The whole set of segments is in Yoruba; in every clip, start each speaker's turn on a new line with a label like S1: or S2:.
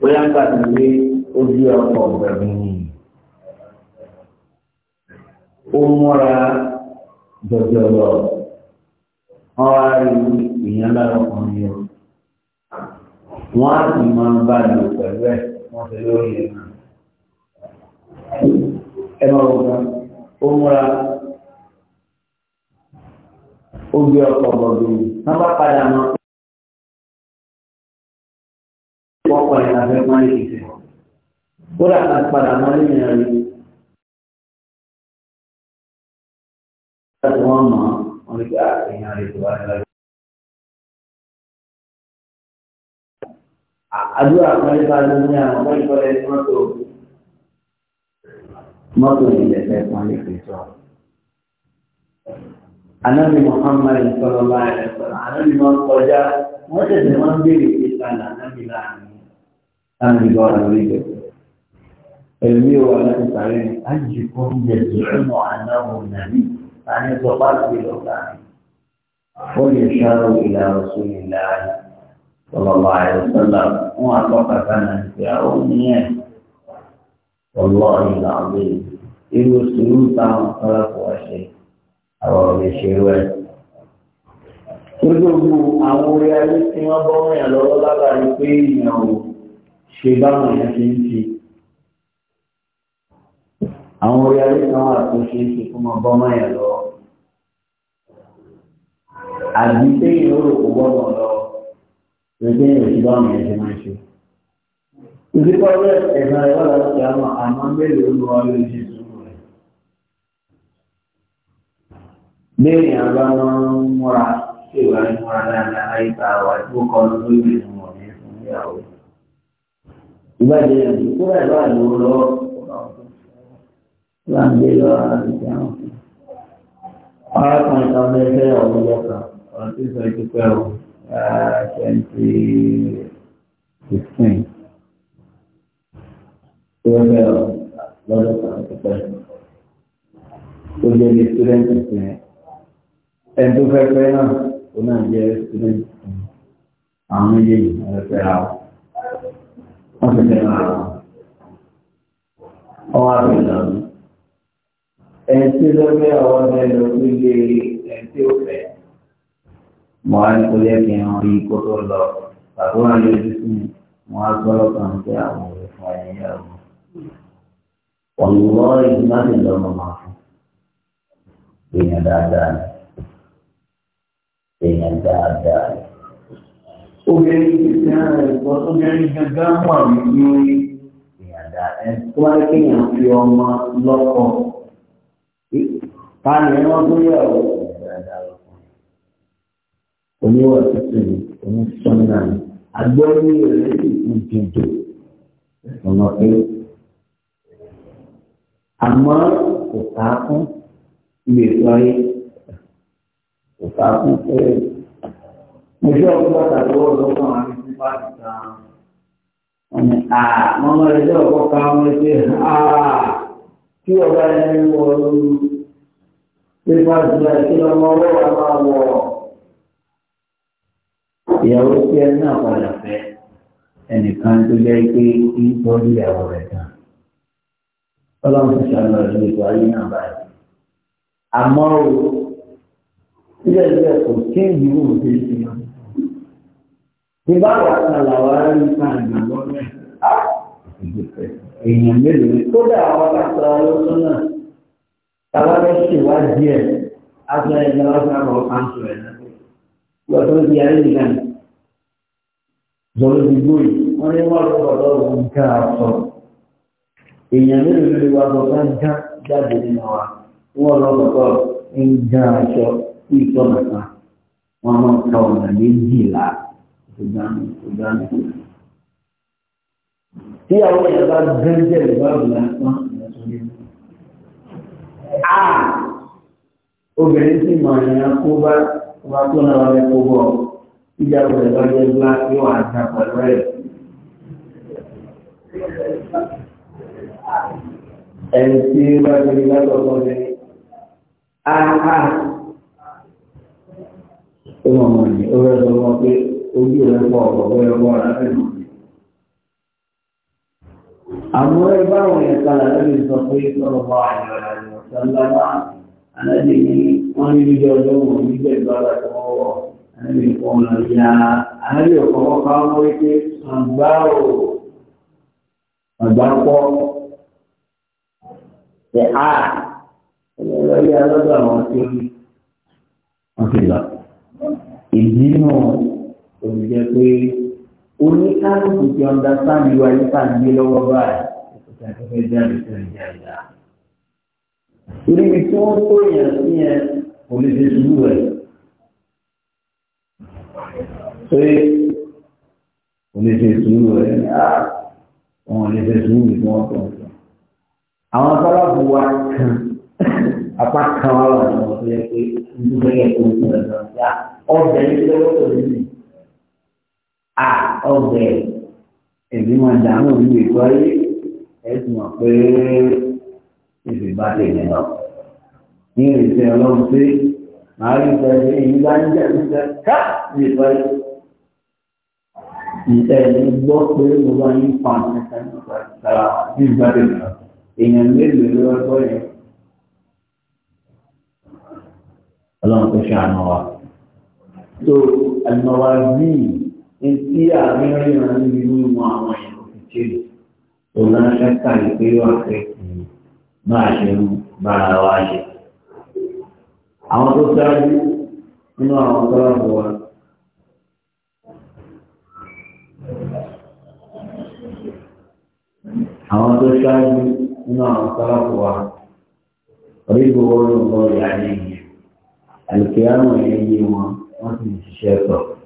S1: bóyá ń gbàgbé pé ó bí ọkọ̀ ọ̀gbẹ̀rún ni ó múra jọjọ lọ wọn á rí ìyẹn lára ọkùnrin o wọn á sì máa ń bá lò pẹ̀lú ẹ̀ wọ́n fi lórí ẹ̀ náà ẹ máa wò kan ó múra
S2: ó bí ọkọ̀ ni wọ́n bá padà mọ́ fẹ́ máa lè fẹ́ kódà ká padà máa lè yàn rí láti wọ́n mọ̀ wọ́n ah, lè gbà èèyàn rẹ̀ tó wà lọ́wọ́.
S1: àdúrà kan lè bá a àwọn ọmọ ìfọ̀lẹ́ mọ́tò mọ́tò ìlẹ̀ fẹ́ máa lè fẹ́ sọ. Ànábì Muhammad sallallahu alaihi wasallam ànábì máa ń kọjá wọ́n tẹ̀sẹ̀ máa ń béèrè pé ta là láàrin láti gbọ́ àwọn orí ìgbẹ̀kọ̀. Ẹ̀mí ò wà láti sàárẹ̀ ní àjìkọ́ ìjẹ̀sì ọmọ àdáwò nàní àní sọ bá ti lọ láàrin. Ó lè ṣàrò ìlànà sórí ìlànà ọlọ́lá àìsọ́lá fún àtọ́kàtà náà ti àwọn oníyẹn. Ọlọ́ ìlà ọ̀gbẹ́ irú sùúrù táwọn kọ́lápọ̀ ọ̀ṣẹ́ àwọn ọ̀rẹ́ ṣe rẹ̀. Ó dógún àwọn orí ayé tí wọ́n bọ́ wọ̀nyàn lọ́wọ́ lábàárí pé ìyàn ṣe báwọn èèyàn ṣe ń ṣe àwọn orí ayé kan wà tó ṣe ń ṣe fún ọmọ bọ́mọ yẹn lọ àbí sẹ́yìn ó rò kó bọ́mọ lọ lọ́jọ́ yẹn ṣe báwọn èèyàn ṣe máa ṣe. ìdíkọ́ bẹ́ẹ̀ ẹ̀sán ẹ̀rọ láti àwọn àmọ́ bẹ́ẹ̀ ló lọ lórí ṣe sùúrù rẹ̀. bẹ́ẹ̀ àbá máa ń múra ṣèwà ń múra dáadáa láyé tá a wà tí ó kọ́ ní fún ìbàjẹ́ yẹn kó rẹ̀ lọ́wọ́ àlọ́ lọ wà ń gbé lọ àti àwọn arákùnrin kan bẹ́ẹ̀ fẹ́ ọ̀rọ̀ lọ́kà ọ̀rọ̀ tí sọ ètò pẹ́ o twenty sixteen tó fẹ́ ọ lọ́dọ̀ kan tó pẹ́ tó jẹ́ ní student ìsìn ẹni tó fẹ́ fẹ́ náà ó náà jẹ́ student ìsìn àwọn méjèèjì ọ̀rẹ́ ọ wọ́n ti fẹ́ràn ara wọn. Ọwọ́ àbẹ̀ ìlànà. Ẹtí ló fẹ́ ọwọ́ fẹ́ lọ sí ilé ẹtí ò fẹ́. Mo á ní kó yẹ kí n rí kó tó lọ. Bàbá wa lè rí sí mi. Mo á gbọ́ lọ́kàn obìnrin gangan wà nínú ìyàdá ẹ tó wáyé kéèyàn fi ọmọ lọ́kọ ta ni wọ́n tó yẹ ọ́ oníwà tuntun ni onísọ́nà ni agbẹ́rú rẹ̀ sì ti dìdò ọ̀nà pé àmọ́ kò ká fún ilé ìtọ́yé kò ká fún pé. Mwisho kupata kuozo kama amesipata. Ah, mama leo kwa kama ah kio bale ni wolu. Sifati ya kila mmoja ambao ya wote na pala pe. Ẹnìkan tó jẹ́ pé kí n tó rí ẹ̀wọ̀ rẹ̀ tán. Ọlọ́run ti ṣàlọ́ ìlú ètò ayé náà báyìí. Àmọ́ o, sílẹ̀ sílẹ̀ kò kí ìlú òde ti lọ Ìgbà wà sàlàwà rí pàdà lọ́nà. Èèyàn mélòó ni kódà àwọn akásọ̀rọ̀ lọ́sọ̀ náà. Tàbá fẹ́ ṣèwádìí ẹ̀, a sọ ẹ̀ ní ọ̀sán àbọ̀ pàǹtù ẹ̀ náà. Ìwà tó di ayé nìkan ni. Zọ̀rọ̀ ti gbóyè, wọ́n ní wọ́n lọ́wọ́ lọ́wọ́ nǹkan àṣọ. Èèyàn mélòó ni wà sọ fún nǹkan jáde nínú wa. Wọ́n lọ́wọ́ lọ́wọ́ nǹkan àṣọ ìtọ́nà kan. Wọ́n máa ń ọ̀nà méjìlá. Tí àwọn èèyàn bá gẹ́gẹ́ ìbáwò lásán àà obìnrin sì mọ̀ èèyàn kó bá wá tó náà wọlé kó bọ̀ ìjà òṣèlú bá jẹ́ gbá yóò wà jà pẹ̀lú ẹ̀. Ẹni tí ó bá ti rí látọ̀kọ́ ni àà ó mọ̀ mọ̀ ní ó rẹ̀ ojú rẹ̀ pọ̀ ọ̀pọ̀ ẹ̀kọ́ ara ẹ̀nà. Àmọ́ ẹgbẹ́ àwọn ẹ̀ka lẹ́bí sọ pé sọ̀rọ̀ bá àyọ̀rọ̀ àyọ̀sọ́lábà aláàdì ní wọ́n ní ìjọ ọlọ́run nígbà ìgbàlá tó wọ́n wọ̀ aláàdì kan lọ ya aláàdì ọ̀kan wọ́n ká wọ́n wí pé àgbá ò àgbá pọ̀ ẹ̀ á ẹ̀lọ́lẹ́ alọ́dọ̀ àwọn tó ń wọ́n lọ. Ìdí náà olùjẹ́ pé oníkálukú ti ọ̀ndàsáàmì wa yípa gbé lọ́wọ́ báyìí òkúta ìfẹ́ jáde tó ń jẹ ìyá. torí ibi tí wọ́n tó yẹn sí yẹn kò lè ṣe sùúrù rẹ̀. pé kò lè ṣe sùúrù rẹ̀ wọn ò lè ṣe sùúrù tí wọ́n tọ̀. àwọn sábàbù wa kan apá kan wà lọ́wọ́ tó yẹ pé ń dúpẹ́ yẹ kó ń sọ̀rọ̀ ọ̀dà ọ̀bẹ̀ ní lọ́wọ́ tó lè sìn à ọbẹ̀ èmi máa dààmú mi ìkọ́ yìí ẹ sì mọ̀ pé ìfì bá tèmi lọ. ní ìrìnsẹ̀ ọlọ́run pé màá rí ìfẹ́ sí èyí bá ń jẹ́ ìfẹ́ ká ní ìfẹ́ yìí. Ìtẹ́ ẹni gbọ́ pé mo bá yín pa nǹkan sára ní ìgbà tèmi lọ. Èèyàn mélòó ló lọ́gbọ́ yẹn? Ọlọ́run tó ṣe àná wa. So àlùmọ̀ wa bíi etí àmì ríran níbi mímu àwọn èèyàn ti ṣe tó láṣẹ káyì pé wà pé máa ṣe ń bára wa ṣe. àwọn tó ṣáájú nínú àwọn tọ́lọ́bù wa. àwọn tó ṣáájú nínú àwọn tọ́lọ́bù wa. orí gbogbo olùkọ́ ìyá ni àlùkìyàmù yẹn yé wọn wọ́n sì ṣiṣẹ́ sọ̀rọ̀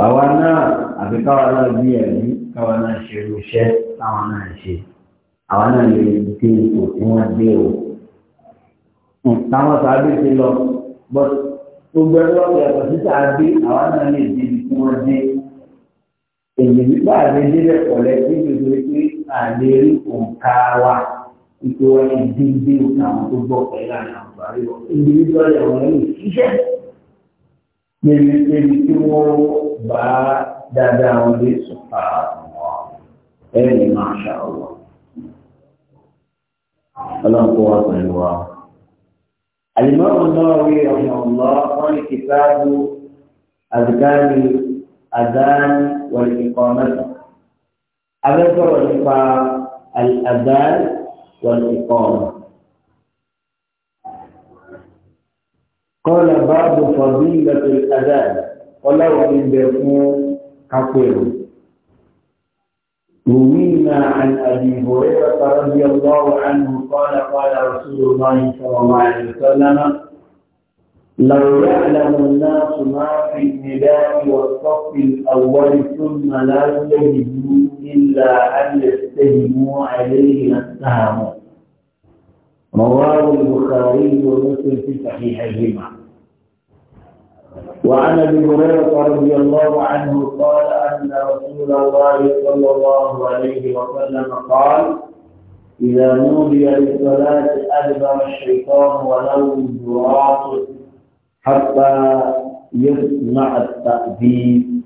S1: àwa náà àfi káwa náà bí ẹ̀mí káwa náà ṣe irúṣẹ́ táwọn náà ṣe àwa náà lè dé ipò tí wọ́n dé o. Hmm, táwọn sábà ti lọ bọ́ gbogbo ẹgbẹ́ ọ̀gbìn ẹ̀kọ́ títà dé àwa náà lè dé ibi tí wọ́n dé. èyí nígbà àlè délẹ̀ pọ̀lẹ́ tí gbogbo pé àlè rí òǹkà wa ipò wọn dín dín òǹkà àwọn tó gbọ́ pẹ̀lú àwọn àgbà wọn. ìdílé tó yẹ níbi níbi tí wọ́n bá dáadáa wọn lè sọ̀tà àwọn ẹ̀rì máa ṣàwọ̀. ọlọ́nkọ́ wa pẹ̀lú wa. الإمام النووي رحمه الله قال كتاب أذكار الأذان والإقامة أذكر الإقامة الأذان والإقامة قال بعض فضيلة الأذان ولو من بيكون كفر روينا عن أبي هريرة رضي الله عنه قال قال رسول الله صلى الله عليه وسلم لو يعلم الناس ما في النداء والصف الأول ثم لا يجدوا إلا أن يستهموا عليه لاتهموا رواه البخاري ومسلم في صحيحيهما وعن ابي هريره رضي الله عنه قال ان رسول الله صلى الله عليه وسلم قال اذا نودي للصلاه ادبر الشيطان ولو ذراعه حتى يسمع التأديب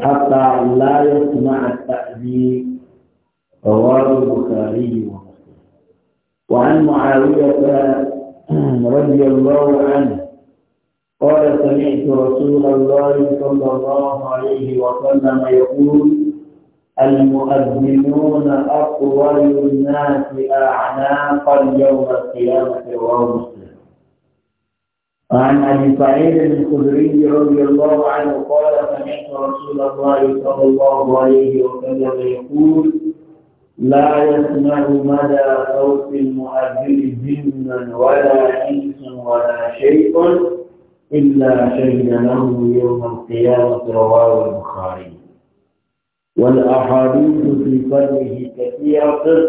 S1: حتى لا يسمع التأديب رواه البخاري وعن معاوية رضي الله عنه قال سمعت رسول الله صلى الله عليه وسلم يقول المؤذنون أطول الناس أعناقا يوم القيامة رواه مسلم وعن أبي سعيد الخدري رضي الله عنه قال سمعت رسول الله صلى الله عليه وسلم يقول لا يسمع مدى صوت المؤذن جنا ولا انس ولا شيء الا شهد له يوم القيامه رواه البخاري والاحاديث في فضله كثيره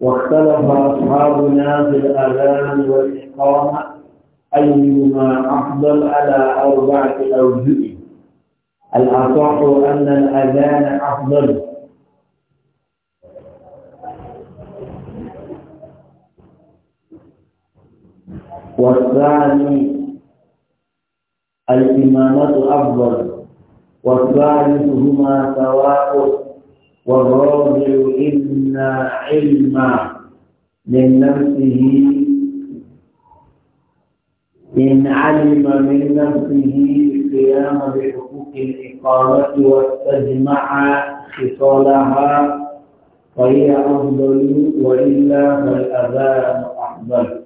S1: واختلف اصحابنا في الاذان والاقامه ايهما افضل على اربعه اوجه الاصح ان الاذان افضل والثاني الإمامة أفضل والثالث هما سواء والرابع إن علما من نفسه إن علم من نفسه القيام بحقوق الإقامة واستجمع خصالها فهي أفضل وإلا فالأذان أفضل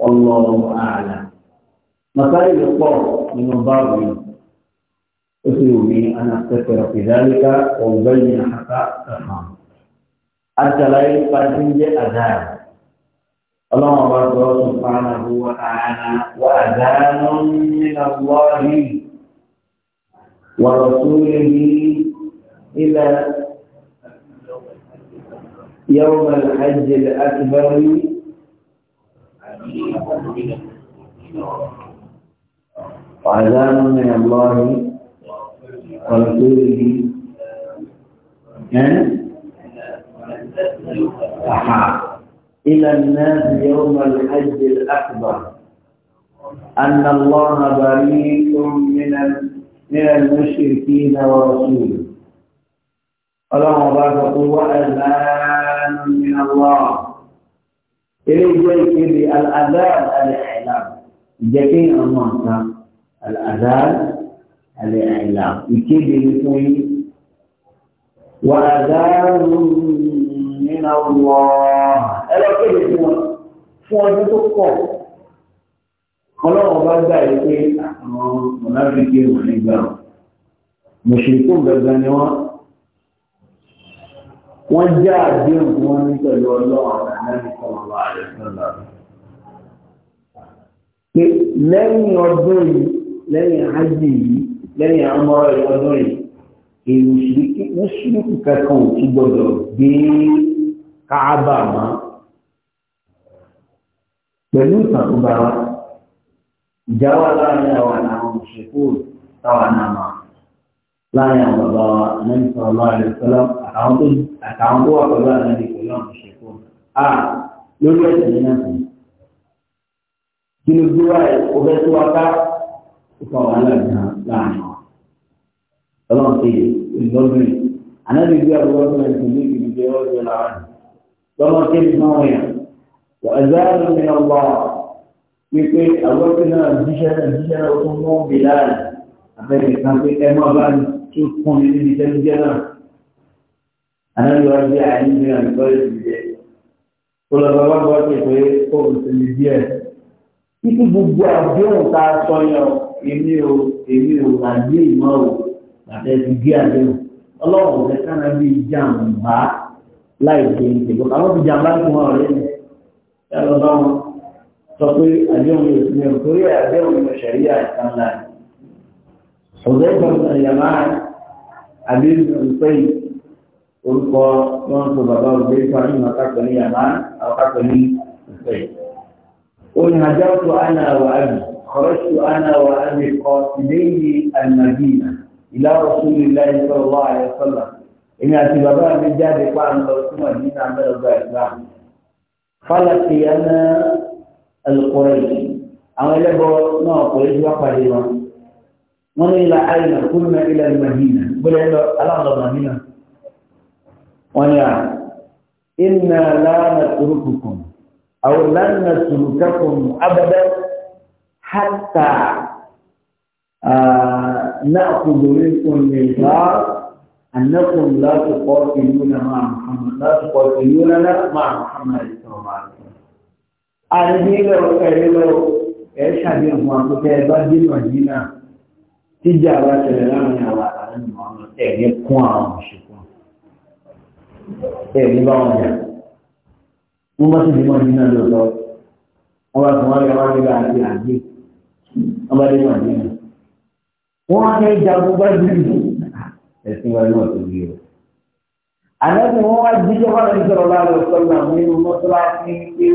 S1: والله أعلم مسائل الطرق من الضرب أسلوبي أن أختصر في ذلك وأبين حتى تفهم الدلائل فاتنج أذان الله أكبر سبحانه وتعالى وأذان من الله ورسوله إلى يوم الحج الأكبر وعذاب من الله ورسوله إلى الناس يوم الحج الأكبر أن الله بريء من من المشركين ورسوله ولهم ọba sọ من الله eléyìí jẹ́ ìpele al-adhan al-i'lam ìjẹ́ kí àwọn nǹkan al-adhan al-i'lam ìkéde ní fún yín. wà á dáhùn nínú ọwọ́ ẹ lọ kéde fún wọn fún ọdún tó kọ̀ ọlọ́run bá gbà yìí pé àwọn mọ̀lábìkì wọ̀nyí gbà mùsùlùmí gbẹgbẹ ni wọ́n wọ́n já àdéhùn tí wọ́n ní pẹ̀lú ọlọ́run àtàlẹ́yìn sọ̀rọ̀ wà rẹ̀ sọ̀rọ̀. pé lẹ́yìn ọdún yìí lẹ́yìn ájì yìí lẹ́yìn àmọ́rọ̀ ọdún yìí èrò mùsùlùmí kankan ò ti gbọdọ̀ gbé káábà mọ́. pẹ̀lú ìtàn wa ìjà láàrin àwọn àwọn òṣèkúrò táwọn náà láàrin àwọn bàbá wa ànábì sọ̀rọ̀ láàrin ìfẹ́lá àtàwọn tó wà pẹ̀lú ànábì pẹ̀lú àwọn ìṣẹ̀kọ́ a lórí ẹ̀sìn yìí náà sì kí ló gbé wáyé o fẹ́ tó wá ká ìfọ̀ wàhálà gan láàrin wa ọlọ́run ti ìlọ́gbìn ànábì gbé àbúrò ọdún ẹ̀sìn ní ìdíje ọjọ́ làwọn lọ́wọ́ kéde náà wọ̀nyà wà ẹ̀zá lómi náà wà wípé àbúrò náà jíṣẹ́ náà jíṣẹ́ náà ó tún mú bìlá àfẹ́yìn kan pé ẹ má bá mi kí kún mi níbi tẹ́lẹ̀ jẹ́ náà. Ànáyọ̀ ọdí àyín bí wọn kọ́ èsì jẹ́. Olùkọ́ bá bọ́ sí pé kó o sì lè díẹ̀. Títí gbogbo àdéhùn tá a sọ yàn èmi ò èmi ò àgbé ìmọ̀ ò àtẹ ti gé àdéhùn. Ọlọ́run ò fẹ́ kánà bí jàǹbá láì dé ìdìbò. Àwọn ti jàǹbá fún wọn ọ̀rẹ́ mi. Ẹ lọ bá wọn sọ pé àdéhùn yóò ti mẹ́rin torí àdéhùn yóò ṣẹ̀rí àìsàn láì ọ̀dẹ́gbà ìyàmá àbí ìpẹ́ orúkọ wọn sọ bàbá ọ̀dẹ́gbà nínú akápẹ́ ní ìyàmá akápẹ́ ní ìpẹ́. ó ní àjọ́tò àná wà ábì kọ́rọ́ṣù àná wà ábì kọ́ ìléyìí ànàbìnà ìlà Rasulullahi sallallahu alaihi wasallam èmi àti bàbá mi jáde pa ń lọ sí màdínà mẹ́rọ̀gbà ìgbà fálàkì yánà alukọ̀rẹ́ àwọn ẹlẹ́bọ náà kò lè ti wá wọn. من إلى أين كنا إلى المدينة قل إلى ألعظة المدينة وأن إنا لا نترككم أو لن نترككم أبدا حتى آه، نأخذ منكم ميثاق أنكم لا تقاتلون مع محمد لا تقاتلوننا مع محمد صلى الله عليه وسلم أنا هنا أنا هنا إيش هذه المنطقة هذه المدينة tíjà bá tẹ̀lẹ̀ láàrin àwọn àtàlẹ́ ìmọ̀ràn ẹ̀rí kún àwọn òṣìkún ẹ̀rí bá wọn jà wọ́n bá sì bímọ nínú lóòótọ́ wọ́n bá tún wọ́n lè wá nígbà àti àgbé wọ́n bá dé wà nínú wọ́n á ní jagun bá dúró ẹ̀sìn wa ní wọ́n tó yé o. àlẹ́sìn wọn wá jíjọ́ bá lè sọ̀rọ̀ láàrin ọ̀sọ́nà nínú mọ́tòláṣí pé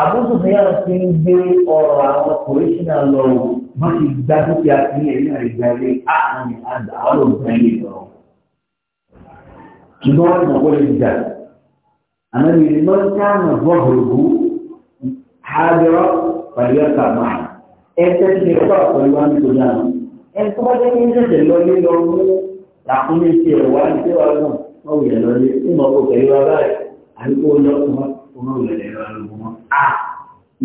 S1: àbúrò tó yára ti ń gbé ọ̀rọ̀ àwọn kòrìṣìnà lọ́wọ́ wọ́n ti gba dúkìá sí ẹ̀yìn àìgbà ilé àwọn àgbà àwọn òǹkà ilé lọ. ṣùgbọ́n wọ́n mọ̀ wọ́n lè jà àmọ́ ní ilé máa ń ká àwọn bọ́ọ̀lù hájọ́ pẹ̀lú ọ̀tà máa ẹsẹ̀ ti lè tọ́ pẹ̀lú wa nítorí àná. ẹni tó bá jẹ́ kí ń ṣẹ̀ṣẹ̀ lọlé lọ mú làkúnmí ti ẹ̀ wá ní tẹ́wàá náà wọ́n wù yẹn lọlé tí mo kò pẹ̀lú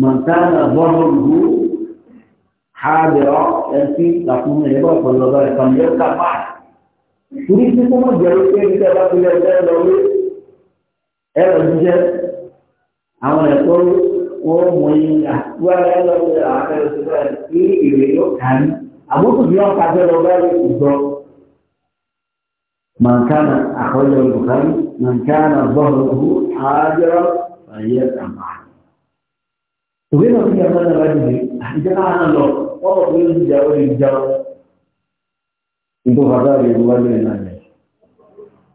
S1: mọ̀tánà bọ́ọ̀lù hábẹ̀rọ̀ ẹ̀ńtí làkúnmí ẹ̀rọ ọ̀pọ̀lọpọ̀ ẹ̀kan yóò kà máa. Torí tí kó mọ̀ jẹ́ pé níta bá fi lẹ́sẹ̀ lọ rí ẹ̀rọ jíjẹ́ àwọn ẹ̀kọ́ wọn mọ̀ yín àtúwárá ẹ̀rọ ṣe àwọn ẹ̀rọ ṣe bá kí èrè yóò kà ní. Àbúkù bí wọ́n ka fẹ́ lọ bá rí ìgbọ́. Màǹkánà àkọ́jọ wọ́n mọ̀ pé ó jà ó lè jà ó nígbà bàbá rẹ̀ ló wájú ẹ̀ náà rẹ̀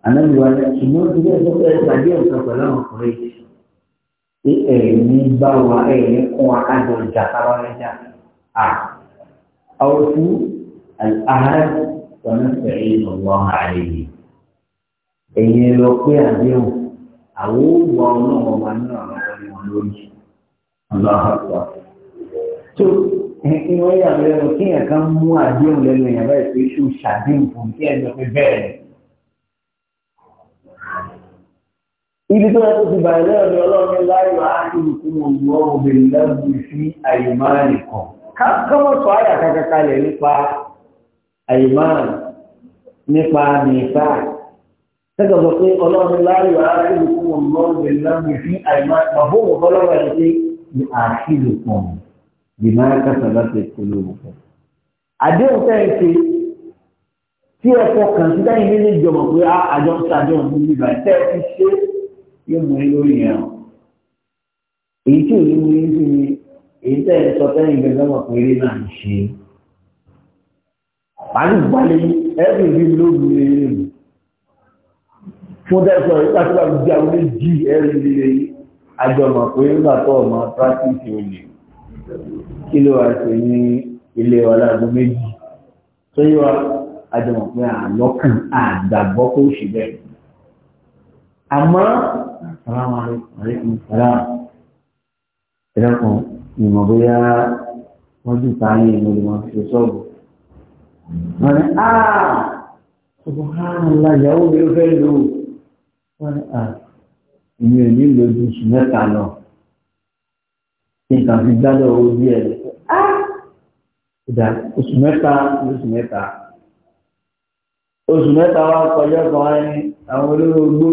S1: ànábi wa ni ṣùgbọ́n ti bẹ́ẹ̀ tó fẹ́ẹ́ tàbí ọ̀sán pẹ̀lú àwọn ọkùnrin ṣé ẹ̀ẹ̀ni bá wa ẹ̀ẹ̀ni kún wa kájọ ìjà táwa rẹ̀ àwọn fún àhárẹ̀ tọ́nà fẹ̀rẹ̀ ìnàwọ́ àárẹ̀ yìí ẹ̀yin lọ pé àdéhùn àwọn òògùn ọlọ́run ọba inú ẹ̀yà lẹ́nu kí èèyàn kan mú àdéhùn lẹ́nu èèyàn báyìí pé ṣó ṣàdéhùn fún kí ẹ̀ lọ pé bẹ́ẹ̀ ni. ibi tó yẹ kó ti bàyẹ̀ lẹ́yìn ọ̀dọ̀ ọlọ́run láyọ̀ ákìlùkùn ọ̀gbọ́n obìnrin lẹ́gùn sí àyèmáàlì kan. káwọn sọ àyà kankankalẹ̀ nípa àyèmáàlì nípa nìfà tẹ́gbà sọ pé ọlọ́run láyọ̀ ákìlùkùn ọ̀gbọ́n obìnrin lẹ́gùn sí àyèmáàlì bìmọ̀ kásàbà ṣe kúló òkú. àdéhùn tẹ́ ẹ ṣe tí ẹ fọkàn sí táyìn nílé ìjọba pé ah, àjọ ń ṣàdéhùn fún bíbá tẹ́ ẹ ti ṣe yóò mú ẹ lórí yẹn o. èyí tí òní mú yín sí ni èyí tẹ́ ẹ sọ táyìn gbẹgbẹ́ wà pé eré náà ń ṣe. màálù gbalẹ̀ ẹ̀rù ìlú lóògùn eré mi. fún dẹ́sọ̀ ìgbà tí wàá àwọn méjì ẹ̀rù ìlú yẹn àjọ mọ̀ pé nígbà tó ọmọ kí ló wá ṣe ní ilé wa láago méjì tó yẹ wa àjọmọ̀ pé àlọ́kàn àgbàgbọ́ kó ṣì bẹ́ẹ̀. àmọ́ assalamu alaikum salam ẹ̀rọ kan ìmọ̀ bóyá wọ́n jù ta ní ìmọ̀ ìmọ̀ ṣe sọ́ọ̀bù. wọ́n ní á subhanallah ìyàwó mi fẹ́ lò wọ́n ní à ìmọ̀ ìlú lójú oṣù mẹ́ta náà nǹkan fi gbádọ̀ owó díẹ̀ lọ. Ìdá oṣù mẹ́ta oṣù mẹ́ta. Oṣù mẹ́ta wá kọjá kan wá ní àwọn olówó gbó.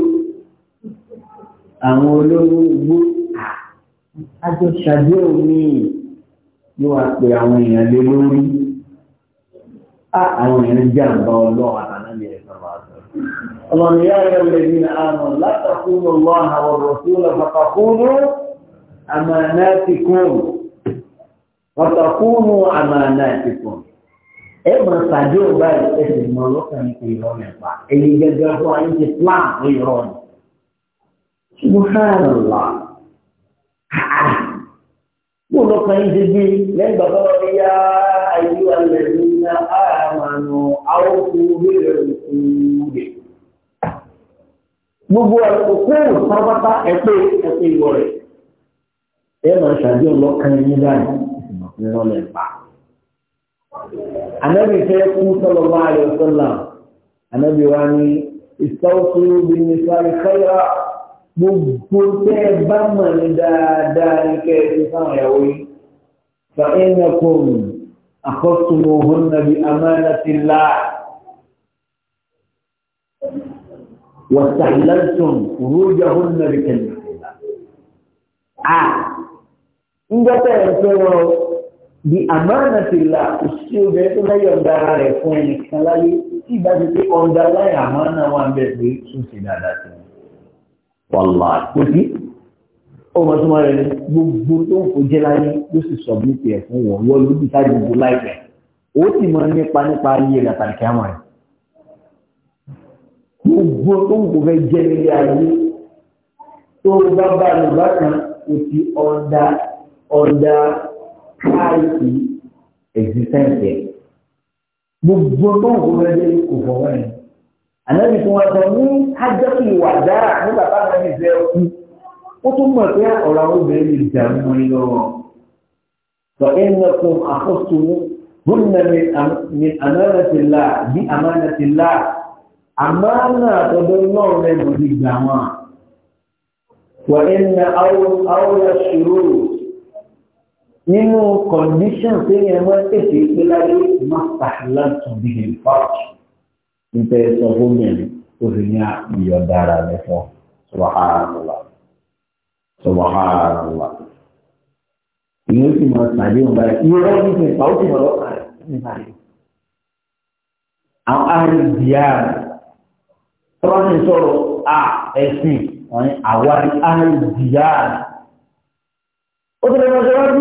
S1: Àwọn olówó gbó. Àjọ ah! ṣàdéhùn ní yóò wá pe àwọn èèyàn lé lórí. Ah! Àwọn èèyàn jàǹbá ọlọ́run àtàná lè ẹ̀sán wa sọ. Ọlọ́run yára ẹ̀rọ lè ní àmọ̀ látàkùn lọ́wọ́ àwọn ọ̀rọ̀ tó lọ pàpàkùn lọ́wọ́ àmànàtìkùn ọ̀tọ̀kùnù àmànàtìkùn ẹ máa ṣàdé ọba ẹsẹ̀ mọ ọlọ́kàn kò yọ mẹ́fà ẹ̀yin gẹ́gẹ́ fún ayé ti plan ó yọ ọ̀nà. subhanallah mo lọ́kàn yín ti gbé lẹ́yìn bàbá wọn ní yá ayé alẹ́ nínú àmàlù àwòkù bẹ̀rẹ̀ òkúùdè. gbogbo àlùkò kóòrò pátápátá ẹ pé ẹ pé ìwọ ẹ máa ṣàjọ ọlọ́kan yín báyìí ìmọ̀ fún wọn lè pa. Ànábì fẹ́ kú sọ́lọ́ bá ayọ̀ sọ́là. Ànábì wa ní ìsọ́sọ́ obìnrin sáré káyọ̀ gbogbo tẹ́ ẹ bá mọ̀ ní dáadáa ní kẹ́ ẹ ti fáwọn ìyàwó yìí. فإنكم أخذتموهن بأمانة الله واستحللتم فروجهن بكلمة الله. آه ńgbọ́tẹ̀ ẹ̀fẹ́ wọn di àmánàtìlà òṣìṣẹ́ obìnrin tó lẹ́yọ̀ ń dára rẹ̀ fún ẹnìkan láyé tí ìgbà ti pé ọ̀dà láyé àmánà wà ń bẹ̀ pé tún ṣe dáadáa sí i. wàlá kò sí ọmọ tó máa rẹ ní gbogbo tó ń fojẹ́ láyé ló sì sọ bí tiẹ̀ fún wọn wọ́n ló bí sáájú gbogbo láìpẹ́ ó sì mọ nípa nípa ayé rẹ̀ àtàkì àmọ́ rẹ̀. gbogbo tó ń kò fẹ́ jẹ́ nílé ayé tó bá bá lùbá kò sí ọ̀dà under Christ's existence yẹn. Gbogbo tó ń gbogbo ẹgbẹ́ kò fọwọ́ yẹn. Ànábi tí wọ́n sọ ní ájọ́kì ìwà dára ní bàbá náà ní ìfẹ́ ọkú. Ó tún mọ̀ pé ọ̀rọ̀ àwọn obìnrin lè dà mọ́ ẹ lọ́wọ́. Sọ ẹ̀yìn kún àkóso gómìnà ní àmánàtìlá bí àmánàtìlá. Àmánà àtọ̀dọ̀ náà rẹ̀ mọ̀ gbà wọn. Wà ẹ̀yìn àwọn àwòrán ṣòro nínú condition tí yẹn wọ́n tètè pé láyé má sàlá tó bí i fáàkì nípa ẹ̀sọ́ gómìnà obìnrin ìyọ̀dára lẹ́fọ́ subhanallah subhanallah ìyẹn sì máa tàbí ọ̀gá ìyẹn wọ́n ti fà ó sì máa lọ́kà rẹ̀ nípa rẹ̀ àwọn àrídìá tọ́lá ní sọ̀rọ̀ à ẹ̀sìn àwọn àrídìá ó ti lè lọ síwájú.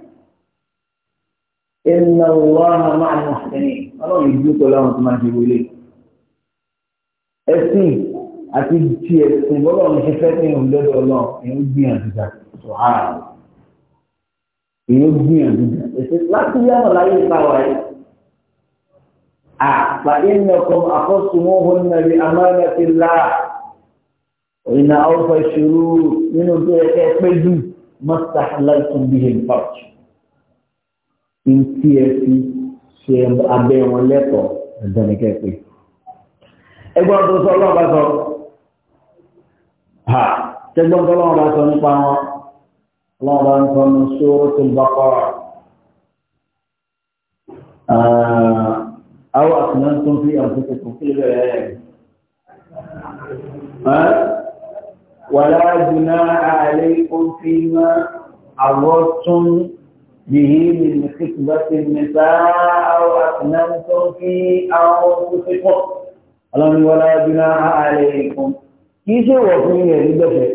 S1: إن الله مع المحسنين ọlọ́run ìdúpọ̀ láwọn tó máa ṣe wọlé ẹ̀sìn àti ti ẹ̀sìn bọ́lọ́run ṣe fẹ́ ní ìlọ́dọ̀ ọlọ́run èyí gbìyànjú dà ṣùgbọ́n èyí gbìyànjú dà ẹ̀sìn láti yàrá láyé ìpàwọ̀ rẹ̀ àpà ìnàkùn àkọ́sùnmọ́hún nàbí amánàtìlá ìnà ọ̀fọ̀ ìṣòro nínú tó yẹ kẹ́ pé jù mọ́tàlá ìtúndìhìn pàtó ntí ẹ fi ṣe abẹ́ wọn lẹ́tọ̀ọ́ ẹ̀dánìkẹ́ pé. ẹgbọ́n tó sọ ọlọ́run bá sọ ha tẹgbọ́n tó ọlọ́run bá sọ nípa wọn ọlọ́run bá ń sọ ní Suratul Baqara. àwọn àtúnyàn tó ń fi àǹtí tó kí lè rẹ̀ ẹ̀. wàlá jùlọ àlẹ́ òfin àwọn tún. به من خطبة النساء أو أكننتم في أنفسكم ألم ولا جناح عليكم كيف وفين يجب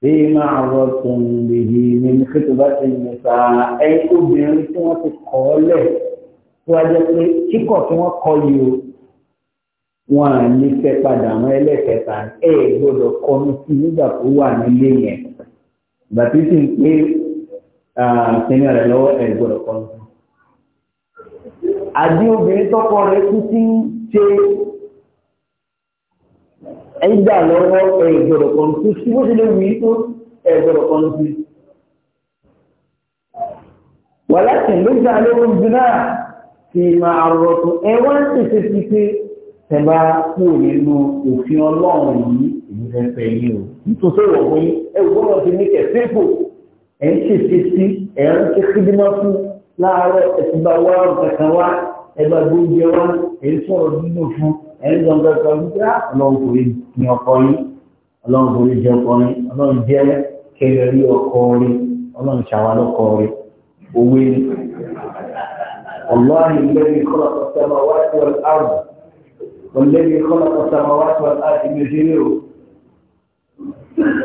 S1: فيما عرضتم به من خطبة النساء أي أبنين ثم تقول wájẹ́ pé kíkọ̀ tí wọ́n kọ yìí o wọn à ní fẹ́ padà àwọn ẹlẹ́kẹta ẹ̀ gbọ́dọ̀ kọ́nu sí nígbà tó wà nílé yẹn bàtí sì ń pé kíní rẹ̀ lọ́wọ́ ẹ̀gbọ́dọ̀ kọ́ lọ́sàn. Àdí obìnrin tọ́kọ rẹ̀ kú sí ṣe ẹgbà lọ́wọ́ ẹ̀gbọ́dọ̀ kan tó sí bó ṣe lè wí tó ẹ̀gbọ́dọ̀ kan sí. Wà láti lójà lóhun jù náà ti máa rọ̀ tó ẹ wá ń tètè sí pé tẹ̀bá kú nínú òfin ọlọ́run yìí ìlú rẹ̀ yìí o. Nítorí wọ̀ fún yín, ẹ ní kẹ̀síkò ẹ̀ ń ṣèṣe sí ẹ̀ ń ṣe kíndímọ́ fún láàárọ̀ ẹ̀sìn bá wá kankan wá ẹgbẹ́ gbóúnjẹ wá ẹ̀ ń sọ̀rọ̀ nínú fún ẹ̀ ń dán kankan wípé ọlọ́run kò lè ní ọkọ yín ọlọ́run kò lè jẹ ọkọ yín الله الذي خلق السماوات والارض والذي خلق السماوات والأرض يجيره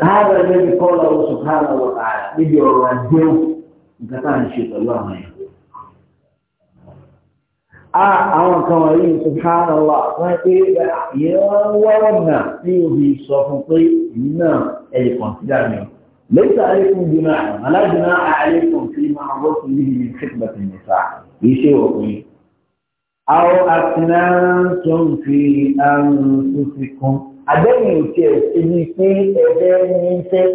S1: هذا الذي قاله سبحانه وتعالى níbi ọ̀rọ̀ àdéhùn nǹkan tá à ń ṣe pẹ̀lú àwọn yẹn. a àwọn kan wọ̀nyí subhanallah wọ́n pé ìyẹn wọ́n wọ́nà ní òbí sọ fún pé èmi náà ẹ lè kọ̀ǹsídà mi o. ليس عليكم جناح ولا جناح عليكم فيما عرضتم به من خطبة النساء يشيء وقوي أو أكننتم في أنفسكم àgbẹ̀yìn òkè èyí pé ẹ̀fẹ́ ní fẹ́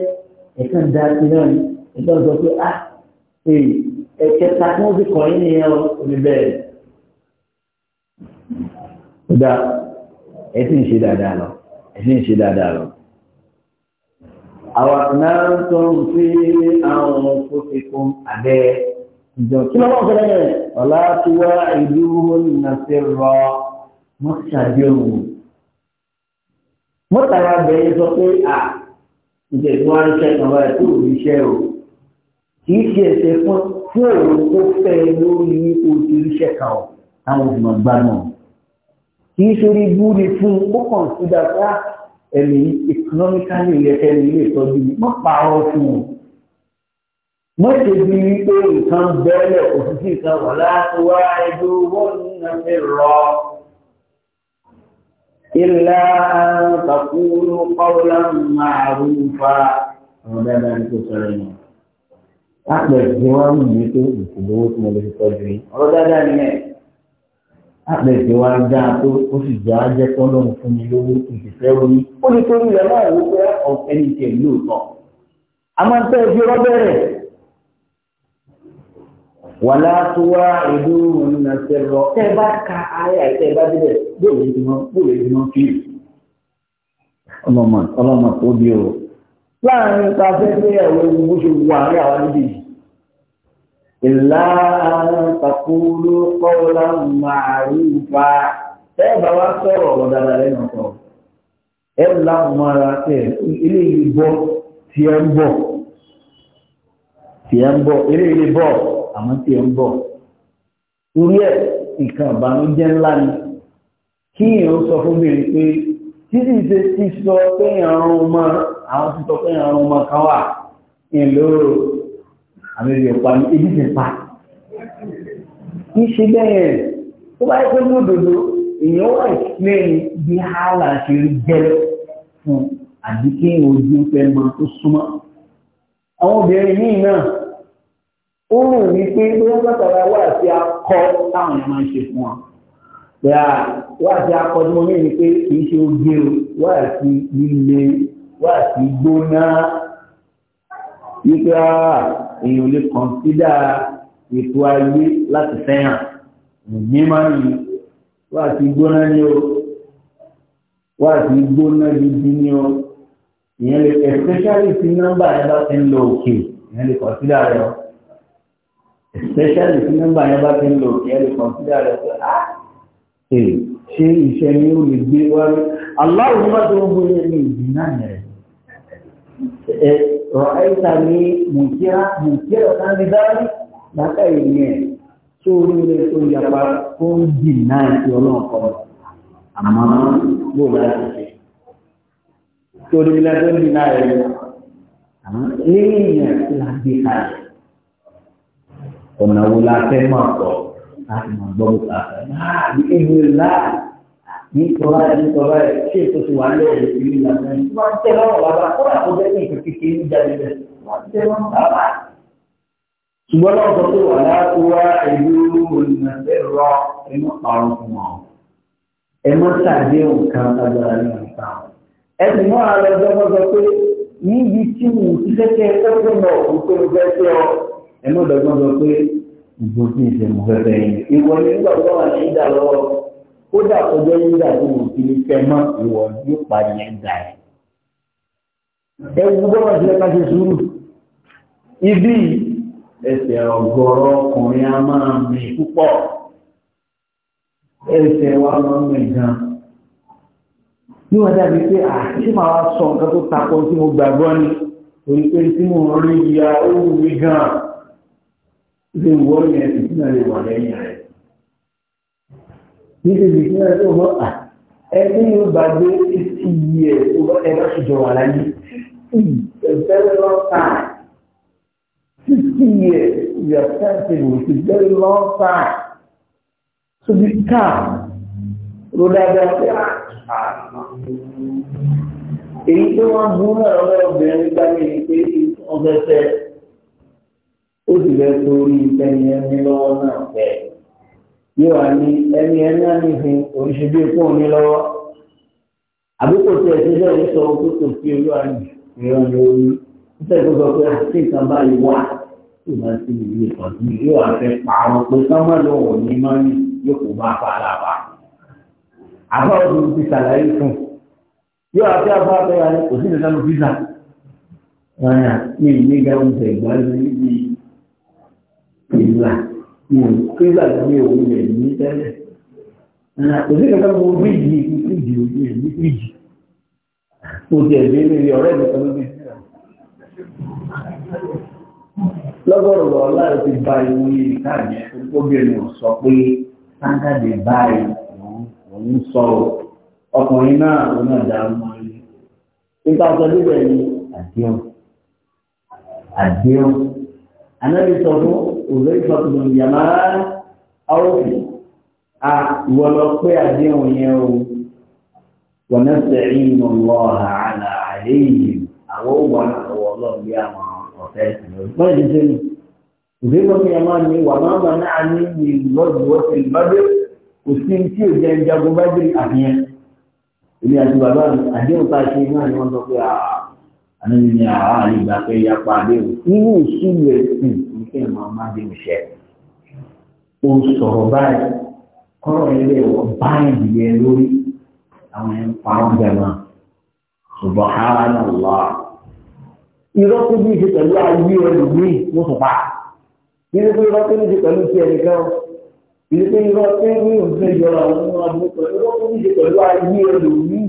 S1: ẹ̀kan da sí náà ni ẹ̀jọ́ sọ pé a ah, ẹ̀kẹta tí wọ́n fi kàn yín nìyẹn omi bẹ́ẹ̀. ó dá ẹ sì ń ṣe dáadáa lọ ẹ sì ń ṣe dáadáa lọ. àwọn náà tó ń fi àwọn tó fi kún abẹ́ ìjọ kí lọ́wọ́ fẹ́rẹ́ yẹn ọ̀la tí wá ìlú nàṣẹ́ rọ mọ́ṣáájú òun mọ́tàlá bẹ̀rẹ̀ sọ pé à ìjẹ̀bú wa ń ṣe ìjọba ẹ̀ kúrò níṣẹ́ o kì í ṣe ẹ̀ṣẹ̀ fún fún òun tó fẹ́ lórí ojú iṣẹ́ kan o táwọn òfin ọgbà náà kì í ṣe orí búrí fún ó kàn sí dáadáa ẹ̀mí economically ilẹ̀kẹ́ ilé ìtọ́jú mọ́ pààrọ̀ fún un mọ́ ṣe bí wípé nǹkan bẹ́ẹ̀lẹ̀ òfin sí nǹkan wà láti wá ẹjọ́ wọ́n ní nàfẹ́ rọ̀ ọ́. إلا أن تقولوا قولا معروفا هذا ذلك سليمان àpẹ tí wọn ń yí tó ìṣòwò tí mo lè fi tọ́jú yín ọ̀rọ̀ dáadáa ni ẹ àpẹ tí wọn ń dáa tó ó sì jẹ ajẹ tọlọ́run fún mi lówó ìṣiṣẹ́ orí ó ní torí rẹ máa wò ọ̀fẹ́ ní tiẹ̀ lóòótọ́ àmọ́ tẹ ẹ fi rọbẹrẹ wàlá tó wá ìlú òun náà ṣe lọ tẹ bá ka ayé àti ẹ bá débẹ̀ bóòlù ti mọ bóòlù ti mọ fi ọlọmọ ọlọmọ tó bí o láàrin ta fẹ́ pé ẹ̀wọ̀ ewu bó ṣe wà ní àwọn níbí yìí ìlà takúlú kọ́lá màrúfà ẹ bá wá sọ̀rọ̀ ọ̀rọ̀ dáadáa lẹ́nu ọ̀tọ̀ ẹ lámọ́ra tẹ̀ ilé ìlú tiẹ̀ ń bọ̀ tiẹ̀ ń bọ̀ ilé ìlú àmọ́ tí ẹ ń bọ̀ torí ẹ̀ nǹkan ìbànújẹ́ ńlá ni kí èèyàn sọ fún mi pé títí ṣe ti sọ pé ìrànrún ọmọ àwọn ti sọ pé ìrànrún ọmọ kan wà ìlóró àmì ìrìnpa ní ibi ti pa kí ṣe bẹ́yẹn tó bá yẹ pé lódodo èèyàn wà ìpínlẹ̀ bí hàlà ṣe rí gẹ́lẹ́ fún àdíkẹ́ ojú fẹ́ máa tó súnmọ́ àwọn obìnrin míì náà ó rùn ní pé bóyá látara wà sí akọ táwọn èèyàn máa ń ṣe fún wa bóyá wà sí akọ tí mo ní ni pé kì í ṣe oge o wà sí líle wà sí gbóná wípé èèyàn lè kọ̀ǹsídà ètò ayé láti fẹ́ràn ní máa ń yí wà sí gbóná ni o wà sí gbóná gidi ni o ìyẹn lè especially tí nọ́mbà ẹ bá ti ń lọ òkè ìyẹn lè kọ̀ǹsídà rẹ o especially tí nọ́mbà yẹn bá ti ń lò kí ẹ lè consider rẹ̀ pé ah ṣé iṣẹ́ ni ó lè gbé wá rí aláwọ̀ nígbà tó ń gbóyè ní ìdí náà yẹn ẹ rọ̀ẹ́ta ní mùkíra mùkíra náà ní dárí látà ìní ẹ̀ tó oríire tó yapa tó ń dì náà ti ọlọ́run kọ́ àmọ́ bó láti ṣe tó oríire tó ń dì náà rẹ̀ àmọ́ lẹ́yìn ìyẹn láti kàlẹ̀ ọ̀nà wo la fẹ́ máa sọ láti máa gbọ́ bó ta fẹ́ náà ah, ní ìlú ńlá ní ìtọ́lá ẹ̀ nítorá ẹ̀ ṣé èso ti wà lẹ́yìn ìlú ìlú ìlànà ẹ̀ wọ́n tẹ́ lọ́wọ́ bàbá kódà kó jẹ́ ní nǹkan kékeré ní jáde rẹ̀ wọ́n tẹ́ lọ́wọ́ bàbá. ṣùgbọ́n náà sọ pé wà láti wá ìlú olùmọ̀ọ́fẹ́ rọ ẹnu àrùn fún wọn. ẹ mọ́ sàdé nǹkan agbára ní nǹkan. ẹ sì mọ́ àlọ́ ìjọba sọ pé níbi tí mo ti fẹ́ kẹ́ ẹ ẹnu ọ̀dọ́gbọ́n sọ pé ìbò tí ì sẹ́mu fẹ́fẹ́ yìí. ìwọ ni nígbà tó wà ní ìdá lọ́wọ́ kódà tó jẹ́ nígbà tó wò kí ní fẹ́ mọ́ ìwọ yóò pa ìyẹn dà ẹ̀. ẹ wú bọ́lá ṣe ká ṣe sùúrù. ibi ẹsẹ̀ ọ̀gọ̀rọ̀ ọkùnrin a máa mì púpọ̀ ẹsẹ̀ wa máa mì gan. bí wọ́n dàbí pé àti màá wá sọ nǹkan tó takọ tí mo gbàgbọ́ ni torí pé tí mo rí ìyá ó wù mí gan-an ilé ìwọ yẹn ìpínlẹ̀ lè wà lẹ́yìn rẹ̀. Níbi ìpínlẹ̀ tó mọ́ à ẹni yóò bá gbé títí yẹ ẹ̀rọ ìjọba láyé very long time sixty years we are sensible it a very long time to be calm ròdàdà pé ah, ah. èyí tó wọ́n bú náà lọ́wọ́ obìnrin gbá mi pé ọ̀fẹ́fẹ́ ó sì fẹ́ torí ẹni ẹni lọ́wọ́ náà fẹ́ yóò wá ní ẹni ẹni náà nìfín oríṣiríṣi fún òní lọ́wọ́ àbíkò tí ẹ ti sẹ́yìn sọ pé kò sí olú àyè ìran ni ó ní sísẹ́ tó sọ pé àti nǹkan báyìí wà tó bá sí ìlú ìtọ́jú yóò wá fẹ́ pààrọ̀ pé sọ́mọ́ lọ́wọ́ ní mọ́nì yóò kó bá fa àlàbà àbá òdu ti ṣàlàyé fún yóò àti àbá àtẹwà ní kò sí ìdáná fíìsà wọn yà ní ìgbéga oúnjẹ ìgbàlódé pèlà mi ò pèlà mi ò wulẹ̀ ní tẹ́lẹ̀ òsì kankan mo bíjì bíjì òbí ẹ̀ ní bíjì mo tiẹ̀ dé níbi ọ̀rẹ́ mi kan lóbi sí lọ́gọ́rùn-ún ọ̀la ti ba ìwé káàdì obìnrin ò sọ pé sáńkàdé báyìí òun sọ ọkùnrin náà òun náà dá mọ́ nípa sọ níbẹ̀ ni àdéhùn àdéhùn. Ànábì sọ fún òwe ìfọ̀tùnú yàmá áwòfì à ìwọ lọ pé àdéhùn yẹn o wọn náà sẹ̀rí ìmọ̀ lọ àlà àlẹ́ yìí àwọn òwò àwọ̀ ọlọ́ọ̀bí àwọn ọ̀fẹ́ ìsìn lọ́wọ́ ìdíjẹ́ nù. Òwe ìfọ̀tùnú yàmá ni wà máa ma náà ní ìlọ́dù wọ́sẹ̀ ìbádé kò tí ò jẹ́ ìjagun bá dé àfihàn. Èmi àti bàbá mi àdéhùn tá ṣe náà ni wọ́n sọ pé àà ah, àníbi ni àwọn àìgbà pé yapa àdéhùn nínú ìṣúlù ẹ̀sìn ní kí ẹ̀ máa máa déhùn ṣẹ. o sọ̀rọ̀ báyìí kọ́rọ̀ ilé ọ̀ báyìí yẹ lórí àwọn ẹ̀ ń pa oúnjẹ náà ṣùgbọ́n ara náà lọ. irọ́ bí ṣe pẹ̀lú ayé ẹlòmíì ló sọ bá. ilé pé irọ́ tó ní pẹ̀lú ti ẹnìkan ilé pé irọ́ tó pẹ̀lú ayé ẹlòmíì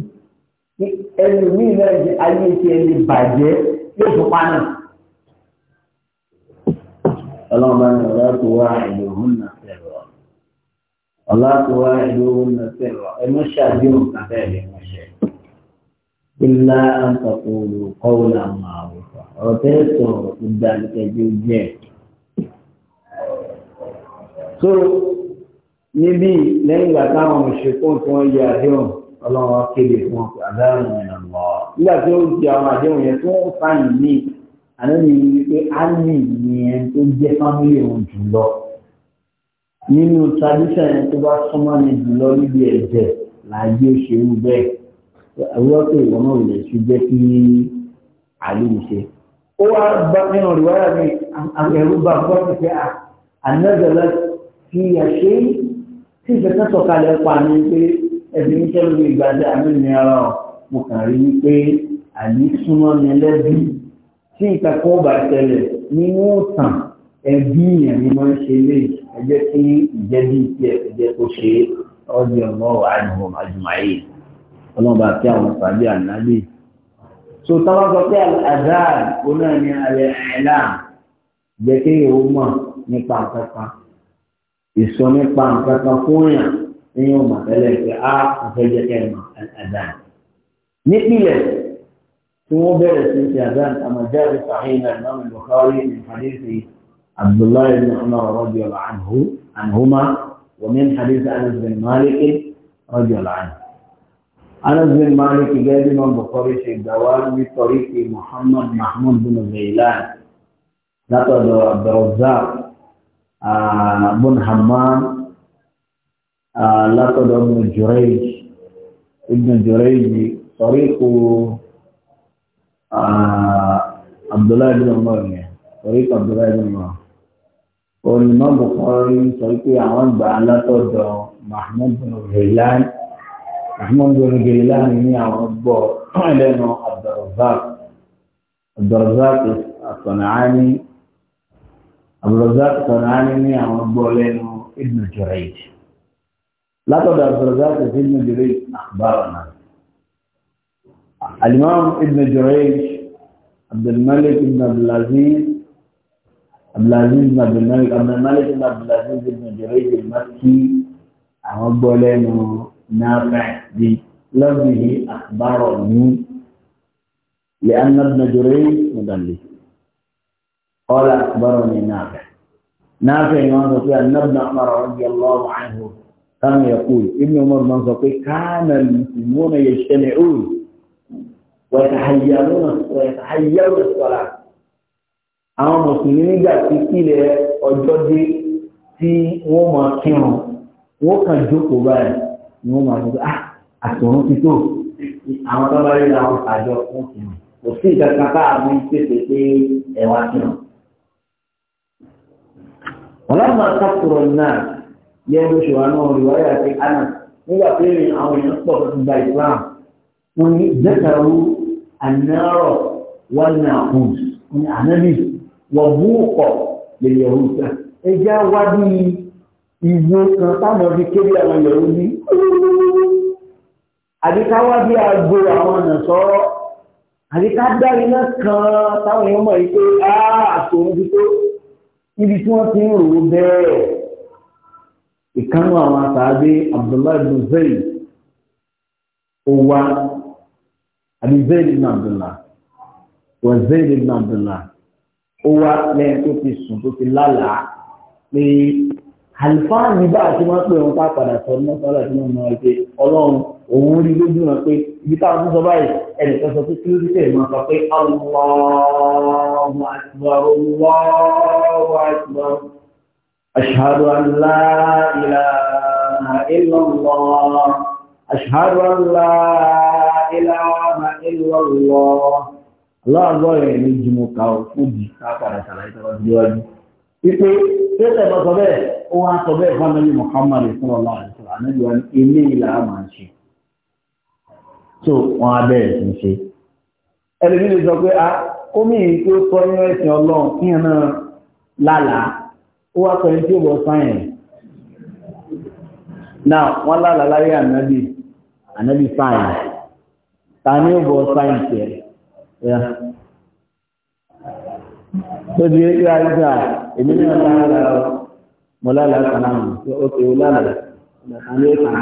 S1: ẹni mi náà jẹ ayé tí ẹni bàjẹ́ yóò fún pa náà. ọlọ́run bá ní ọ̀rọ̀ tó wá ìlú òun náà sẹ̀rọ̀ ọ̀la tó wá ìlú òun náà sẹ̀rọ̀ ẹnu ṣàdéhùn kàfẹ́ rẹ̀ wọ́n ṣe. ilá ń tọ́kọ olùkọ́wò làwọn àwòrán ọ̀rọ̀ tẹ́lẹ̀ tó dá jẹ́. so níbí lẹ́yìn ìgbà táwọn òṣèkó tí wọ́n yẹ àdéhùn ọlọ́run wa kéde fún ọkọ̀ àdáhùn ìrìn lọ. nígbà tí ó di àwọn àdéhùn yẹn tó ń fàyìn ní ànábi wípé ámì ni ẹni tó jẹ́ fámìlì òun jùlọ nínú tradition yẹn tó bá súnmọ́ ni jùlọ níbi ẹ̀jẹ̀ láàyè òṣèlú bẹ́ẹ̀ àwùjọ pé ìwọ náà lè ṣe jẹ́ kí àlùmí ṣe. ó wá bá nínú ìwáyà mi ẹ̀rú bá gbọ́ sí pé ah, ànágbẹ̀lẹ̀ fi àṣẹ tí ìfẹsẹ̀ sọ̀kalẹ̀ pa ni pé ẹbí ní kẹ́lú bí ìgbà tí àmì ní ara ọ̀ mo kàn rí wípé àní súnmọ́ ni lẹ́bí tí ìtakọ́ bá tẹ̀lẹ̀ nínú ọ̀tàn ẹbí yẹn ni wọ́n ṣe lè ẹjẹ́ kí ìjẹ́bí tiẹ̀ ẹjẹ́ tó ṣe ọdún ọmọ àdùnnú àjùmáyé ọlọ́ba àti àwọn tàbí ànábì. so táwọn sọ pé àdáà oná ni alẹ́ àìlá jẹ́ kí mọ̀ nípa nǹkan kan ìsọ nípa nǹkan kan fún yàn. يوم بلغ آخر فجأة ما الأذان نبيل ثم بلغ الأذان أما جاء صحيح الإمام البخاري من حديث عبد الله بن عمر رضي الله عنه عنهما ومن حديث أنس بن مالك رضي الله عنه أنس بن مالك جاء الإمام البخاري في الدوام بطريق محمد محمود بن غيلان نقل عبد الرزاق بن حمام látọ̀dọ̀ ibn Jurayj ibn Jurayj tariqu ah, Abdullahi ibn Umar yẹn tariqu Abdullahi ibn Umar olùmọ̀ Bukhari sọ pé àwọn gbà látọ̀dọ̀ Mahmud bin Ghailan Mahmud bin Ghailan ní àwọn gbọ́ lẹ́nu Abdurrazzaq Abdurrazzaq As-San'ani Abdurrazzaq As-San'ani ní àwọn gbọ́ لقد تدار في ابن جريج أخبارنا الإمام ابن جريج عبد الملك بن عبد العزيز عبد العزيز بن عبد الملك عبد الملك بن عبد العزيز بن جريج المكي أقول نافع بلفظه أخبرني لأن ابن جريج مدلس قال أخبرني نافع نافع ما أن ابن عمر رضي الله عنه كان يقول ابن عمر من زقي كان المسلمون يجتمعون ويتحيرون ويتحيرون الصلاة àwọn mùsùlùmí nígbà tí kílẹ̀ ọjọ́ dé tí wọ́n máa kírun wọ́n kàn jókòó báyìí ni wọ́n máa sọ ah àtọ̀run ti tó àwọn tó bá rí àwọn àjọ wọn kírun kò sí ìjọba káàmù pèsè pé ẹ̀wà kírun. wọ́n lọ́ọ́ máa sàkúrọ̀ náà yẹn ló ṣe wà náà olùwárí àti anna nígbà tó rìn àwọn èèyàn pọ̀ tó ti gba islam wọn ní zakaru anaro wàlúùnà hood wọn ní anabi wọn bú ọkọ lè yẹ ohun sá ẹjẹ awádì ìwo kan táwọn ọdún kébí àwọn yẹ̀wò ní àdìkáwádì àgbo àwọn ọ̀nà sọ̀rọ̀ àdìká dárí náà kan táwọn èèyàn mọ̀ yìí pé àtòun ti tó ibi tí wọ́n ti ń rò ó bẹ́ẹ̀ ìkánú àwọn àtàdé abdullahi bin zayd owó àbí zayd bin abdullah wà zayd bin abdullah owó lẹ́yìn tó ti sùn tó ti lálàá pé àlùfáà ní bá àti wọn pé òun bá padà sọ ní mọ́sálà tí wọ́n máa ṣe ọlọ́run òun rí lójú wọn pé ibi táwọn tó sọ báyìí ẹnì kan sọ pé kí ló dé tẹ̀lé máa sọ pé Allahu akbar Allahu akbar. أشهد أن لا إله إلا الله أشهد أن لا إله إلا الله aláàgọ́ rẹ̀ ní jùmọ̀ká òfúdì káàkàrà ṣàlàyé tọ́wọ́ díwájú wípé pẹ́sẹ̀ bọ́ sọ bẹ́ẹ̀ ó wá sọ bẹ́ẹ̀ fún anábì Muhammad sallallahu alaihi wasallam anábì wa ní ilé ìlà máa ń ṣe tó wọn á bẹ̀rẹ̀ sí ṣe ẹlòmíràn sọ pé a ó mìíràn pé ó ẹ̀sìn Ọlọ́run kí náà lálàá ó wá sọ ní tí ó bọ̀ sáyẹn náà wọ́n lára láyé ànábì ànábì sáyẹn ta ní ó bọ̀ sáyẹn tiẹ̀ yá tó di eré àyíká èmi náà lára mo lára kanáà ó ti ó lára àní ó kàn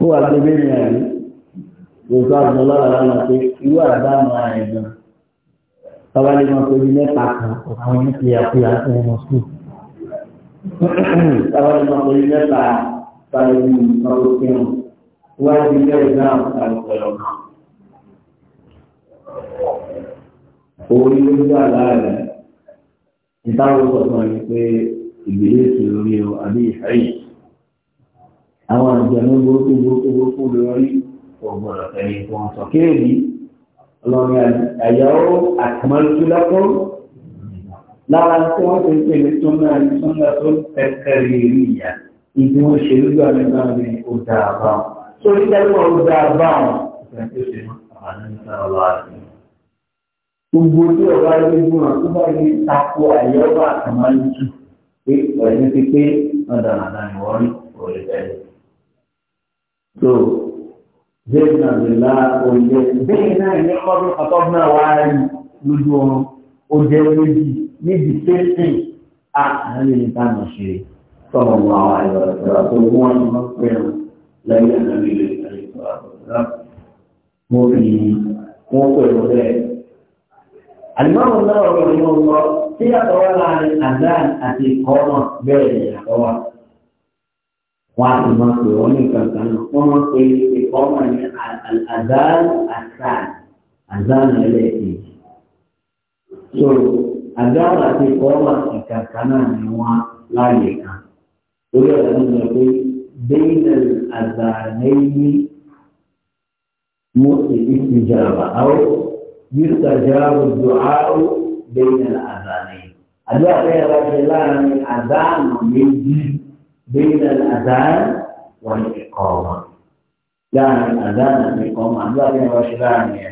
S1: ó wà lóbi ní àyè kò sọ àbúrò tọ́ba lè máa tóbi mẹ́ta kan àwọn yìí ti yàkú yà fún ọmọ sùn. tọ́ba lè máa tóbi mẹ́ta sáré ní ọdún kẹrin wọ́n ti bẹ̀rẹ̀ náà sáré pẹ̀lú ọ̀nà. orí ló ń gbà láàrẹ̀ ìtàwọn sọ̀tàn ni pé ìgbélé ti lórí o àbí ìfẹ́yì. àwọn àjẹmọ́ burúkú burúkú burúkú lórí ọgbọ̀n ọ̀tẹ̀ ni wọ́n sọ kéèdì ọlọ́ni àyàwó àtìmọ́lùtúlọ́kọ́ lára tí wọ́n ti ń pè ní súnmọ́ àìsúnmọ́ tó tẹ́kẹ̀rẹ̀ ìrìyà ìdí wọ́n ṣe lójú àmì náà ní ọjà àbáwọn tó ní tẹ́lẹ̀ ọjà àbáwọn gbogbo tí ọba ilé gbọ́nà tó bá ilé tako àyẹ̀wò àtìmọ́lùtú pé ọ̀rẹ́ ti pé ọ̀dà àdáni wọ́n rí òrìṣẹ́ bẹ́ẹ̀nà ìlà oúnjẹ bẹ́ẹ̀nà ìní kọ́dún ọ̀tọ́gbọ́n àwárí lójú ọrùn oúnjẹ méjì níbi tẹ́sí àárín ìtànà ṣe sọ̀rọ̀ wà ìrọ̀lẹ́sọ̀rọ̀ tó wọ́n ń pẹ̀rù lẹ́yìn ànábì ìrọ̀lẹ́sọ̀rọ̀ mo fi wọ́n pẹ̀rù bẹ́ẹ̀. àlùmọ́ọ̀mù náà ọ̀rọ̀ ni wọ́n sọ tí àtọwọ́ láàrin àdáàn àti ìkọ́nà bẹ́ẹ̀ ni àtọwọ́ wọn àti máa pè wọ́n ní ìkàkàn náà wọ́n máa pè é ọmọ ní àzán àsán àzán ẹlẹ́ẹ̀kejì. so àzán àti ọmọ ìkàkà náà ni wọ́n láàyè kan lórí ọ̀rọ̀ nínú ẹ̀ pé bẹ́ẹ̀nẹ̀ àzánẹ́yìn mú èyí ti jàrà áwọ̀ yóò tàjà ọdún áwọ̀ bẹ́ẹ̀nẹ̀ àzánẹ́yìn. àdúrà bá ṣe láàrin àzán méjì bẹ́ẹ̀nẹ̀ àzán wọ́n ti kọ́ wọn láàrin àdáàmì nìkan máa ń gbàgbé wọn ṣe láàrin ẹ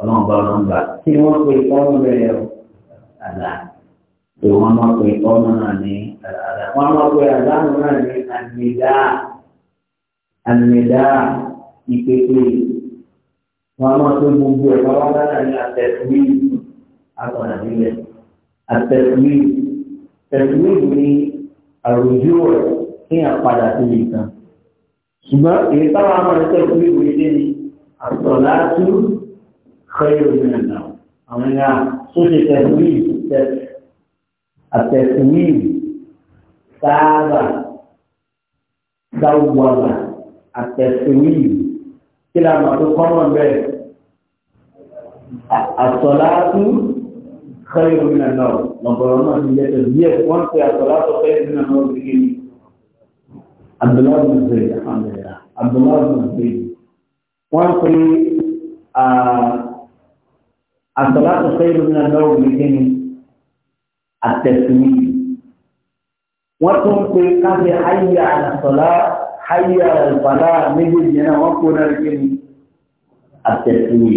S1: ọlọ́run bá ọlọ́run gbà kí wọ́n pe ìtọ́nù bẹ̀rẹ̀ o àdá pé wọ́n máa pe ìtọ́nù náà ní àdá wọ́n máa pe àdáàmì náà ní àmìdá àmìdá ìpèpè wọ́n máa pe gbogbo ẹ̀ bá wọ́n dáná ní àtẹ̀síwì àtọ̀nà nílẹ̀ àtẹ̀síwì tẹ̀síwì ní àròjù rẹ̀ kí n padà sí ìtàn ṣùgbọ́n èyí táwọn amọ̀rẹ́sẹ̀ fún ìwé ilé ni àtọ̀láàtú kọ́yọ̀ òmìnira àwọn ẹ̀yà tó ṣe tẹ̀síwìlì àtẹ̀síwìlì sáábà dáwọ́gbọ̀nà àtẹ̀síwìlì kí la mọ̀ tó kọ́mọ̀ bẹ́ẹ̀ àtọ̀láàtú kọ́yọ̀ òmìnira lọ́gbọ̀rọ̀ náà ti yẹ tẹ̀síwìlì wọ́n ti àtọ̀láàtú kọ́yọ̀ òmìnira náà Abdullahi bin Zayd alhamdulillah Abdullahi bin Zayd wọ́n pe àtọ̀látò sẹ́yìn ní adáwò nìkéni àtẹ̀sùnmí wọ́n tún pe káfí hayya àtọ̀lá hayya àlùfàlà méjèèjì náà wọ́n kó náà nìkéni àtẹ̀sùnmí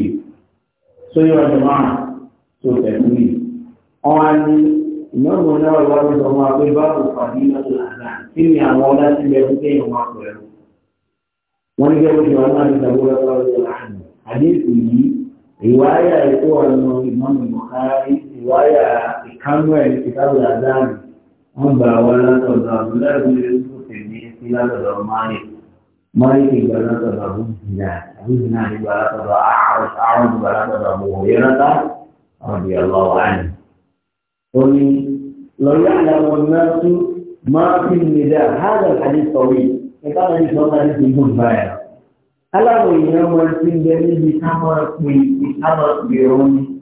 S1: sóyè ọ̀dùnmá tó tẹ̀sùnmí wọ́n á ìmọ̀mù náà wà ní ọmọ àgbẹ̀ bá kò pàdé lọ́dọ̀ àgbà kí ni àwọn ọlá ti lẹ fún kéèyàn máa pẹ̀lú. wọ́n ní gẹ́gẹ́ bí wọn náà ti dàgbò lọ́wọ́ lọ́dọ̀ àgbà àdéhùn yìí ìwáyà ètò ọ̀nà ìmọ̀mù Bukhari ìwáyà ìkánú ẹ̀ ìkárò àdáàmì wọ́n gbà wọn látọ̀dọ̀ àbúlá ìwé ìlú tèmi sí látọ̀dọ̀ máyì máyì ìgbà látọ̀dọ̀ àbúzìnà àbúzìnà ìgbà látọ̀dọ̀ àrùn ìgbà látọ̀dọ̀ àbúwọ̀ yẹn látà ọ̀dì ọ̀lọ́wọ̀ àná. ó ní لو يعلم الناس ما في النداء هذا الحديث طويل كما يسمى حديث الجنباية ألا وإنما الجنباية كما كما بيرون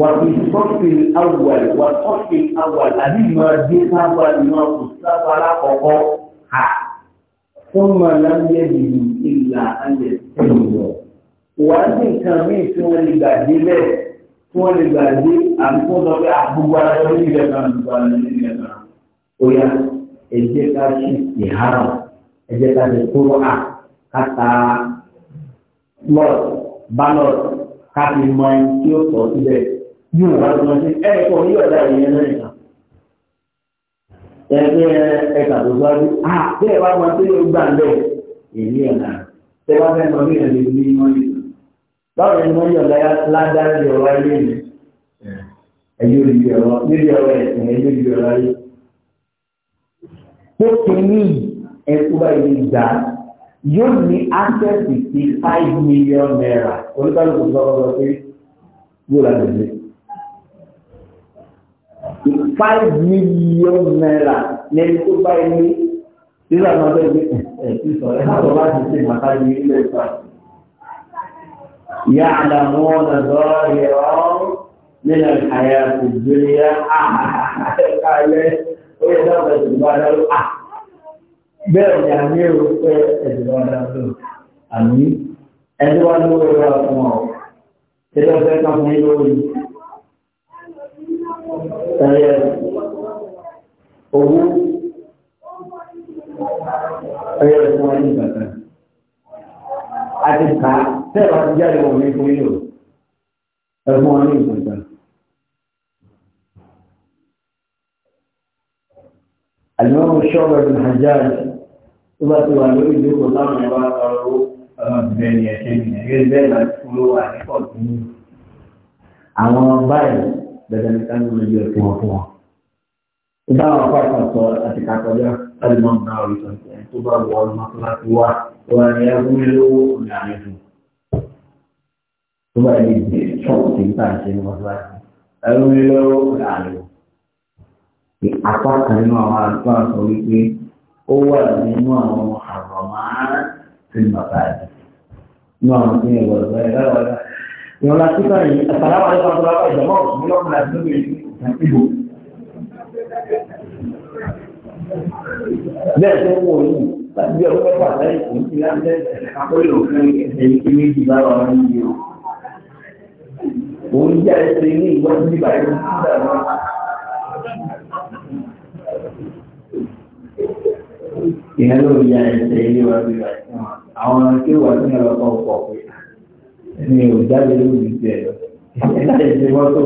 S1: وفي الصف الأول والصف الأول أبي ما جيسا وما قصة ولا قوة ثم لم يجد إلا أن يستمر وأنت كمين تولي بعد ذلك تولي بعد àti kó sọ pé àgbogbo ah, ara ẹni ìrẹ̀ kan àgbogbo ara ẹni ìrẹ̀ kan. ó yá ẹ jẹ́ ká ṣe ìhárà ẹ jẹ́ ká ṣe kóró à káta lọ́ọ̀t bálọ̀t káfí mọ ẹni tí ó sọ síbẹ̀ yóò wá lọ sí ẹ̀kọ́ yóò dá ìyẹn náà ìta. ẹgbẹ́ ẹ̀ka tó sọ wájú à bẹ́ẹ̀ wá wọn tó yóò gbà bẹ́ẹ̀ èyí ẹ̀ náà fẹ́ mọ bí ẹ̀ ní mọ́ yìí. báwo ni wọ́n yọ̀ ẹ̀yọ́ ìlú ẹ̀rọ níbi ọ̀rọ̀ ẹ̀sìn ẹ̀yọ́ ìlú ẹ̀rọ ayé. Ó ti ní ẹ̀kọ́ ìlú ìgbà yóò ní access sí five million naira oníkálukú lọ́wọ́lọ́wọ́ pé yóò rà lẹ́lẹ́. five million naira ní ẹni tó bá ẹni nígbà máa bẹ́ẹ̀ ní ẹ̀sìn sọ̀rọ̀ ẹ̀ láti ṣe màtá ilé ìfà. Yàrá mọ́ ọ̀nà lọ́ọ̀rì ọ̀ọ́ nínú àyà òjòlè yá àkàlẹ́ ó yẹ dábàá ìdìbò adarú à bẹ́ẹ̀ ni àmì èrò pé ìdìbò adarú àmì ẹni wá ní owó ìwà fún ọ ilé ọ̀fẹ́ kan fún yín lórí ẹ̀yẹ owó ẹ̀yẹ fún ọ ní ìgbàgbọ́ àti ká tẹ́lẹ̀ ọ̀tí jáde wọ̀ fún yín o ẹ̀fún ọ ìgbàgbọ́. المهم الشعب بن حجاج ثم توالوا يدركوا الله ما قالوا بين يتيمين غير بين الفلوة على باي بدل كان مجيور كما هو إذا أفرت الصور أتكا قد يحقق المنطقة ويسنسي أن تضرب والمطلع هو وأن يغملوا ويعيشوا ثم يجب أن يكون في مطلع ويعيشوا apá kan nínú àwọn àgbà sọ wípé ó wà nínú àwọn àrọ̀mọ́ tí ń bàbá rẹ̀ nínú àwọn tí ń wọ̀ lọ́wọ́ ẹ̀rọ ọ̀la. ìwọ̀n la kíkọ́ yìí àtàlámà nípa tó lápá ìjọba òṣùwọ́n lọ́kùnrin àti lóbi ìbò. bẹ́ẹ̀ tó ń wò yìí láti ọdún mẹ́fà sẹ́yìn kò sí láńdẹ́ akọ́lé òfin ẹ̀sẹ̀ ike méjì bá wà wọ́n yìí o. òun jẹ́ ẹsẹ̀ ní ìwọ́n ìyẹn ló ya ẹsẹ̀ ilé wa bí wa àwọn tí ó wà ní ọlọ́pàá ọ̀pọ̀ pé ẹni ò jáde lórí ìgbẹ́ lọ ẹsẹ̀ ìṣe mọ́tò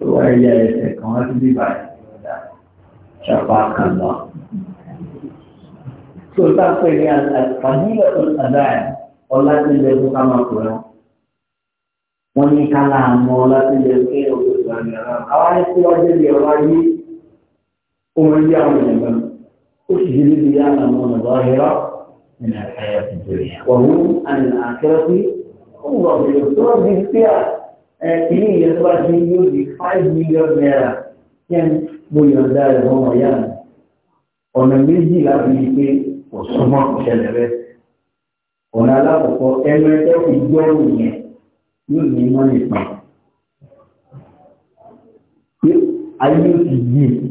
S1: tó wá ya ẹsẹ̀ kan wá sí bíbá ṣàpá kan lọ. tó tá a pè ní àdúgbò àdáyà ọlá tí ilẹ̀ fún kámá kò rán ní ká láàmú ọlá tí ilẹ̀ fún kéèyàn kò rán ọlá àwọn ẹ̀sìn ọjọ́ ìlẹ̀ ọlá yìí. ومن يعمل منهم أسجل الذين يعلمون ظاهرة من الحياة الدنيا وهم أن الآخرة هم غافلون ترى فيها إلي يتبع يوزي 5 مليون نيرا كان بويان دار هم ريان ọ̀nà méjì láti rí pé kò súnmọ́ ìṣẹ̀lẹ̀ rẹ̀ ọ̀nà alákọ̀ọ́kọ́ ẹnu ẹgbẹ́ fi gbọ́rù yẹn yóò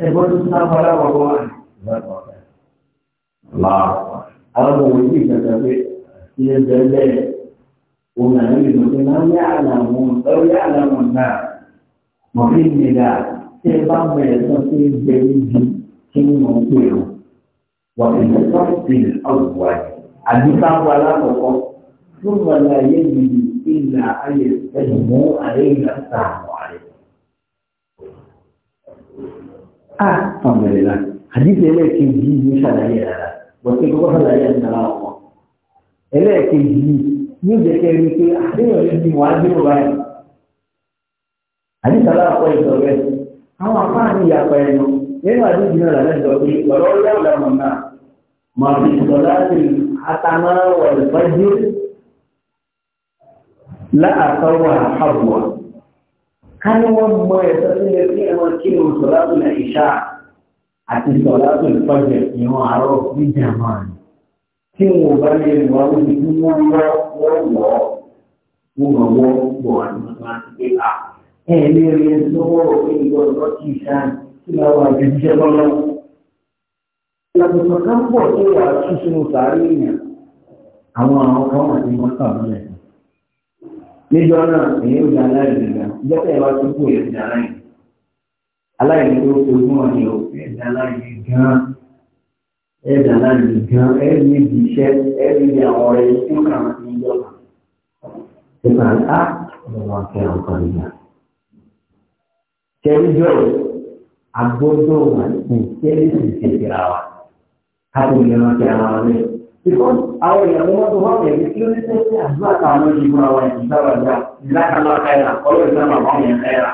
S1: يقول الإسلام ولا وقوان الله أرد وجيبة في الجلال ونعيد ما يعلمون أو يعلم الناس مفيد نداء تبقى في الجلد كم يمكنه وفي الصف الأول الدفاع ولا وقوف ثم لا يجد إلا أن يستجموا علينا الساعة Ah. alhamdulillah àdìsí ẹlẹ́ẹ̀kejì ní ṣàlàyé rárá wọ́n ti kọ́kọ́ ṣàlàyé ìdára ọmọ ẹlẹ́ẹ̀kejì ní ìjẹ́kẹ́ rí pé àdéhùn rẹ̀ ti wà á dé òwá yìí àdìsí aláàpọ̀ ìtọ̀ rẹ̀ àwọn afáà ní ìyàpọ̀ ẹnu nínú àdìsí náà làlẹ́ ìjọ pé ọ̀rọ̀ yà lọ́mọ náà màá àhàbùwà kánú wọn mọ ẹ̀sọ́ tó lè fi ẹ̀wọ̀n kí ló sọ látò lẹ̀ ìṣá àti sọ látò ìfọ̀jẹ̀ ìwọ̀n àárọ̀ níjà máa ní. tí wọn ò bá lè wọ àwọn ibi tí wọn wọ wọn wọ wọn wọ wọ wọ àdúgbò àti pé à ẹ lè rí ẹsọ wọrọ pé ìgbọdọ kí ìṣá kí lọ wà ju jíjẹ lọlọ. ìyàtọ̀ kan pọ̀ tó wà sísun sàárè èèyàn àwọn àwọn kan wà ní mọ́tà lọ́lẹ̀ níjọ́ náà èyí ò dá aláìní ìgbà jẹ́pẹ́ ìwà tó kù èyí dá aláìní aláìní tó fogún ọ̀nì ò ẹ̀ dá aláìní gan ẹ̀ dá aláìní gan ẹ̀ níbi iṣẹ́ ẹ̀ níbi àwọn ọ̀rẹ́ tó kà wọ́n ti níjọ́ kan. ìgbà á lọ́wọ́ akẹ́ ọ̀kan nígbà. kẹ́ríjọ́ agbọ́dọ̀ wà ní kẹ́rí sì ṣe ìra wa ká tó lè rántí ara wa lẹ́yìn. Because àwọn ìyàwó mọ́tò wọ́n tẹ̀lé kí ló ní tẹ́lẹ̀ àdúrà táwọn ọmọ ìgbìmọ̀ àwọn ìṣàrà ìjà ìlàkàlà káyà ọlọ́ ìsàmà àwọn ìyàn káyà.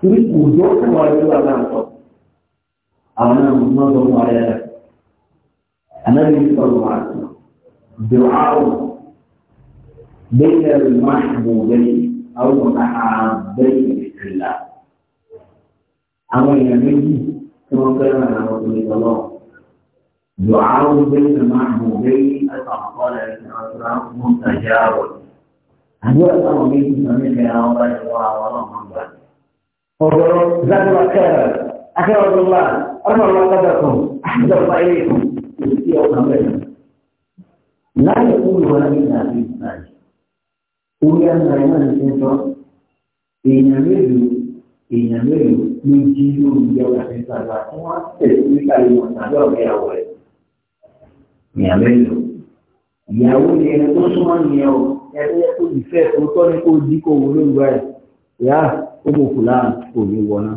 S1: Torí kò jọ fún wa lórí àgbà sọ. Àwọn náà mú mọ́ tó wà lẹ́yà. Ànábi ń sọ̀rọ̀ wà sí. Dùhàù bẹ́ẹ̀ rẹ̀ máa bò bẹ́ẹ̀ àwọn ọ̀nà àbẹ́yẹ̀ ìlà. Àwọn èèyàn méjì tí wọ́n fẹ́ràn àwọn òṣèlú ọlọ́run. دعاء بين معبودين أسعد قال الإسلام مستجاب هذا الأمر به سميك يا الله ورحمة الله زاد الله خيرا أكرم الله أرفع الله قدركم أحمد الله إليكم لا يقول ولا إلا في الثاني ويا مريمان الإنسان إن يريد إن يريد من جيل من جولة في الثاني وما تسمي كلمة الله èèyàn mélòó ìyàwó ni ẹni tó súnmọ́ nìyẹn o ẹni tó ìfẹ́ tó tọ́ ni kó dí kó wọlé ìgbà ẹ̀ ìyá ó mọ̀ kù láàrín kò ní wọná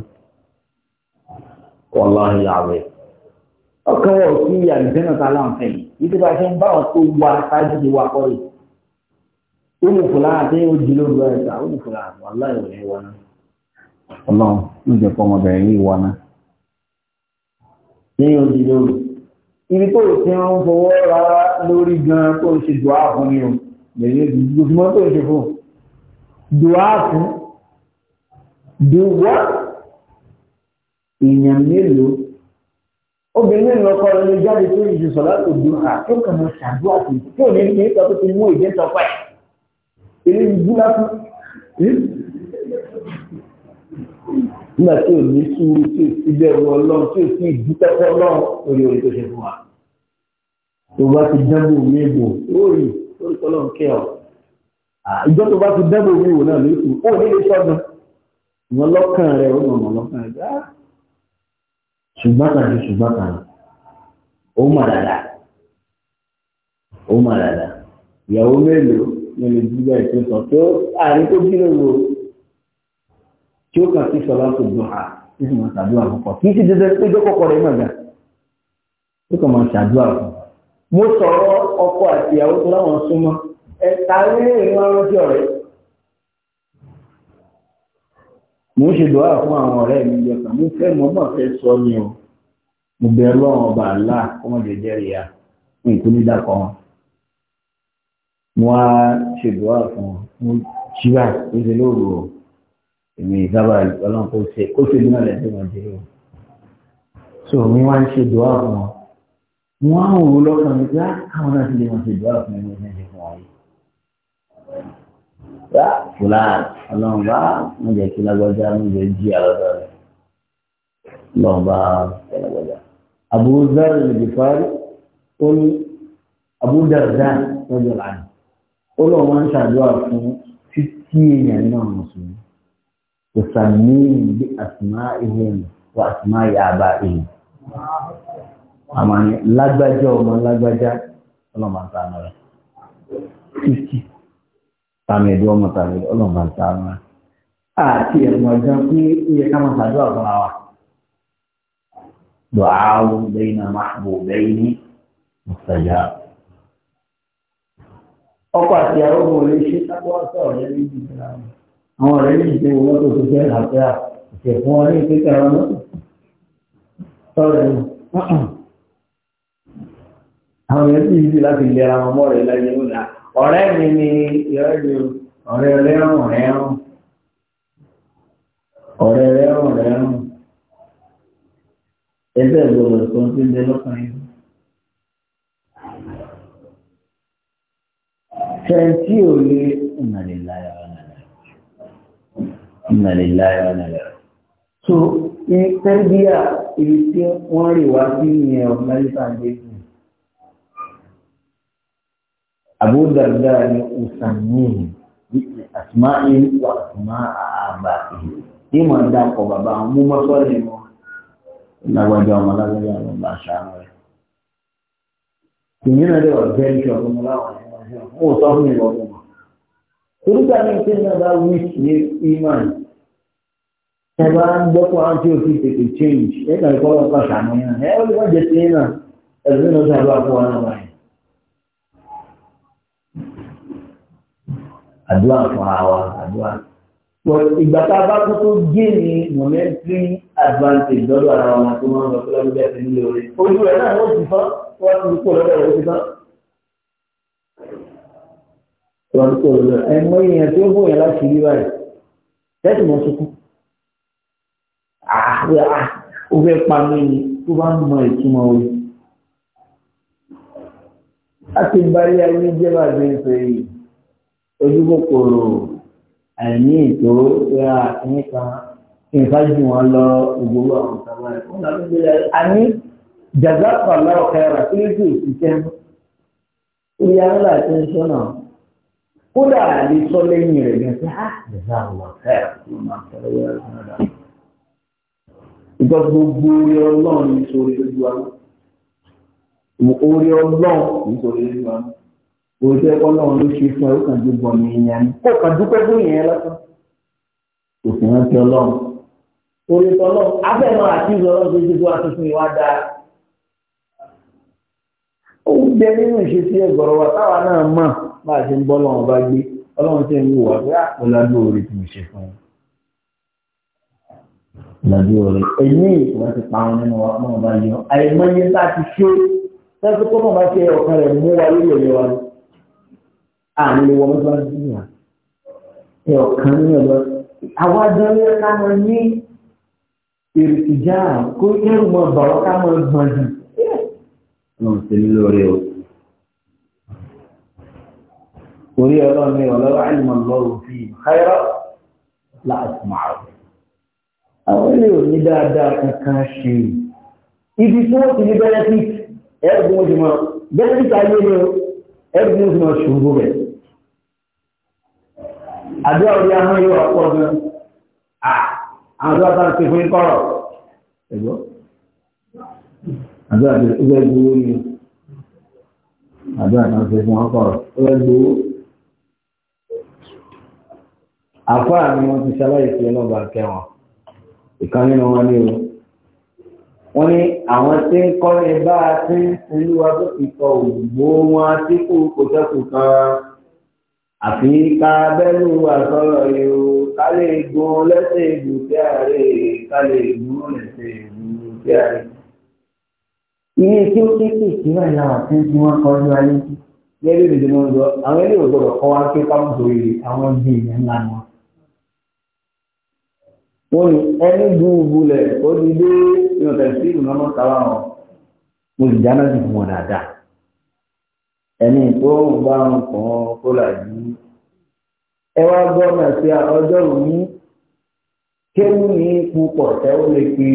S1: ọkàn wọ̀ sí náà ta láǹfẹ̀ yìí bá a ṣe ń bá wọn tó wá sáájú kọ́ yìí ó mọ̀ kù láàrín tí ó ẹ̀ ta ó mọ̀ kù láàrín wọná ọlọ́run jẹ́ fọmọbìnrin yìí wọná ní ó ibi tó ti ń fowó ra lórí gan tó ń ṣe dùá fún ni o lèyìn gbogbo tó ń ṣe fún dùá fún dùwá èèyàn mélòó obìnrin ní ọkọ rẹ lè jáde tó ìṣe sọlá tó dùn á tó kàn máa ṣàdúrà sí i tí ò ní ní ìtọ́ tó ti mú ìdí sọ pẹ́ èyí ń bú lásán hm? nígbà tí o ní sùúrù tí o sí bẹ̀rù ọlọ́run tí o sí ìdúpẹ́pẹ́ ọlọ́run lórí orí tó ṣe fún wa. tó bá ti dánwò mi wò ó rí orúkọ ọlọ́run kẹ́ ọ. ìjọ tó bá ti dánwò mi wò náà ló kù ó nílé sọ́gun ìwọ lọ́kàn rẹ̀ ó mọ̀ mọ̀ lọ́kàn rẹ̀ gbá. Ah! ṣùgbọ́n kan ju ṣùgbọ́n kan ó mà dáadáa ó mà dáadáa ìyàwó mélòó ni olè jí bẹ́ẹ̀ tó sọ tó àárín tó jí lóru tí ó kàn sí sọlá tó dùn á tí sì máa ṣàdúrà púpọ̀ kì í sì dandan pé dọ́kọ̀kọ̀ rẹ̀ mọ̀gá tó kàn máa ṣàdúrà fún un. mo sọ̀rọ̀ ọkọ àti ìyàwó tó láwọn súnmọ́ ẹ tààrí lè rí wọn rántí ọ̀rẹ́. mo ń ṣe dùá fún àwọn ọ̀rẹ́ mi jẹ kàn mo fẹ́ mọ́ mọ́ fẹ́ sọ ni o mo bẹ̀rù àwọn ọba àlá kọ́mọdé jẹ́rìí ya fún ìkúnídà kan wọn mo á ṣe dùá fún wọn mo ṣíra ìṣèlérò èmi ìsábà ọlọ́run kò ṣe kó ṣe náà lẹ́sẹ̀ wọn jẹ́ o so mi wá ń ṣe dùá fún wọn wọn á wò lọ́kàn mi pé ah, káwọn náà ti lè wọn ṣe dùá fún mi ní ṣe fún wọn yìí rà fúláàdì ọlọ́run bá wọn jẹ́ kí lágbájá wọn jẹ́ jí àlọ́dọ̀ rẹ̀ ọlọ́run bá lágbájá Abu Dharr di ghifari ó ní Abu Darda lọ́jọ́ lánàá ó lọ́wọ́ máa ń ṣàdúrà fún fífí èèyàn náà mùsùlùmí. تسميهم بأسمائهم وأسماء آبائهم àmọ́ ni lágbájá ọmọ lágbájá ọlọ́mà tánà rẹ̀ títí tàmì ẹ̀dọ́ ọmọ tàbí ọlọ́mà tánà rẹ̀ àti ẹ̀mọ̀ ìjọ pé ó yẹ ká máa ṣàdúrà fún wa dọ̀áwó lẹ́yìn náà máa bò lẹ́yìn ní ìsàjà ọkọ̀ àti àwọn ọmọ rẹ̀ ṣe sábọ́ sọ̀rọ̀ lẹ́yìn ìgbà náà àwọn ọ̀rẹ́ yìí ṣe wọ́n tó ti fẹ́ àfẹ́ àṣẹ fún ọ ní ìpínlẹ̀ ọ̀rọ̀ náà sọ̀rọ̀ ẹ̀ àwọn èèyàn sì yìí láti lè ara wọn mọ́rẹ̀ láyé ńlá ọ̀rẹ́ mi ni ìrẹ́lẹ̀ ọ̀rẹ́ ọlẹ́rùn rẹ́rùn ọ̀rẹ́ rẹ́rùn rẹ́rùn ẹgbẹ́ ìgbọ̀dọ̀ tó ń ti lé lọ́kùnrin. ṣẹ́ńtì ò lè ìmọ̀lẹ̀ láyà inna lillahi wa inna ilaihi so ní sẹ́ńdíà ibi tí wọ́n ni wá sí ìyẹn mẹ́ríkà jésù Abu Darda ni usanihi asma'i wa asma'a abaihi tí mo ń dákọ̀ bàbá àwọn mú mọ́tò rẹ̀ mọ́ lágbájá ọmọ lágbájá ọmọ bá aṣáájú rẹ̀ ìyẹn náà lè wà bẹ́ẹ̀ ní ọdún láwọn ẹ̀yìn ọdún ó sọ fún ìwọ̀n ọdún torí gbà ní ìpínlẹ̀ bá wí ní imán ẹ bá ń gbọ́ pọ̀ àwọn tí o ti tètè change ẹ kàn kọ́ ọ̀pá sàmì náà ẹ ó lè má jẹ sí yín náà ẹ̀rọ náà ti àdúrà fún wa náà wáyé. àdúrà fún àwa àdúrà. ìgbà tá a bá tó tó gé ní momentary advantage lọ́dọ̀ ara wọn tó máa ń lọ sí lọ́dún bẹ́ẹ̀ sí nílé orí. ojú rẹ̀ náà ó ti fọ́ wọ́n ti kó lọ́dọ̀ rẹ̀ ó ti fọ́. wọ́n ti kó lọ́dọ̀ ẹ̀ mọ ìyẹn tí ó bóyá láti rí báyìí tẹ́sí mọ́ sókún pé à ah, ó fẹ́ pa mí ni tó bá ń mọ ìtumọ̀ orí. a ti bari ayé jẹ́ bàbá ìfẹ́ yìí ojú kòkòrò àìní ètò ra ah, nìkan nǹkan jù wọn lọ ìgbòho àwọn sábà rẹ̀ fún àwọn ìgbéra rẹ̀ a ní jàdá pàlọ́ ọ̀kẹ́rà tí ó sì ṣiṣẹ́ ìyá ńlá ti ń sọ́nà kódà àdìsọ́ lẹ́yìn rẹ̀ gẹ́gẹ́ bí a jàdá àwọn ọ̀kẹ́rà tí ó máa fẹ́ wẹ́rẹ́ fún ọ̀dà ìgbà gbogbo orí ọlọ́run ní sórí lójú wa orí ọlọ́run ní sórí lójú wa orí tẹ́ ọlọ́run ló ṣe fún ẹ ó kàn ju bọ̀ ní ìyẹn ni kó kàn dúpẹ́ fún ìyẹn lọ́sàn òfin rántí ọlọ́run orí tọ́lọ́ abẹ́nú àti ìlọrọ́ tó ṣe tó wá tuntun ìwà dáa ó ń bẹ nínú ìṣesí ẹgbọ̀rọ̀ wa táwa náà mọ̀ bá a ṣe ń bọ́ ọlọ́run bá gbé ọlọ́run ṣe ń wò wá pé ah, lọ́dí orí. Èmi ìwà ti pa àwọn nínú wa náà bá yọ. Àìmọye ńlá ti ṣe lọ́sọ̀ tó kàn bá ṣe ọ̀kan rẹ̀ mú wa lórí ẹ̀yẹ wa. Àmì ìwọ ló bá dì wá. Ẹ ọ̀kan ní ọ̀dọ́. Àwa dánwó ká máa ní ìrètí já kó kẹ́rù mọ bàwọ́ ká máa gbọ̀n jù. Ọlọ́run ti ní lórí o. Orí ọlọ́run ni ọ̀lọ́rọ̀ àìmọ̀ lọ́rùn fi khayra láti máa rọ̀ àwọn ilé òní dáadáa kankan ṣe ibi tí wọ́n ti ní benefit ẹ̀rùn ojú mọ́ benefit ayé ni ẹ̀rùn ojú mọ́ ṣòro rẹ̀ àdúrà orí ahọ́n yóò wà pọ̀ gan àwọn àdúrà bá ń ṣe fún kọ́rọ̀ ẹ̀gbọ́n àdúrà tó fẹ́ gbowó ni àdúrà náà ṣe fún ọkọ̀rọ̀ tó fẹ́ gbowó àfáà ni wọ́n ti ṣaláyè sí ọlọ́ba kẹwọn ìkan nínú wọn ní o wọ́n ní àwọn tí ń kọ́ni bá a ti ń sinú wa tó fi sọ ògbó wọn tí kò kò sẹ́kù kan àfi ká bẹ́lú àsọ̀rọ̀ yìí o ká lè gun lẹ́sẹ̀ ìlú tí a rè ká lè gun lẹ́sẹ̀ ìlú tí a rè. ilé tí ó kéékèèké wà láwọn tí ń fi wọn kọ́ ayé gẹ́gẹ́ bí ìdílé wọn lọ àwọn ilé ìwòsàn kọ́ wá pé káwọn sòrè àwọn ibi ńlá wọn wọ́n ní ẹni gbúgbú lẹ̀ ó ti dé ìwọ̀n tẹ̀sí ìrùnà máa kàwá wọn mo sì dáná sí fún wọn dáadáa ẹni tó ń bá ń kàn kó làjú ẹ wá gbọ́ náà sí ọjọ́ òní kéwù ní púpọ̀ tẹ́ ó lè pe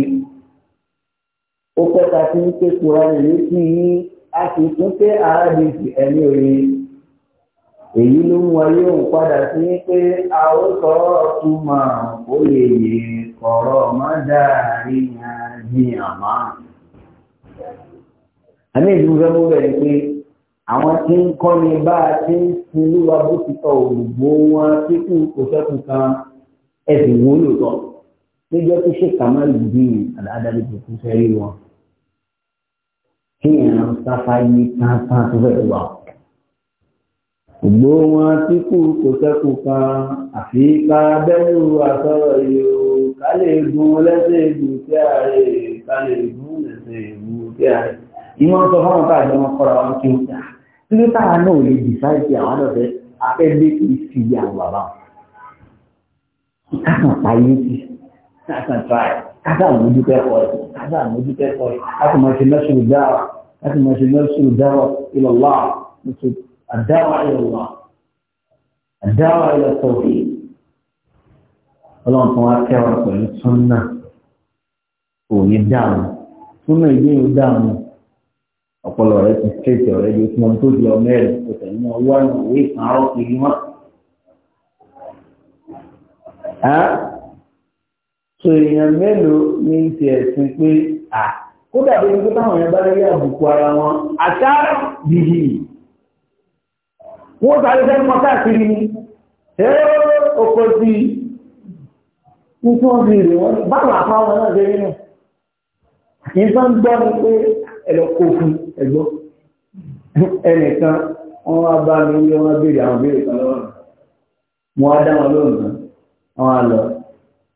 S1: ó pẹ́ta tí ń ké kura ní létí yín a sì tún pé arábìsì ẹni òye èyí ló ń wáyé òun padà sí pé a ó sọ ọ́ túmọ̀ kó lè yè kọ̀rọ̀ má dáàrí ní àmá. àmì ìlú fẹ́ mú bẹ̀rẹ̀ pé àwọn tí ń kọ́ni bá a ti ń sinú wa bó ti tọ òògùn wọn tí kù kò sẹ́kù kan ẹ̀sìn wúlò tọ̀ níjọ́ tó ṣe kàmá lùdí àdáadáa tó kú sẹ́rí wọn. kí èèyàn sáfáyé tán tán tó fẹ́ wà. Gbogbo wọn tí kú kò sẹ́kù kan, àfi ká bẹ́rù àsọ̀rọ̀ yìí o, ká lè gun lẹ́sẹ̀ ìlú tí a rè, ká lè gun lẹ́sẹ̀ ìlú tí a rè. Ìwọ́n sọ fáwọn káàdì wọn kọ́ra wọn kí ó dà. Kílé táwa náà lè dìsáìtì àwọn àdọ̀fẹ́ afẹ́lé ìfi àwọn bàbá wọn. Ìkàkàn pa ayé ti, ìkàkàn pa ẹ̀, kásà àmójútẹ́ kọ́ ẹ̀, kásà àmójútẹ́ kọ́ ẹ̀, kásà mọ̀ ṣe mẹ́sùrù dáwà, kásà mọ̀ ṣe mẹ́sùrù dáwà ilọ̀lá الدعوة إلى الله الدعوة إلى التوحيد ọlọ́run tó wá kẹwàá pẹ̀lú súnà kò ní dáhùn súnà ìdí yóò dáhùn ọpọlọ rẹ ti ṣèṣe ọrẹ yóò fún ọmọ tó di ọmọ ẹ kò tẹ̀lé mọ wá ní òwe ìpààrọ̀ kiri mọ́. so èèyàn mélòó ní ti ẹ̀sìn pé kódà bí ẹni tó táwọn yẹn bá rí àbùkù ara wọn àṣà bìbì wọ́n sáré fẹ́ mọ́ káàkiri ni ọkọ̀ sí nítorí rẹ̀ wọ́n báwọn àfáwọn náà ṣe rí náà ìfẹ́ ń gbọ́ ni pé ẹ̀lọ́kọ̀ọ́fún ẹ̀gbọ́ ẹnìkan wọ́n wá bá mi ní wọ́n béèrè àwọn béèrè kan lọ́wọ́ mo wá dá wọn lóhùn kan àwọn àlọ́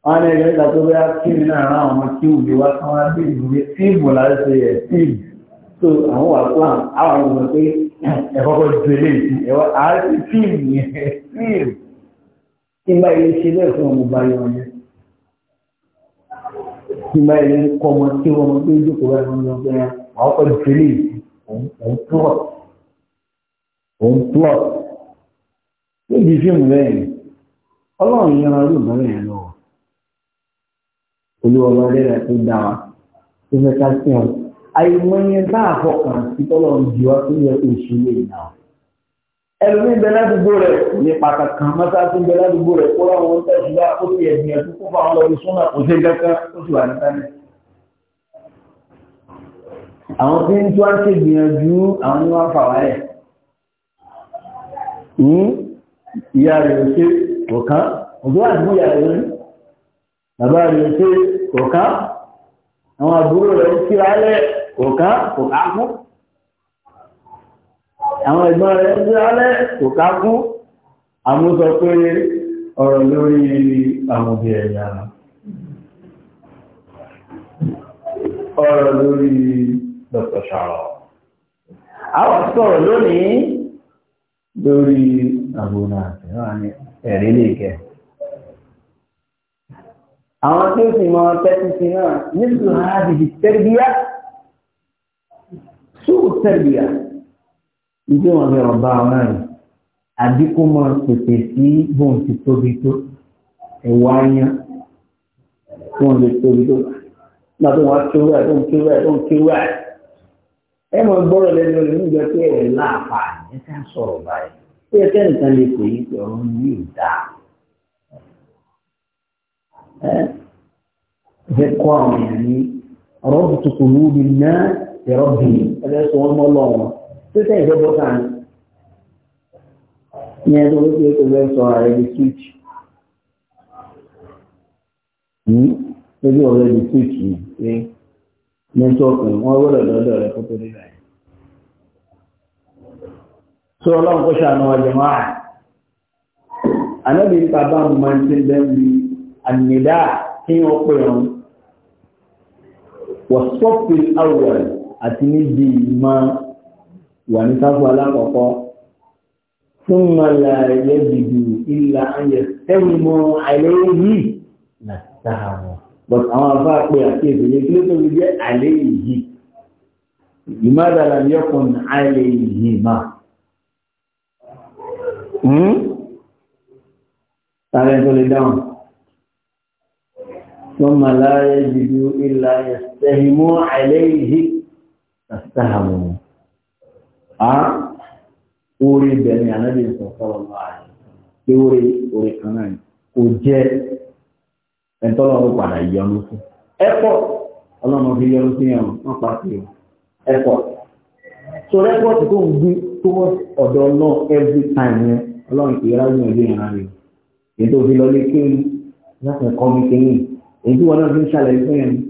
S1: wọn ní ẹgbẹ́ ìgbà tó bẹ́yà kí ni náà rán àwọn tí òbí wá kí wọ́n béèrè fíìmù láti ṣe ẹ̀ fíìmù tó àwọn wà fún àwọn ọmọ pé ẹ̀kọ́kọ́ ju eléyìí ẹ̀wọ́ àárẹ̀ fíìmù yẹn fíìmù tí bá ilé ṣe bẹ́ẹ̀ fún ọmọ bá yọ ọyẹ tí bá ilé kọ́ ọmọ tí ọmọ tó ń jókòó báyìí wọn lọ pé àwọn kọ́ ju eléyìí òun plọ̀ òun plọ̀ níbi fíìmù bẹ́ẹ̀ ni ọlọ́run yẹn máa lùbọ́ yẹn lọ olú ọmọ rẹ̀ tó dáa tó fẹ́ ká sí ọ̀hún àìmọye bá àfọkàn sí tọ́lọ̀ ń jù wá tó yẹ kó ṣe lè nà ọ́. ẹlòmíín bẹ ládùúgbò rẹ ní pàtàkì mọ́sáàsì bẹ ládùúgbò rẹ kó láwọn ń tẹ̀sí bá ó fi ẹ̀dùn ẹ̀dùn kó fáwọn lọ sún náà kó ṣe kankan ó sì wà ní sáré. àwọn tí ń tún á ṣe gbìyànjú àwọn ni wọ́n fà wáyẹ̀. Hmm? ìyá rẹ̀ ò ṣe kọ̀ọ̀kan òjò àdúgbò ìyá rẹ̀ rí bàbá rẹ̀ ò ṣe kọ̀ọ̀kan àwọn àbúrò rẹ̀ ń òkà kò ká kú àwọn ẹ̀gbọ́n rẹ̀ ń rálẹ̀ kò ká kú àmúsọ pé ọ̀rọ̀ lórí àmúbi ẹ̀yà ọ̀rọ̀ lórí Dr. Sharo àwọn sọ̀rọ̀ lónìí lórí àbúnà àti ẹ̀rí lè kẹ́ àwọn tí ó sì mọ́ tẹ́tí sí náà nítorí àádìí tẹ́rìbíyà tẹ̀lé ìdí wọn fi rọ̀ bá ọmọ rẹ̀ àdínkù mọ́ pèsè sí bóun ti tóbi tó ẹ̀wọ̀ ayan bóun ti tóbi tó náà tó wọn kéwà tó ń kéwà tó ń kéwà ẹ mọ̀ gbọ́rọ̀ lẹ́nu rẹ̀ níjọ pé ẹ̀ láàpá ẹ̀ ká sọ̀rọ̀ báyìí ó yẹ kẹ́ nìkan lè pè é pé ọ̀run yìí dáa ẹ fẹ́ kọ́ àwọn èèyàn ní ọ̀rọ̀ tuntun lóbi náà ẹ̀rọ bì ẹlẹ́sùn wọn mọ́ lọ́wọ́ títẹ̀ ìjọba kan ní ẹni tó wípé kò lẹ́ sọ ààrẹ di switch lórí hmm? ọ̀rẹ́ di switch yìí pé nẹ́tíwọ́ọ̀kì wọn gbọ́dọ̀ lọ́dọ̀ rẹ kó tó dé báyìí. sọ ọlọ́run kó ṣàánú ọjọ́ máa ànábì nípa bá máa ń ti bẹ́ẹ̀ mi kí wọ́n pè wọn wọ́n sọ́ọ̀pì àwòrán àti níbi ìmọ̀ ìwà ní sáfù alákọ̀ọ́kọ́ fún mọ̀lá ẹ̀yẹ dìbò ìlà ayẹ ẹ̀rù mọ àìlẹ́yẹ yìí nà sáà wọn. but àwọn afá pé àti èdèlé kí ló tóbi jẹ́ àìlẹ́yẹ yìí ìmọ̀dà làbí àìlẹ́yẹ yìí mà. Tààrẹ tó lè dáhùn. Fún mọ̀lá ẹ̀yẹ dìbò ìlà ayẹ ẹ̀rù mọ àìlẹ́yẹ yìí tàtàhàmù a orí ibẹ̀ ni ànábì ń sọ sọ́rọ̀ láàyè pé orí orí kan náà kò jẹ́ ẹ̀ńtọ́lọ́run padà yọnu sí ẹ̀pọ̀ ọlọ́run fi yọnu sí yẹn wọ́n pa sí o ẹ̀pọ̀ so rẹ́pọ̀tì tó ń gbé towards ọ̀dọ̀ náà every time yẹn ọlọ́run kì í ráyè ọdún yẹn rárẹ̀ ètò òfin lọ lé kéwì láti ẹ̀kọ́ mi kéwì èyí tí wọn náà fi ń ṣàlàyé fún yẹn ni.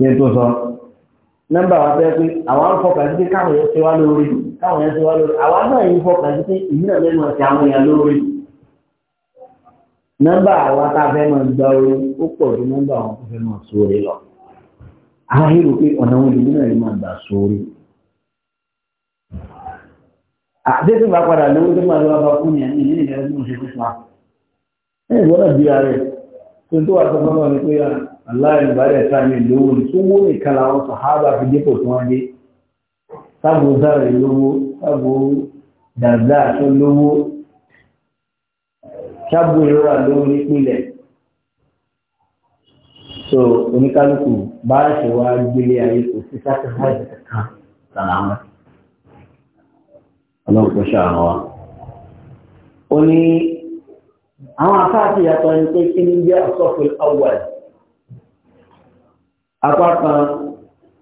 S1: kí n tó sọ nọ́mbà wa fẹ́ pé àwọn ń fọkàn sí pé káwọn yẹn ṣe wá lórí káwọn yẹn ṣe wá lórí àwa náà yìí fọkàn sí pé ìlú náà lẹ́nu ọ̀sẹ̀ àwọn èèyàn lórí nọ́mbà wa tá a fẹ́ máa gba orí ó pọ̀ ju nọ́mbà wọn tó fẹ́ máa sóore lọ àwọn èrò pé ọ̀nà wọn ìlú náà lè máa gbà sóore àdéhùn bá padà lówó tó máa lọ́wọ́ bá fún yẹn ní ìdílé ìdílé tó ń ṣe fún wa ẹ̀ ìwọ́n náà bí ara rẹ̀ tó ń tó wà sọ fún ọ aláàrin bá rẹ̀ sáà lugu lówó ní tún wó ní kala wọn sàhábà fi sabu tí wọ́n dé sábò sára lówó sábò lugu tó lówó sábò ìrora lówó nípìnlẹ̀ so oníkálukú bá ṣe wá gbélé ayé kò sí sátífáìsì kankan sàlámà ọlọ́run Allah ṣàrán wa ó ní àwọn afáàtì yàtọ̀ ní pé kí ni jẹ́ ọ̀sọ́fẹ́ awọ́ọ̀dì apá kan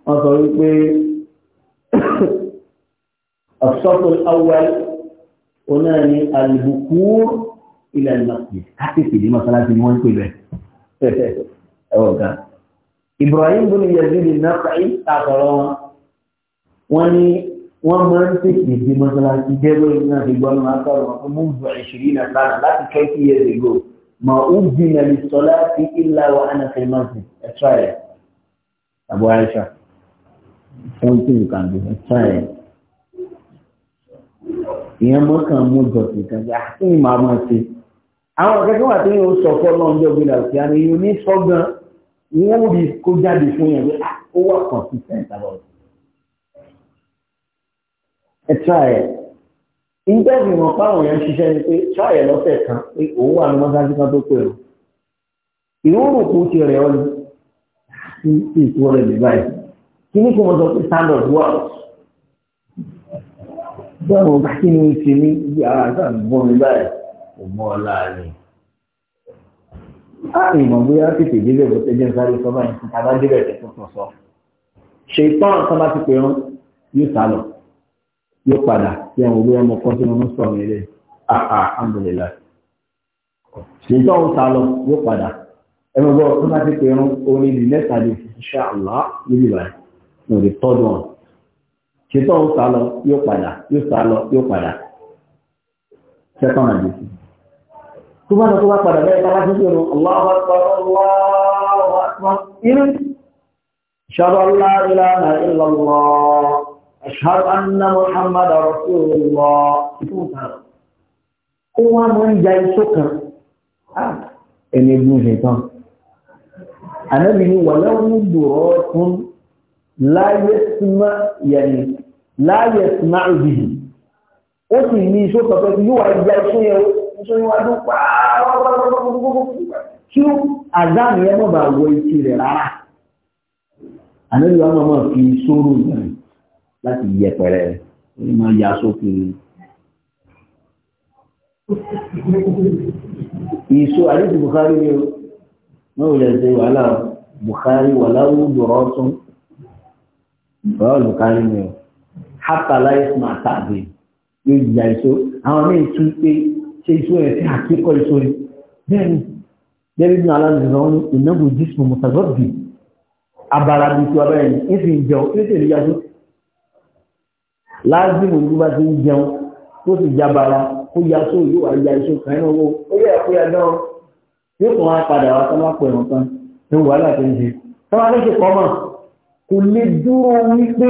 S1: wọ́n sọ wípé ọ̀sọ́tò awẹ́l onáà ní alùpùpù ilẹ̀ ìlọ́pì káàkiri ní mọ́sálásí ni wọ́n ń pè bẹ́ẹ̀ ẹ̀wọ̀n kan Ibrahim bin Yazid an-Nakha'i tààtọ̀rọ̀ wọn wọ́n ní máa ń tètè dé mọ́sálásí dẹ́gbẹ́ náà ti gbọ́n máa sọ̀rọ̀ wọn fún múùbù ìṣirí náà sára láti twenty years ago mà ó jìnnà lè sọ láti ìlà wa ànàfẹ́ mọ́sìn ẹ̀ tíráyà. Abu Aisha. Something you can do. Try it. Ìyẹn mọ́ kàn mú dọ̀tí kan bí àti ìmọ̀ àwọn ṣe. Àwọn akẹ́kọ̀ọ́ àti yóò sọ fọ́lọ́ ọjọ́ gbé làwọn ṣe àmì yóò ní sọ gan. Wọ́n rí kó jáde fún yẹn pé ah, ó wà consistent about it. Ẹ try it. Ìjẹ́bi wọn fáwọn èèyàn ṣiṣẹ́ ni pé try it lọ́sẹ̀ kan pé òun wà ní mọ́sáàsì kan tó pè ọ́. Ìwúrò kù ti rẹ̀ ọ́ ni sí ìtúwọ́lẹ̀ mi báyìí kí ní kí wọ́n sọ pé standard world báwo bá kí ni ṣe ní bí ara sáà gbọ́n mi báyìí kò mọ́ ọ láàrin. a ìmọ̀ bóyá tètè débẹ̀ bó ṣe jẹ́ sáré sọ báyìí fún tàbá débẹ̀ tẹ̀ tuntun sọ. ṣètọ́n sábà ti pè wọ́n yóò sá lọ yóò padà tí àwọn olóyè ọmọ kan tí wọ́n sọ mi rẹ̀ àhà sá lọ yóò padà ẹnu gbọ́ tó bá ti pè rún orin ìlú mẹ́ta lè ṣe àlá níbi ìbàdàn ní òde tọ́jú wọn ṣètò ń sá lọ yóò padà yóò sá lọ yóò padà ṣẹ́tọ́ náà dé sí tó bá lọ tó bá padà bẹ́ẹ̀ bá láti pè rún aláwọ̀ aláwọ̀ àtúmọ̀ anna muhammad rasulullah ìtumọ̀ sáà ó wá mọ́ ń ja iṣó kan ah, ẹni gún tán ànábì ní wàláwù dùrọ̀ fún láyé súnmọ́ yẹnì láyé súnmọ́ òbí ó sì ní iṣó kọ̀ọ̀kan tí yóò wá já iṣó yẹn
S3: iṣó yẹn wá dún pàápàá
S1: kí àzáàmù yẹn mọ̀ bá wọ etí rẹ̀ rárá ànábì wa máa fi sóró yẹn láti yẹpẹrẹ ní máa ya sókè ìṣó àdéhùn bukari ni náà lè ṣe wàhálà Bukhari wàláwù dùrọ̀ tún bọ́ọ̀ Bukhari ni o hata láìsùn àtàdé yóò jìyà èso àwọn míì tún pé ṣe èso ẹ̀ sí àkíkọ́ èso rẹ̀ bẹ́ẹ̀ ni david ní aláàzìzọ́ ní ìnáwó jísù mùsàgọ́bì abalabi tí wọ́n bẹ́ẹ̀ ní ìfì ń jẹun tí ó sì rí láàzìmù ní bá ti ń jẹun tó sì jábara ó yàtọ̀ yóò wá yà èso kan yóò tún wá padà wá sọ́mọ́ pẹ̀ wọ́n kan ní wàhálà tó ń ṣe sọ́mọ́ tó ṣe kọ́mọ̀ kò lè dúró wípé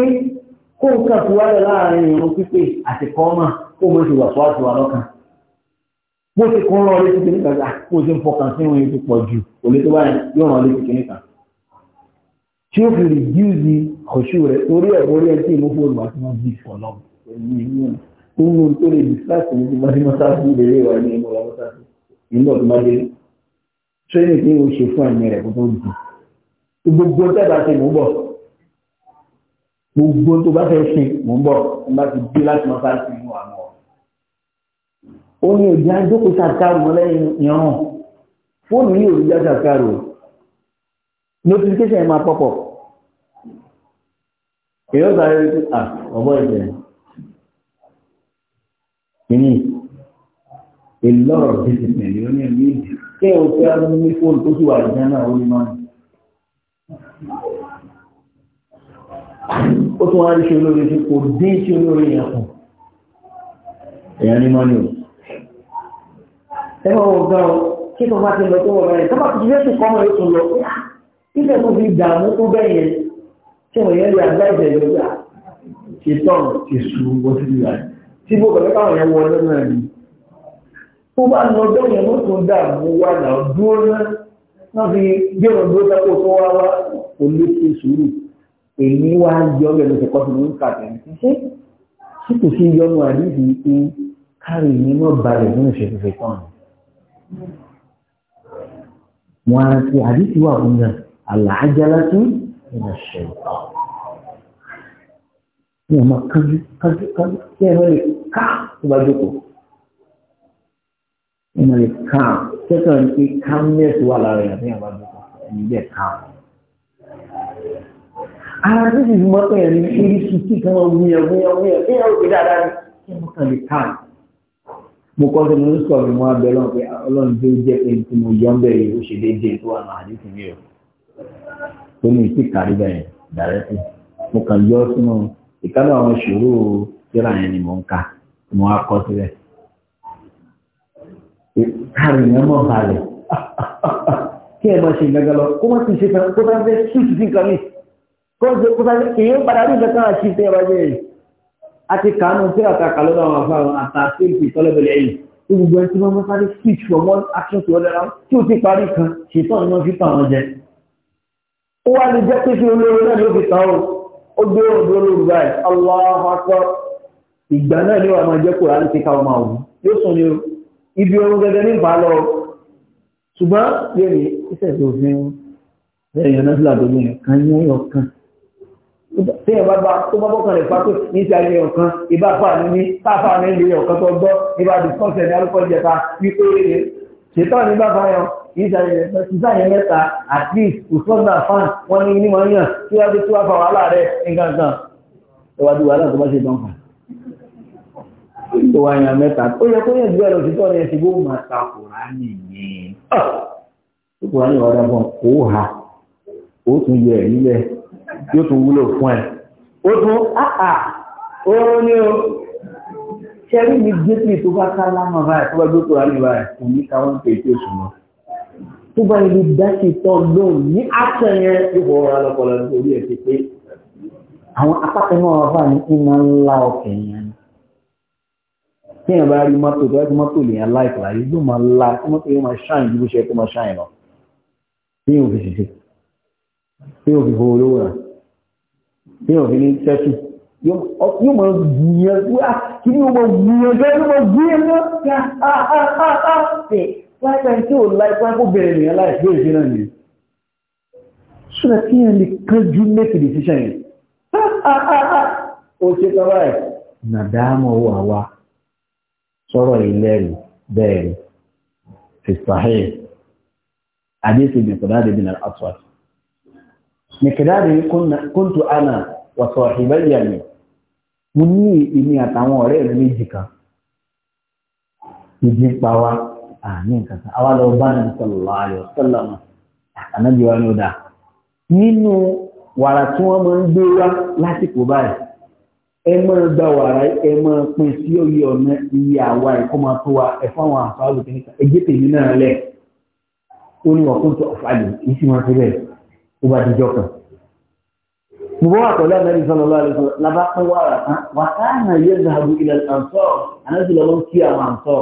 S1: kó n kàn fi wálẹ̀ láàrin ìrún pípé àti kọ́mọ̀ kó mo ṣe wà fún àtiwá lọ́kàn bó ṣe kún rán létí kìíní kan kó ah, o ṣe ń fọkàn sí ìrìn ètò pọ̀ jù kò lè tó báyìí yóò rán létí kìíní kan tí ó fi rìdíùsì ọ̀ṣù rẹ̀ torí ẹ̀ orí ẹ̀ tí ìmú fóònù àti wọn bí ìfọ̀lọ́ nínú tó lè dìsáàtì ní ti mọ́tí mọ́tí ìdílé wa training ní oṣù fún ẹ̀mí rẹ̀ kó tó dùn gbogbo tó bá ṣe mò ń bọ̀ gbogbo tó bá fẹ́ ṣe mò ń bọ̀ mo bá ti dé láti máa fáṣí inú àmọ́ ó ní ìdí àjókòó ṣàkárò mọ́ lẹ́yìn ìran fóònù yìí ò ní já ṣàkárò notification máa pọ̀pọ̀ èyí ó sáré wípé à ah, ọ̀bọ̀ ìjẹ́ kìíní a lot of discipline ló ní ẹ̀mí ìdí kẹ́ ò fẹ́ ní fóònù tó sì wà ìjẹ́ náà ó ní máa ní. ó tún wá rí ṣe olóore ṣe kò dín sí olóore yẹn kù èèyàn ní máa ní o. ẹ máa wọ gan o kí tó bá ti lọ tó wọ báyìí tọ́ba ti fẹ́ sùn kọ́mọ yóò tún lọ kíkẹ́ tó fi dààmú tó bẹ́ẹ̀ yẹn tí wọ́n yẹn lè àgbá ìbẹ̀rẹ̀ lọ́jà ṣètọ́n ṣèṣù wọ́n ti rí rà tí gbogbo ẹ̀ka wọn yẹn wọ tó bá lọ bẹ́yẹn ló tún dààmú wà náà dúró náà wọ́n fi gbẹ̀rọ̀ dúró sápò tó wá wá kò lè ṣe sùúrù èyí wá ń yọ ọ́ lẹ́nu ṣe kọ́ sínú nǹkan àtẹ̀yìn ṣe tí kò sí yọnu àdìsí pé káàrí yìí náà balẹ̀ nínú ìṣẹ̀lẹ̀ fẹ́ tán wọn á ti àdìsí wà fún náà àlàájálá tún nínú ìṣẹ̀lẹ̀ wọn máa kájú kájú kájú kí ẹ lọ lè ká tó bá jókòó ẹnu lè kàn tẹ́tọ̀ ní pé calmness wà lára ẹ̀ ní àbájọ ẹni bẹ́ẹ̀ kàn. ara tó sì mọ́ pé ẹni ṣíríṣì tí kan wọ́n wúyẹ̀ wúyẹ̀ wúyẹ̀ bí ẹ̀rọ pé dáadáa ni kí ẹ̀mọ́ kan lè kàn. mo kọ́ sí mo ń sọ mi wọn abẹ́ ọlọ́run pé ọlọ́run tó jẹ́ pé tí mo yọ ń bẹ̀rẹ̀ ni mò ń ka mo ìtàrìyàn mọ̀ balẹ̀ kí ẹ máa ṣe ìgbàgbà lọ kó má ti ṣe tán kó tán fẹ́ ṣùtù sí nǹkan mi kó ṣe kó tán kì í padà ní nǹkan àti ìṣe ọba jẹ́ yìí a ti kàánú tí a kàkà lọ́dọ̀ àwọn afá àwọn àtàkì ìpè tọ́lẹ̀bẹ̀lẹ̀ yìí tí gbogbo ẹni tí wọ́n máa sáré switch from one action to another tí ó ti parí kan ṣètàn ni wọ́n fi tàn wọ́n jẹ. ó wá ní jẹ́ pé kí olóró náà ló fi tàn ó ó gbé òdo olóró báyìí Allahu Akbar ìgbà náà ni wàá máa jẹ́ kó ibi ohun gẹ́gẹ́ ní ìbá lọ ṣùgbọ́n lèrè iṣẹ́ tó fi ń ẹ̀yàn náà sílà tó ní ẹ̀kan ní ọ̀kan tí ẹ̀ bá bá tó bá bọ́kàn rẹ̀ pàtó ní ti ayé ọ̀kan ìbá fà ní ní táfà ní ilé ọ̀kan tó gbọ́ ìbá dìkọ́sẹ̀ ní alùpọ̀ ìjẹta wípé ṣètọ́ ní bàbá yọ ìsàyẹ̀ mẹ́ta at least fan wọ́n ní ní wọ́n yàn tí wọ́n ti tú wá fa wàhálà rẹ̀ nǹkan kan tó wá yan mẹ́ta ó yẹ kó yẹn bẹ́ẹ̀ lọ sí tọ́ni ẹ̀sìn bó máa ta kùránì yẹn ah! tó kùránì ọ̀dà bọ̀ kó ha ó tún yẹ ẹ̀ nílẹ̀ yóò tún wúlò fún ẹ̀ ó tún áà ah, ah. ó ní o ṣẹ́rí mi gbẹ́sì tó bá ká lámà báyìí tó bá gbé kùránì báyìí kò ní ká wọ́n pè tí oṣù náà tó bá ilé dáṣe tọ́ lóun ní àtẹ̀yẹ yóò wọ́n ra lọ́pọ̀lọpọ̀ orí ẹ̀ ti pé àwọn apákan tí èèyàn bá rí mọ́tò tó ẹ́kú mọ́tò lè yàn láì fàlàyé yóò máa la kí mọ́tò yóò máa ṣáìn ju bó ṣe kó máa ṣáìn lọ tí yóò fi ṣiṣẹ́ tí yóò fi fowó lówó rà tí yóò fi ní tẹ́sù yóò máa gbìyàn wá ah, kí ni yóò máa gbìyàn jẹ́ yóò máa gbìyàn lọ ká á á á á ṣe láìpẹ́ tí ò láìpẹ́ kó bẹ̀rẹ̀ nìyẹn láì fún èsì náà nìyẹn ṣúra kí yẹn lè kánjú make decision yẹn ah, ah, ó ṣe tọ́ báyìí nàdámọ̀ wà wá sọ̀rọ̀ ìlẹ́rìí bẹ́ẹ̀ rí fìsàhẹ́ àdéhùn mẹ̀kọ̀dáde bin al-aswad mẹ̀kọ̀dáde kúntù ana wàsọ̀ ìbẹ́yà mi mo ní èmi àtàwọn ọ̀rẹ́ mi méjì kan ìdí pa wá àní nǹkan kan àwa lọ bá nàbí sallallahu alaihi wasallam ànábì wa ní ó dáa nínú wàrà tí wọ́n máa ń gbé wá lásìkò báyìí ẹ máa gba wàrà ẹ máa pín sí oyè ọ̀nà iye àwa ẹ̀kọ́ máa tó wa ẹ̀fọ́ àwọn àfáàlù kìíní kan ẹgbẹ́ tèmi náà lẹ̀ ó ní ọ̀kún tó ọ̀fàlù kì í sì máa fi bẹ́ẹ̀ ó bá dijọ́ kan. mo bọ́ wà pẹ̀lú sọ́nà lọ́wọ́ àlejò lábá pín wàrà kan wà á nà yẹ zahabu ilẹ̀ àǹsọ́ ànájú lọ́wọ́ kí àwọn àǹsọ́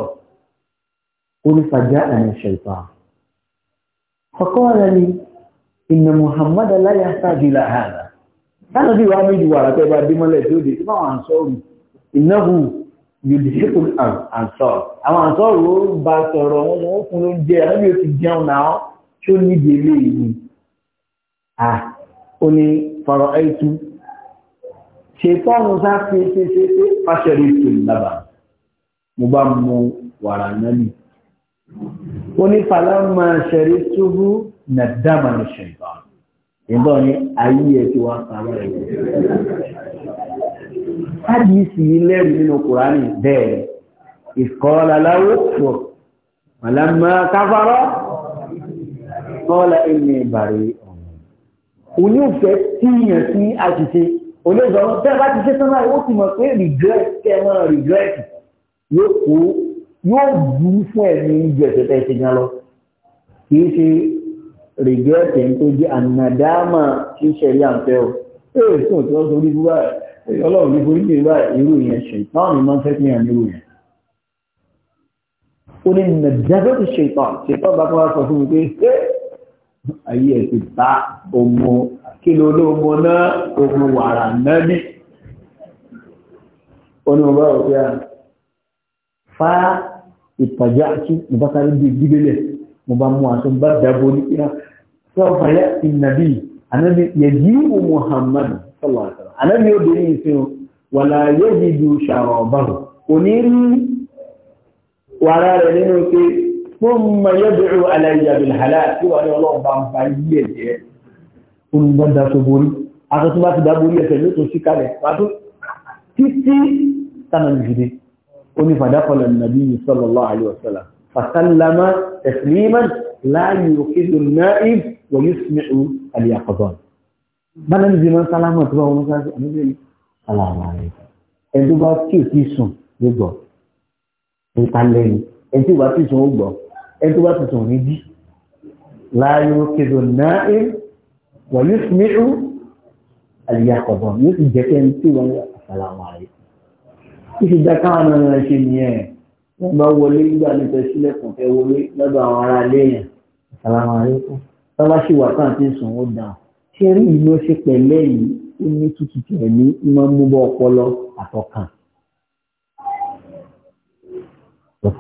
S1: ó ní fàjá àmì ṣèpà. fọkọ́ rẹ̀ ni ìnà Táwọn bí wàá méjì wàrà tẹ́ bá dímọ́lẹ̀ tí ó dé, ìmọ̀ àwọn àǹsọ́rù, ìnáhù yòdìsíkù àǹsọ́rù. Àwọn àǹsọ́rù ó bá sọ̀rọ̀ wọn ni wọ́n fún ló ń jẹ, àwọn bí ó ti jẹun náà tí ó níbi ilé yìí. À ó ní fọ̀rọ̀ ẹ̀tú. Ṣètọ́nù sá ṣe ṣe ṣe ṣe fáṣẹ̀rí ìtòlù lábà. Mo bá mu wàrà náà nì. Ó ní fàlámà ṣẹ̀rí túbú nà dáàmà ní ṣèǹtọ́nù ìbọn ni ayé ẹ ti wá pàmò rẹ. Hádìsì lẹ́rìí nínú Kùránì bẹ́ẹ̀ ìkọ́lá láwó pọ̀ màlámà káfárọ́ kọ́lá ẹni ìbàrí ọ̀hún. Òní òfẹ́ tíyàn sí àṣìṣe olóòzọ́ bẹ́ẹ̀ bá ti ṣe sọ́nà ó ti mọ̀ pé regret kẹ́ mọ́ regret yóò kó yóò bú fún ẹ̀mí ìjọ ìṣẹ̀tẹ̀ ìṣẹ̀gán lọ kì í ṣe rìgẹ́ẹ̀tì ń tó jẹ́ ànàdáàmà tí ṣẹ̀rí àǹfẹ́ ò èèrè fún òtún ọ́sọ orí búrá ọlọ́run ní orí búrá irú yẹn ṣe náà ni máa ń fẹ́ fi hàn irú yẹn ó ní nàdájọ́ ti ṣe ìtàn ṣe tán bá fún sọ fún mi pé ṣé ayé ẹ̀ ti bá ọmọ kí ló ló mọ náà ọmọ wàrà náà ní ó ní ọba òkè à fa ìtàjà tí ìbákarí bíi bíbélẹ̀ mo bá mú aṣọ bá dàbò ní pé sọ́ọ̀fà yá ìnàbí anábì yẹ̀dí wo muhammad sọ́lá àtàrà anábì ó dé ìfihàn wà láyé dídú ṣàrọ̀ ọ̀bàrò kò ní rí wàrà rẹ̀ nínú pé fún mayẹ́dùrú aláìyàbìl hàlá tí wà ní ọlọ́run bá ń fa yí ẹ̀jẹ̀ olùgbọ́dà tó borí aṣọ bá ti dáborí ẹ̀sẹ̀ ló tó sí kalẹ̀ pàtó títí tánà lùdìdì ó nàbí sallallahu alaihi فسلم تسليما لا يوقظ النائب ويسمع اليقظان ما ننزل من سلامة تبقى ومساسي أنا بيلي السلام عليكم ẹni tó bá tí ò tí sùn ló gbọ́ nípa lẹ́yìn ẹni tó bá tí sùn ó gbọ́ ẹni tó bá tí sùn ní jí láàyè òkèdò náà ẹ wọ́n yóò fi mí rú àlìyá kọ̀ọ̀bọ̀n yóò sì jẹ́ kí ẹni tó wọ́n yà àsàlámù àlè. ìṣèjà káwọn ọmọ rẹ̀ ṣe nìyẹn wọ́n bá wọlé nígbà nípa sílẹ̀kùn fẹ́ wọlé lọ́dọ̀ àwọn ará ilé yẹn àsàlámù aláìkùm bábá sì wà tán àti sùn ó dà ṣé rí ìlú ṣe pẹ̀lẹ́ yìí ó ní tútù tẹ̀mí máa ń mú bọ́ ọpọlọ àtọkàn.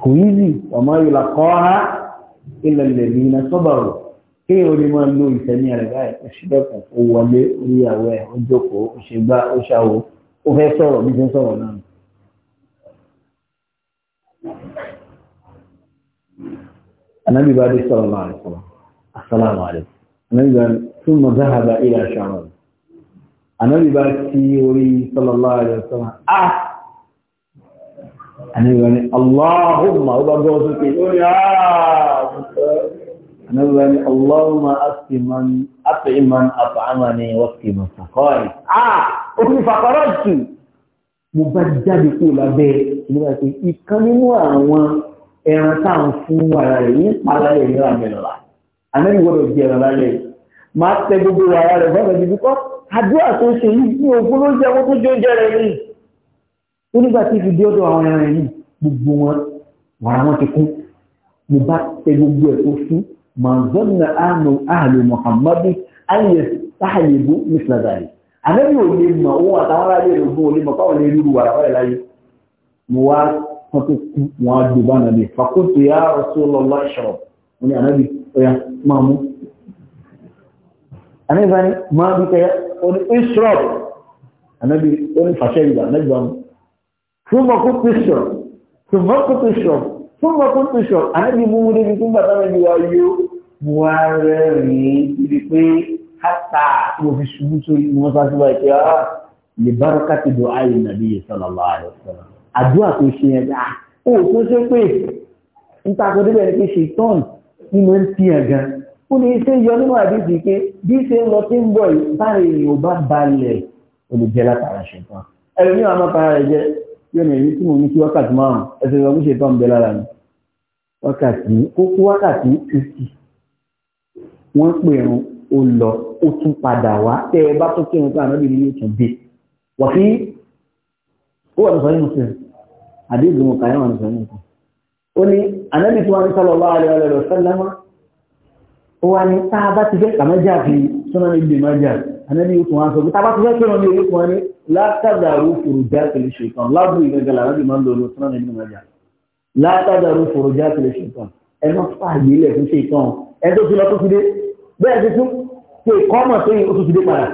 S1: kò yízi ọmọ ìlà kọ́ ha ilẹ̀ lẹ̀mí iná sọ́bàrò kí o lè máa lo ìsẹ̀mí rẹ̀ báyìí ó ṣílẹ̀kùn ó wọlé oríyàwó ẹ̀ ó jókòó ó ṣe gbá ó ṣàwó ó fẹ́ sọ̀rọ̀ bí ṣe sọ̀rọ̀ náà النبي بعد صلى الله عليه وسلم السلام عليكم النبي قال ثم ذهب إلى شعبان النبي بعد سيوري صلى الله عليه وسلم آه النبي قال اللهم وبعد رسولك يا النبي قال اللهم أطعم من أطعم من أطعمني واسقي من سقاني آه أخي فقرت مبدل كل بيت ìkan nínú àwọn ẹran táwọn fún ara rẹ̀ yìí para rẹ̀ ní àmẹ́lọ́lá àmẹ́lì gbọ́dọ̀ di ẹran lálẹ́ máa tẹ gbogbo ara rẹ̀ fọ́nà ti fi kọ́ àdúrà tó ṣe yìí ní ogun ló jẹ́ kókó jẹ́ oúnjẹ rẹ̀ yìí ó nígbà tí fi dé ọ̀dọ̀ àwọn ẹran yìí gbogbo wọn wàrà wọn ti kú mo bá tẹ gbogbo ẹ̀ tó fún manzanna anu ahlu muhammadu ayé sáàyèbú nísìlẹ̀dàrí àmẹ́lì ò lè mọ̀ òun àtàwọn aráàlú ẹ̀ lógún ò lè mọ̀ káwọn lè rú wàrà wọ́n wọ́n tó kú wọ́n á dùn bá nàbí fàkóso yà á Rasulullah ṣọ̀rọ̀ wọ́n ní ànábì ọ̀yà máa mú. ànábì bá ní máa bí kẹ́yà ó ní israel ànábì ó ní fàṣẹ ìgbà ànábì bá mú. fún mọ́kú píṣọ̀ fún mọ́kú píṣọ̀ fún mọ́kú píṣọ̀ ànábì mú mú débi fún bàtà mi wá yó mo wá rẹ́rìn-ín ibi pé hátà mo fi ṣubú sórí mo sá lè bá rọ́kàtì dùn áyè nàbí sallallahu alaihi wasallam àdúrà tó ṣe yẹn dáa ah, ó tó ṣe pé nítakò débẹ̀ ní ṣe tọ́ọ̀nù ní mo ń ti hàn gan ó ní ṣe yọ nínú àdìsí pé bí ṣe ń lọ sí ń bọ̀ bára èèyàn ò bá balẹ̀ olùjẹ́ látara ṣetán ẹ̀rọ ní àwọn apara rẹ̀ jẹ́ yóò ní èyí tí mo ní kí wákàtí márùn ẹsẹ̀ ìwà múṣe tán bẹ lára mi wákàtí kókó wákàtí fifty wọ́n pè ẹ̀rùn lọ ó tún padà wá tẹ́ ẹ bá tó kírun pé àná àdéhùn mọ̀ kàyà wọn sọ nìkan ó ní anábì tí wọn ń sọlọ bá alẹ́ ọlọ́rọ̀ sọ́lámà ó wá ní tá a bá ti fẹ́ kàmájà fi sọ́nà ní ibi májà anábì yóò tún wá sọ pé tá a bá ti fẹ́ sọ́nà ní orúkọ wọn ní látàdàrú fòròjà tẹ̀lé ṣèkàn lábùú ìgbàgbà anábì máa ń lò lọ sọ́nà ní ibi májà látàdàrú fòròjà tẹ̀lé ṣèkàn ẹ má fààyè ilẹ̀ fún ṣèkàn ẹ tó fi lọ tó fi dé bẹ́ẹ̀ ti tún ṣe kọ́mọ̀ tó yìn ó tún ti dé padà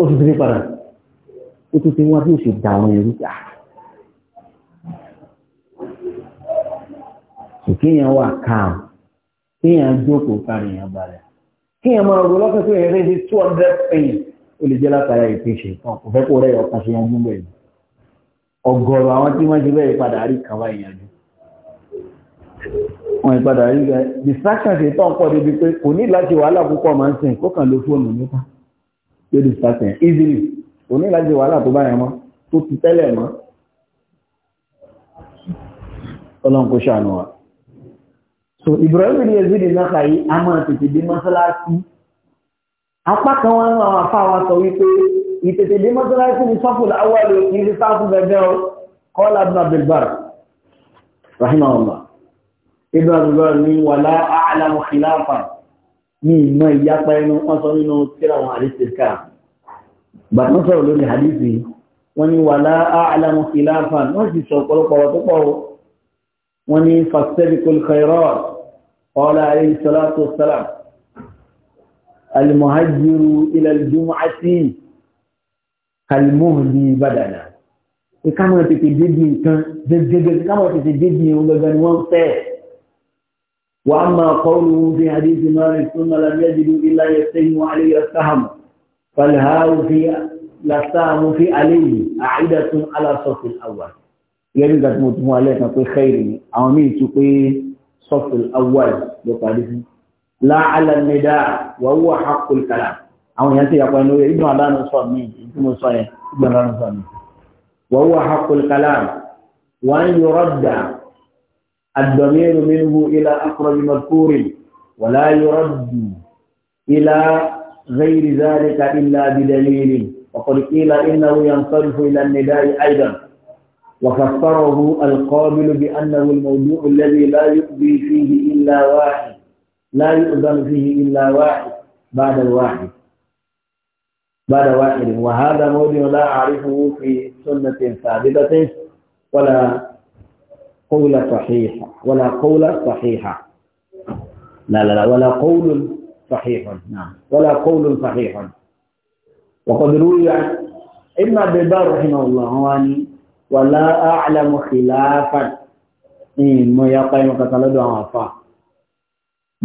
S1: ó tún ti dé padà ó tún ti wá bí ó ṣe dà àwọn èrú kò kéèyàn wà calm kéèyàn jókòó kárí yẹn balẹ̀ kéèyàn máa ro lọ́kàn tó yẹn rédi two hundred pain ó lè jẹ́ látara ètò ìṣètàn kò fẹ́ kó rẹ̀ ọ̀kan ṣe yanjú bẹ́ẹ̀ ni ọ̀gọ̀rọ̀ àwọn tí wọ́n ṣe bẹ́ẹ̀ padà rí kan wá ìyanjú wọn ìpadà rí rẹ̀ distraction ṣe tán pọ̀ débi pé kò ní láti wàhálà púpọ̀ máa ń sìn kó kàn lo fóònù nípa yóò distraction easily kò ní láti wàhálà tó bá yẹn mọ́ tó ti tẹ́lẹ̀ mọ́ ọlọ́run kó ṣàánú wa so Ibrahim ní Yazid náà kàyí a máa tètè dé mọ́sálásí apá kan wọn náà wà fà wá sọ wípé ìtètè dé mọ́sálásí ní sọ́fùlà awọ́ lè kí ní sáfù gẹ́gẹ́ ọ kọ́lá Ibn Abdul Barr rahimahullah Ibn Abdul Barr ní wàlá a'lamu khilafa ní ìmọ̀ ìyapa ẹnu wọ́n sọ nínú tíra wọn àdìsíkà bàtún sọ̀rọ̀ lórí àdìsí wọ́n ní wàlá a'lamu khilafa wọ́n sì sọ ọ̀pọ̀lọpọ̀ ọ̀rọ̀ tó pọ̀ wọ́n ní قال عليه الصلاة والسلام المهجر إلى الجمعة كالمهدي بدنا ìkámọ̀ tètè débi nǹkan gẹ́gẹ́gẹ́ ìkámọ̀ tètè débi ìhun gẹ́gẹ́ ni wọ́n fẹ́ wà á máa kọ́ ọ́nù ohun fi hadithi máa rìn fún malamia jìdú ilá yẹsẹ̀ yìí wọ́n alẹ́ yẹsàmù falhaaru fi lasáàmù fi alẹ́ yìí àìdá tún alásọ̀fin àwà. ìyẹn nígbà tí mo tún wọn alẹ́ kan pé xeyìrì ni àwọn míì tún pé الصف الأول لطالبه لا على النداء وهو حق الكلام أو ينتهي يعني يقول ابن عدان صامي ابن صامي ابن نصاب مين وهو حق الكلام وأن يرد الضمير منه إلى أقرب مذكور ولا يرد إلى غير ذلك إلا بدليل وقد قيل إنه ينصرف إلى النداء أيضا وفسره القابل بأنه الموضوع الذي لا يؤذي فيه إلا واحد لا يؤذن فيه إلا واحد بعد الواحد بعد واحد وهذا موضع لا أعرفه في سنة ثابتة ولا قول صحيح ولا قول صحيح لا لا لا ولا قول صحيح نعم ولا قول صحيح وقد روي عن عبد البر رحمه الله عنه wàlá àlàmù kìláàfà ìmọ̀ yapa ìmọ̀ kàtà lọ́dọ̀ àwọn àfà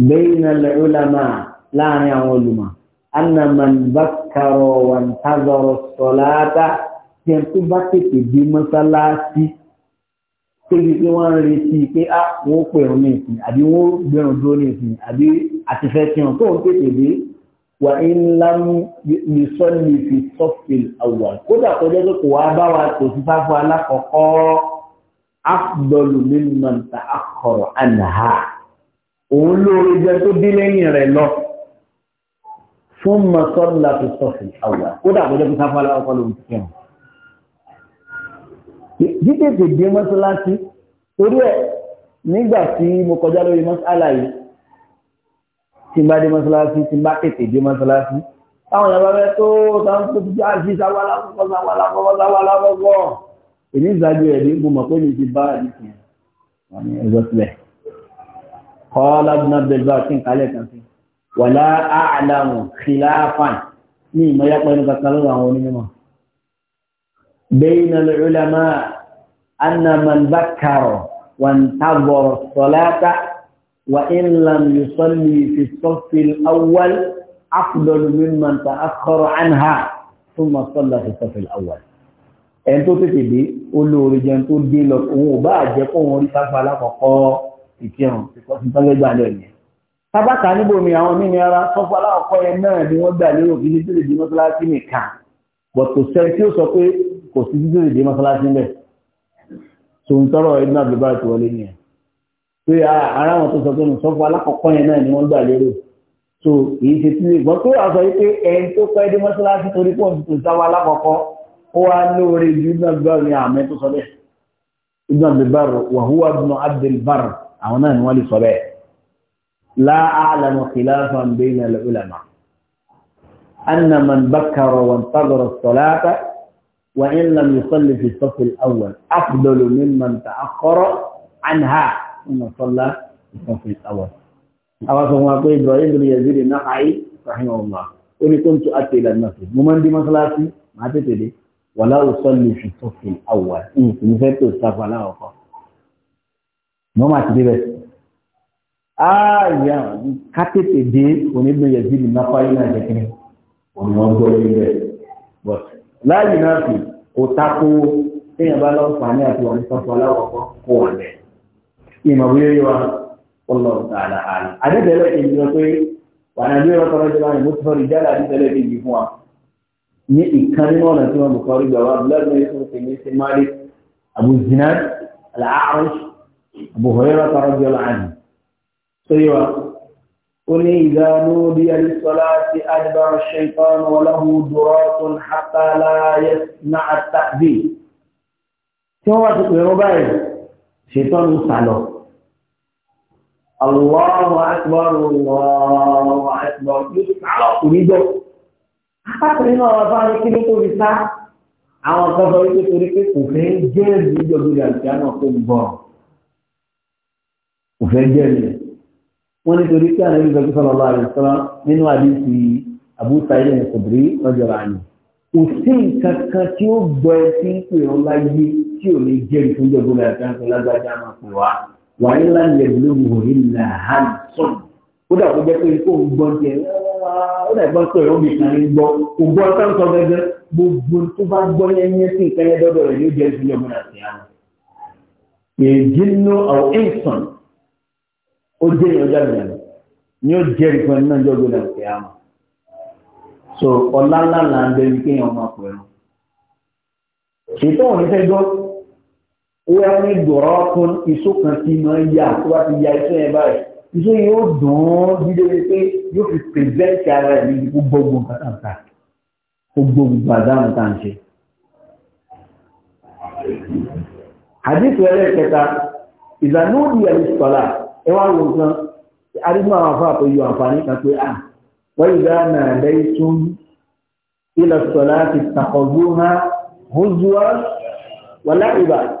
S1: bẹ́yìn alẹ́rùlámà láàrin àwọn olùmọ̀ anna man bákàrọ̀ wà ń tazọrọ̀ sọ̀láta tí ẹn tó bá tètè di mọ́sálásí tóbi pé wọ́n ń retí pé á ah, wọ́n pè ọ́ ní ìsìn àbí wọ́n gbẹ̀rùn dúró ní ìsìn àbí àtifẹ́ tí tó ń tètè dé wà ńlám nìsọ́ni fi sọ́fìl àwà kódà tó jẹ́ pé kò wá bá wa tò sí fáfọ́ alákọ̀ọ́kọ́ afdọ́lù mímọ́n ta akọ̀rọ̀ ànàhà òun lóore jẹ́ tó dé lẹ́yìn rẹ̀ lọ fún mọ́sọ́lá fi sọ́fìl àwà kódà tó jẹ́ pé fáfọ́ alákọ̀ọ́kọ́ ló ń fi hàn. jíjẹ́ tèdè mọ́sálásí torí ẹ̀ nígbà tí mo kọjá lórí mọ́sálá tí n bá dé mọ́sálásí tí n bá tètè dé mọ́sálásí táwọn yàrá rẹ tó táwọn tó ti àjí sáwálá kọ́kọ́ sáwálá kọ́kọ́ sáwálá kọ́kọ́ èmi ìsájú ẹ̀ ní gbọmọ̀ pé mi ti bá àdìsí wọn ni ẹ̀zọ́ sílẹ̀ kọ́ lábùnà bẹ̀rẹ̀ kí n kálẹ̀ kan sí wàlá àlàmù khilafan ní ìmọ̀yápọ̀ ẹnu kankan lọ́wọ́ àwọn onímọ̀ بين العلماء أن من ذكر وانتظر الصلاة وإن لم يصلي في الصف الأول أفضل ممن تأخر عنها ثم صلى في الصف الأول ẹn tó tètè dé olóore jẹun tó dé lọ òun ò bá jẹ kó òun rí sáfà alákọ̀ọ́kọ́ ìkírun ìtọ́gbẹ́gbà lọ yẹn tábàkà níbo mi àwọn mímu ara sọ́fà alákọ̀ọ́kọ́ yẹn náà ni wọ́n gbà lérò kí títí lè mọ́sálásí nìkan bọ̀ sẹ́ni tí ó sọ pé kò sí títí lè mọ́sálásí bẹ́ẹ̀ tòun tọrọ ẹ̀dínà bíbá nìyẹn pé ah, ara wọn tó sọ pé nùsọ́fọ́ alákọ̀ọ́kọ́ yẹn náà ni wọ́n gbà lérò so èyí ti tún ìgbọ́n tó rà sọ wípé ẹni tó pẹ́ dé mọ́ṣáláṣí torí pọ̀ tó sáwọ́ alákọ̀ọ́kọ́ ó wá lóore ju ibùdó bẹ́ẹ̀ ni àmẹ́ tó sọ bẹ́ẹ̀ ibùdó abdulbar wàhúwà bùnà abdulbar àwọn náà ni wọ́n lè sọ bẹ́ẹ̀ la alamu khilafan bayna al ulama anna man bakkara wa intadara as wa in lam yusalli fi as-saff al-awwal afdalu mimman ta'akhkhara anha inna sọ́lá ìfọ̀fẹ́ ìtawọ̀. àwọn sọ fún wa pé Ibrahim bin Yazid Nahai rahimahullah ó ní kuntu àti ìlànà sí mo máa ń dé mọ́sálásí máa tètè dé wàlá òsọ́lù fi sọ́fẹ́ ìtawọ̀ nǹkan ìfẹ́ tó sáfà láwọ̀kọ́. mo máa ti dé bẹ́ẹ̀. ààyè ká tètè dé onígbìn Yazid Nahai náà jẹ́ kí ni òun wọn gbọ́ náà kò tako téèyàn bá lọ́ọ́ ní àti wọn sọ́fọ́ aláwọ̀kọ́ kó wà bẹ́ẹ̀ ìmọ̀wé yíwa ọlọ́ọ̀tà àlàáyé. Àdẹ́tẹ̀lẹ̀ èyí lọ pé wà ní àdúrà tọ́lá jẹ́ báyìí mo ti sọ ìjà àdẹ́tẹ̀lẹ̀ èyí fún wa. Ní ìkan nínú ọ̀nà tí wọ́n bù kọ́ rígbà wa, Bùlọ́ọ̀dù yìí fún Tèmi ṣètọ́nù sálọ. Allahu akbar Allahu akbar yóò sálọ kò ní jọ. Apa náà wà bá ní kí ló kó fi sá. Àwọn kan sọ wípé torí pé kò fẹ́ jẹ́rìí níjọba ìlú àlùfíà náà kó ń bọ̀. Kò fẹ́ jẹ́rìí. Wọ́n ní torí pé àwọn ìlú ìgbàgbé sọ̀rọ̀ lọ́wọ́ àlùfíà tí ò ní jẹ́rì fún jọ́gbọ́n rẹ̀ àtàkùn lágbájá máa pè wá wàyí lálẹ́ lóhùn ìlà hanson ó dà kó jẹ́ pé kó ń gbọ́ jẹ ó dà gbọ́ pé ẹ̀rọ mi kan ń gbọ́ kò gbọ́ sáńsọ gẹ́gẹ́ gbogbo tó bá gbọ́ yẹnyẹn sí nǹkan dọ́dọ̀ rẹ̀ ló jẹ́ fún jọ́gbọ́n àti àná. èjìnnú ọ̀ ẹ̀sán ó jẹ́ ìyọjá ìyàlẹ̀ ni ó jẹ́rì fún ẹni náà àti àná. so ọ̀la ńlá là ń bẹ wípé ọmọ pẹ̀lú. ṣètò òní ó wá ní gbọ̀rọ̀ kan iṣó kan tí máa ń yà tó bá ti ya iṣó yẹn báyìí iṣó yóò dùn ún dídé pé yóò fi pèsèǹtì ara ẹ̀ ní gbogbo nǹkan tá à gbogbo gbàdánù tá à ṣe. àdìsí ẹlẹ́kẹta ìzànúdì àdìsọ́lá ẹ wá wo nǹkan arígbọ́n àwọn afọ àpòyọ àǹfààní kan pé à ah, wọ́n yìí dá náà lẹ́yìn tún ilẹ̀ sọ́lá ti tàkọ̀gbó ha hó zuwa wọ́lá ìbàdàn.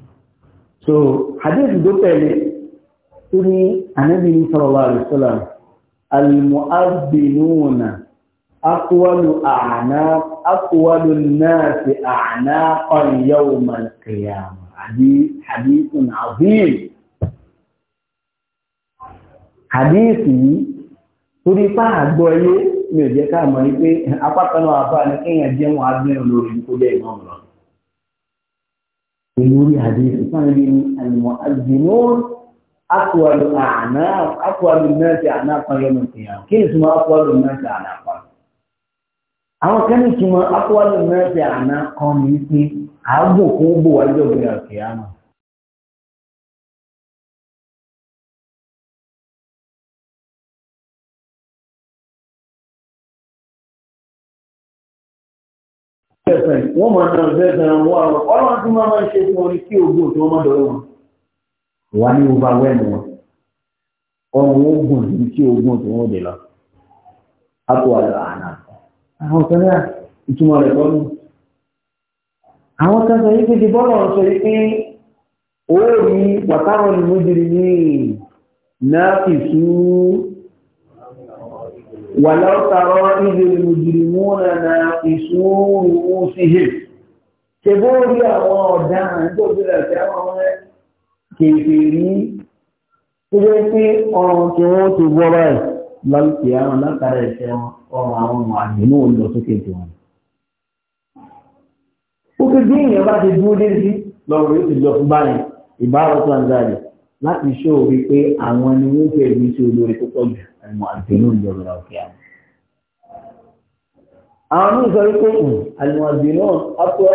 S1: so hadith tó tẹ̀lé tó ní anábì sallallahu alaihi wasallam al-mu'adhdhinuna aqwalu a'naq aqwalu an-nasi a'naqan yawm al-qiyamah hadith hadithun azim hadith yìí torí pa àgbọ̀ ẹyẹ mi ò jẹ́ ká mọ̀ ní pé kan náà apá ni kéèyàn jẹ́ wọn agbẹ́rún lórí kó jẹ́ ìmọ̀ ọ̀rọ̀ olórí hadis sáà ní àlùmọ́ àdìmọ́n akọ̀ọ̀lù àná akọ̀ọ̀lù náà ti àná kan yọnu tìyàn kí ni túmọ̀ akọ̀ọ̀lù náà ti àná kan. àwọn kan ní túmọ̀ akọ̀ọ̀lù náà ti àná kan ní pé àágùn
S2: ẹ̀sẹ̀ wọ́n máa ń
S1: tàn ẹ̀sẹ̀ wọn àrùn ọlọ́run tí wọ́n máa ń ṣe fún orí kí ogun tí wọ́n máa dọ̀rọ̀ wọn wà ní overwhelm wọn ọrùn ogun tí kí ogun tí wọ́n dè lọ àpò àlọ́ àná àwọn kan náà ìtumọ̀ rẹ̀ kọ́ nù àwọn kan sọ yìí pé ti bọ́lọ̀ sọ yìí pé ó rí wàtáwọn ìmúdìrí ní náà fi sùúrù ولو ترى إذ المجرمون ناقصوا رؤوسهم ṣebóòrí àwọn ọ̀daràn tó bẹ̀rẹ̀ sí àwọn kèfèrí tó jẹ́ pé ọrùn tí wọ́n ti gbọ́ báyìí lọ́lùkì àwọn látara ẹ̀ṣẹ̀ ọrùn àwọn ọmọ àgbẹ̀mọ́ lọ sókè tó wọn. ó fi bí èèyàn bá ti dúró dé sí yóò ti lọ fún báyìí ìbára tó ń jáde láti ṣó o rí pé àwọn ni wọ́n fẹ́ mi sí olórí tó pọ̀ jù almu'adhdhinun jọ̀rọ̀ òkè àná. àwọn ọmọ sọ wípé almu'adhdhinun ọkọ̀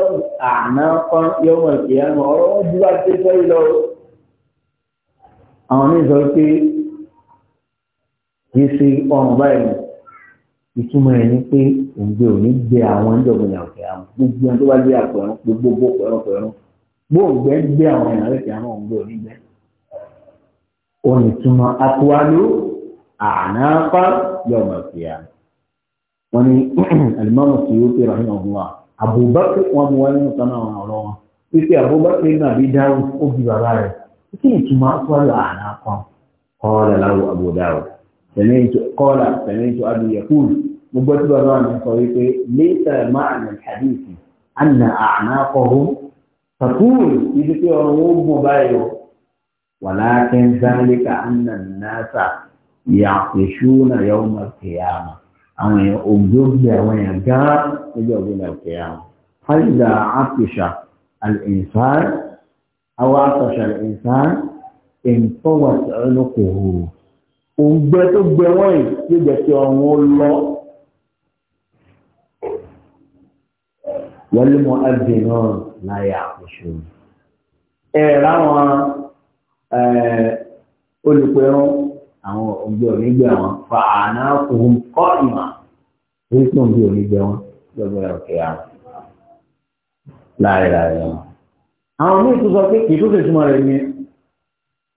S1: àná kan yọmọ òkè àná ọ̀rọ̀ wọn ju àti sọ yìí lọ. àwọn ọmọ sọ wípé kì í ṣe ọrùn báyìí ìtumọ̀ ẹ̀ ni pé òǹgbẹ ò ní gbé àwọn ìjọba òkè àná gbogbo ẹni tó bá gbé àpò ẹ̀rọ gbogbo pẹ̀rọ pẹ̀rọ gbóògbé gbé àwọn ìrànlẹ́kẹ̀ àwọn òǹgbẹ ò ní gbẹ. ànáfà yọmọ fìyà wọn ni alimami Suyuti rahimahullah Abubakar wọn mú wáyé nǹkan náà ọ̀rọ̀ wọn Abubakar náà bí dáhùn ó bí bàbá rẹ̀ kí ni tuma sọ́lá ànáfà kọ́ọ̀lá láwù Abu kọ́ọ̀lá sẹ̀mẹ́ntì abu yakul tí bàbá mi sọ wípé léṣà máa hadithi anna ànáfọ̀hún fatul ibi báyìí nàásà. yàpèṣúnà yawma al-qiyama àwọn èèyàn ògbógbè àwọn èèyàn gáà níjọ́ ògbógbè al-qiyama fàyídà àpèṣà al-insan àwọn àpèṣà al-insan ìǹtọ́wà ẹlòkòrò òǹgbẹ tó gbẹ wọ́n yìí yóò jẹ́ kí ọ̀run lọ. wọlé mọ ẹbí náà láyé àpèṣù ẹ̀ olùpẹ̀rún àwọn òbí onígbẹ wọn fa àná òun kọ́ ìmọ̀ orí tó ń bí onígbẹ wọn lọ́gbọ́n ẹ̀ òkè àwọn láàrin láàrin wọn. àwọn míì tó sọ pé kì í tó fèsì mọ́ rẹ̀ ni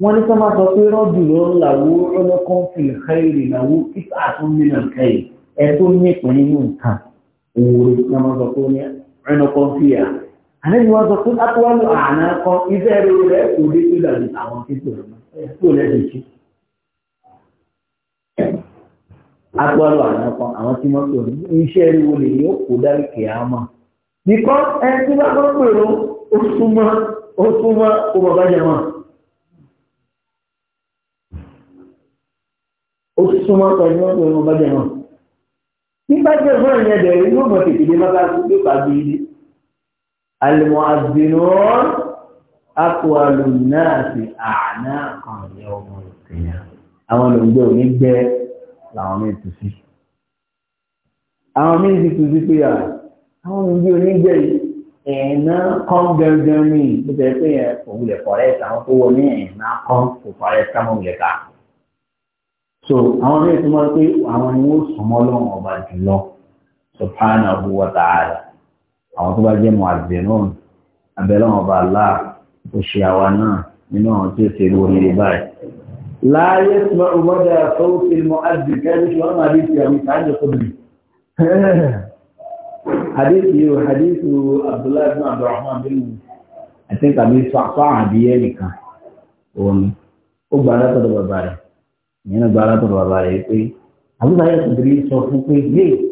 S1: wọ́n ní sọ́mà sọ pé rọ́jù ló ń làwó ọlọ́kàn fi ìkẹ́yìrì làwó kíkà àtúnmínà kẹ́yì ẹ tó ní ìpín nínú nǹkan òwúrò ní wọ́n sọ pé ní ọlọ́kàn fi yà àlejò wọn sọ pé akọ́wálù àná kan iṣẹ́ rẹ̀ rẹ̀ agbọ́rọ̀ àwọn kan àwọn tí wọ́n pèrò iṣẹ́ ìwò lè yóò kó dárí kìámà nìkọ́ ẹni
S3: tí wọ́n pèrò ó súnmọ́ ó súnmọ́ ó bọ̀ bájẹ̀ wọn
S1: ó súnmọ́ pẹ̀lú ọ̀pọ̀ ó bọ̀ bájẹ̀ wọn nígbà tí ẹ̀fọ́ ìyẹn bẹ̀rẹ̀ yóò mọ̀ tètè dé bàbá gbé pàbí ilé àlùmọ̀ àgbìnú akọ̀ọ̀lù náà ti àná kan ọmọ ìkẹyà àwọn olùgbé òní gbẹ́ làwọn míì tù sí àwọn míì ti tù sí pé à àwọn mi bí onígbẹ yìí ẹ̀ẹ̀ná kan gangan ní ìgbésẹ̀ pé yẹn kò wulẹ̀ kọ̀rẹ́ àwọn tó wọ ní ẹ̀ẹ̀ná kan kò kọ̀rẹ́ sáwọn wulẹ̀ ká so àwọn míì tó máa pé àwọn ni wọ́n sọmọ́ lọ́wọ́ ọba jùlọ subhanahu wa ta'ala àwọn tó bá jẹ́ mọ́ àgbẹ̀rún abẹ́lẹ́wọ̀n ọba aláà ó ṣe àwa náà nínú àwọn tí ó ṣe lórí rẹ̀ báyìí لا يسمع مدى صوت المؤذن كان شو أنا حديث يا ميت عند قدري حديثي وحديث عبد الله بن عبد الرحمن بن I think I mean صعصع ديالك ون وبارا تدور بارا يعني بارا تدور بارا يبي أبو ذا قدري صوت يبي يي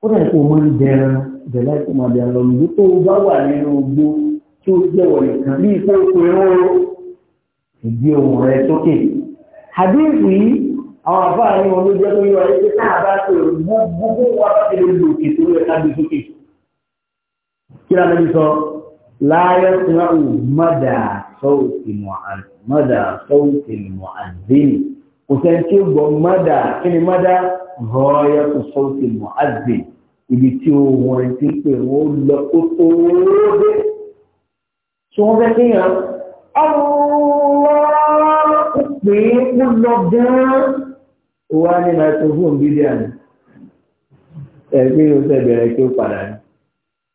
S1: كنا كمان دير دلالة ما دير لون يتوه بوا لينو بو شو جوالك كان ليه كل كل ìdí ohun rẹ sókè hadith yìí àwọn àbáà ní wọn ló jẹ́ pé yọ ẹgbẹ́ tá a bá tó gbogbo wa bá ti lè lò kì tó yẹ ká gbé sókè kí ló lè sọ láyé sinmi ò mọdà sọọsì mọ̀án mọdà sọọsì mọ̀án zéyìn kò sẹ́ni tí ó gbọ́ mọdà kí ni mọdà rọ́ọ̀yà tó sọọsì mọ̀án zéyìn ibi tí ohun rẹ ti pè wọ́n lọ kó tó wọ́n dé tí wọ́n fẹ́ kéèyàn
S3: ọ̀rọ̀
S1: pé ó lọ gan-an ó wá ní láti fún bídíà ni ẹgbẹ́ yóò fẹ́ bẹ̀rẹ̀ kí ó padà ní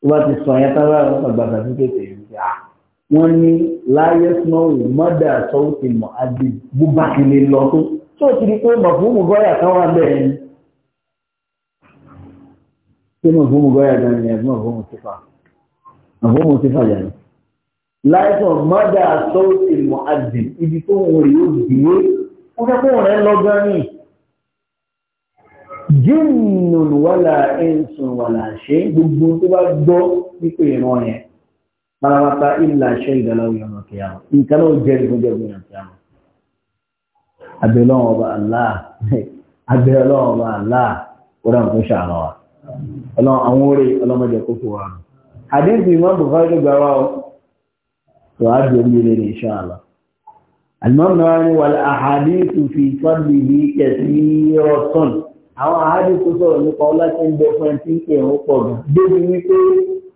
S1: tó bá ti sọ yẹn tábà àgbàgbà tó tètè yìí ṣe à wọ́n ní láyé snowy mọ́dà sọ́wọ́tì mọ́ adé bó bá ti lè lọ tó tó ti di pé mọ̀fúnmù gọ́yà kan bẹ́ẹ̀ ni ṣé mọ̀fúnmù gọ́yà gan ni ẹ̀ mọ̀fúnmù tífà mọ̀fúnmù tífà yẹn láìsàn mọ́dà sọ́ọ̀tì mọ́àdì ibi tó ń rí ó dìé wọ́n fẹ́ kóhùn rẹ̀ lọ́gán ní jínnùn wàlà ẹ̀sùn wàlà ṣe gbogbo tó bá gbọ́ pípé ìran yẹn paramata ìlà ṣe ìdálọ́wọ̀ yọmọ kìyàmù nǹkan náà jẹ́ ìgbọ́jọ́ ìgbọ́jọ́ kìyàmù abẹ́lọ́wọ́ ọba Allah abẹ́lọ́wọ́ ọba Allah wọ́n dàn fún ṣàlọ́wà ọlọ́run àwọn orí ọlọ́mọdé kókó wa àdéhùn ìmọ̀ bùkọ́ فهذا يميل إن شاء الله المهم يعني والأحاديث في فضله كثيرة àwọn àádìí tó sọ̀rọ̀ nípa ọlá tí ń bẹ fún ẹni tí ń kẹ̀ ọ́ pọ̀ gan débi wípé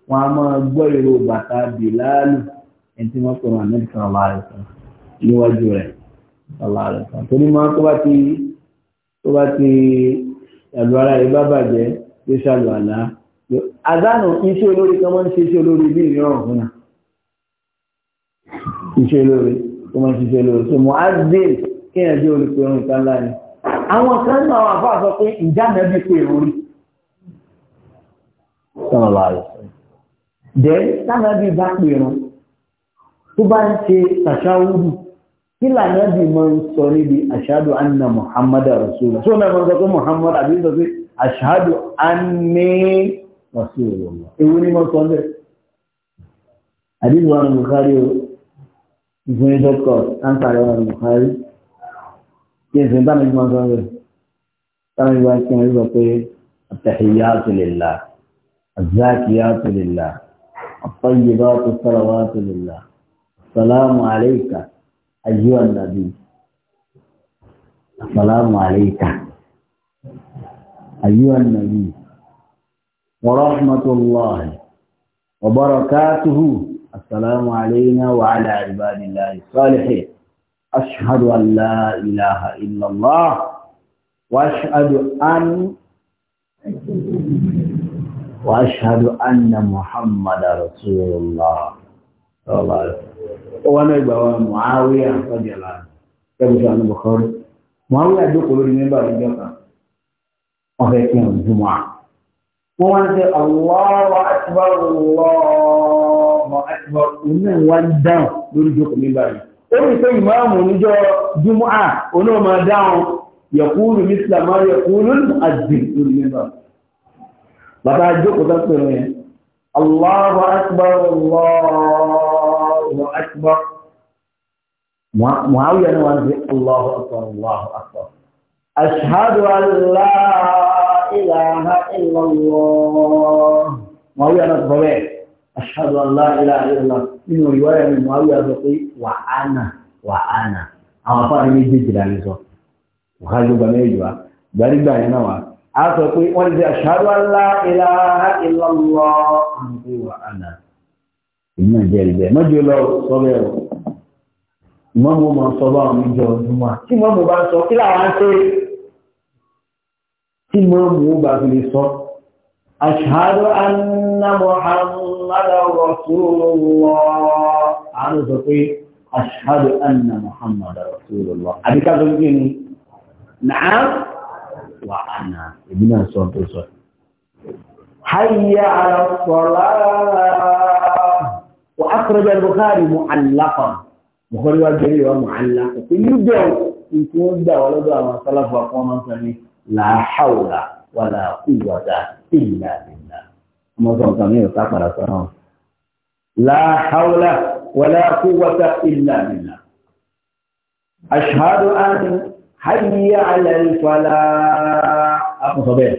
S1: wọn a máa gbọ́ ìró bàtà bìláàlù ẹni tí wọ́n pè wọn àmì kan ọ̀la rẹ̀ kan níwájú rẹ̀ ọ̀la rẹ̀ kan torí máa tó bá ti tó bá ti ẹ̀rọ ara rẹ̀ bá bàjẹ́ yóò ṣàlù àlá àdánù iṣẹ́ olórí kan máa ń ṣe iṣẹ́ olórí bí ìrìn ọ̀hún náà iṣẹ́ lóore tó máa ń ṣiṣẹ́ lóore tó mọ azil kéèyàn jẹ́ olùpẹ̀ ohun ìta ńlá ni. àwọn kan náà àwọn àbá sọ pé ìjà nàbí pé orí. sọ̀rọ̀ láàrẹ̀. dẹ́ sànàbí bá pè wọn tó bá ń ṣe tàṣáwúrù kí lànàbí máa ń sọ níbi ashadu anna muhammadu rasulullah tó náà máa sọ pé muhammad àbí sọ pé ashadu anni rasulullah ewu ni mo sọ bẹ́ẹ̀. àdìsí wa ni o ìfún ní dọ́kọ̀ ánsàrẹ̀ wọn Buhari kí n sì bá mi mọ́ sọ rẹ̀ táwọn ìwà kí wọ́n sọ pé at-tahiyyatu lillah az-zakiyatu lillah at-tayyibatu as-salawatu lillah assalamu alayka ayyuhan nabi assalamu alayka ayyuhan nabi wa rahmatullahi wa barakatuhu. السلام علينا وعلى عباد الله الصالحين أشهد أن لا إله إلا الله وأشهد أن وأشهد أن محمد رسول الله صلى الله عليه وسلم معاوية رضي الله عنه كيف كان البخاري معاوية دخل من باب الجنة وهي الجمعة ومن الله أكبر الله Allahu akbar òun náà wá ń dáhùn lórí ìjókòó mi báyìí ó rí pé ìmáàmù níjọ́ júmọ́à òun náà máa dáhùn yẹ̀kúrú mísìlá máa yẹ̀kúrú àdì lórí mi báyìí bàbá jókòó tó pẹ̀lú yẹn Allahu akbar Allahu akbar Muawiya náà wá ń sè Allahu akbar Allahu akbar ashhadu an ilaha illa Allah náà sọ أشهد أن لا إله إلا الله من رواية من معاوية الرقي وأنا وأنا أما فاهم يجي جلاليزو وخالي بميجوا داري باني نوا أتقول وأنا أشهد أن لا إله إلا الله وأنا ìmọ̀ jẹ́rì bẹ́ẹ̀ mọ́jọ lọ sọ́bẹ̀ rọ̀ ìmọ̀mù ma sọ bá àwọn ìjọ ọdúnmọ́ tí mọ́mù bá sọ kí làwọn ń ṣe tí mọ́mù bá fi lè sọ أشهد أن محمد رسول الله أنا سقي أشهد أن محمد رسول الله أبي كذا begini نعم وأنا ابن صوت صوت حي على الصلاة وأخرج البخاري معلقا بخاري والجري ومعلق في يبدأ يكون ده ولا ده ما سلف وقوم لا حول ولا قوة إلا بالله أمازون تاني يتاقى لا حول ولا قوة إلا بالله أشهد أن حي على الفلاح أبو صبيح.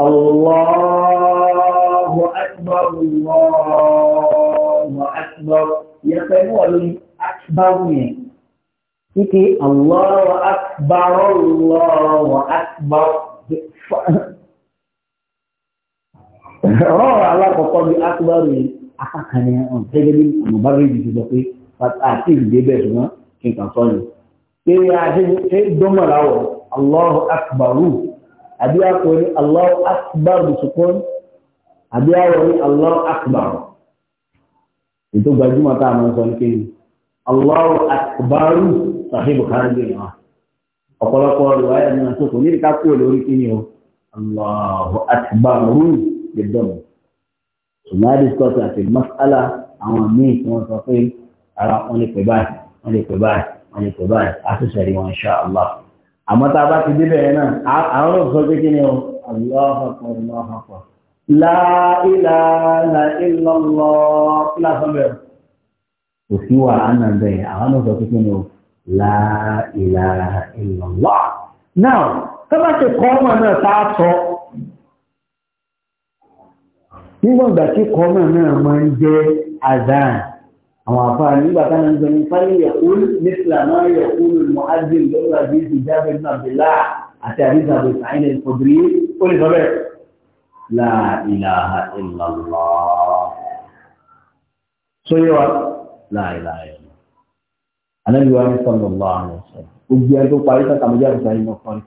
S1: الله أكبر الله أكبر يقول أكبر منك wípé Allahu akbar Allahu akbar rọ́ọ̀rọ̀ alákọ̀ọ́kọ́ bí akúbárò yìí apákanì ọ̀n gẹ́gẹ́ bí àmọ̀bárò yìí ti sọ pé àti ìdè bẹ́ẹ̀ ṣùgbọ́n kí n kà sọ ni. pé ṣé dọ́mọ̀lá wọ̀ Allahu akbaru àbí akọ̀ ní Allahu akbaru sùkún àbí awọ̀ ní Allahu akbaru. ètò gbajúmọ̀ tá a máa sọ ní kéwì Allahu akbaru sàfí bùkárí gbé yàn wá ọ̀pọ̀lọpọ̀ rìwáyà náà tó kò ní ìdíkà kúrò lórí kí ni o Allahu akbar rúù lè dọ̀nù ṣùgbọ́n á discuss àti masala àwọn míì tí wọ́n sọ pé ara wọn lè pè báyìí wọn lè pè báyìí wọn lè pè báyìí àtúnṣe rí wọn insha Allah àmọ́ tá a bá ti débẹ̀ yẹn náà àwọn ò sọ pé kí ni o Allahu akbar Allahu akbar la ilaha kí lásán bẹ̀rẹ̀ kò sí wàhánà bẹ́ẹ̀ àwọn ò sọ pé kí ni o la ilaha illallah now tọ́lá ṣe kọ́ ọmọ náà tá a sọ nígbà ìgbà tí kọ́ ọmọ náà máa ń jẹ́ azan àwọn afárá nígbà táwọn ń gbẹ̀yìn fáyé yaqul nísìlá náà yaqul mu'azzin lọ́wọ́ àbí ìjábẹ̀ náà bẹ̀lá àti àbíjà àbí sàáyìn ẹ̀ ó lè sọ bẹ́ẹ̀ la ilaha illallah sọ yẹ wa la ilaha illallah. النبي صلى الله عليه وسلم وجيرتو قايتا كما جاء في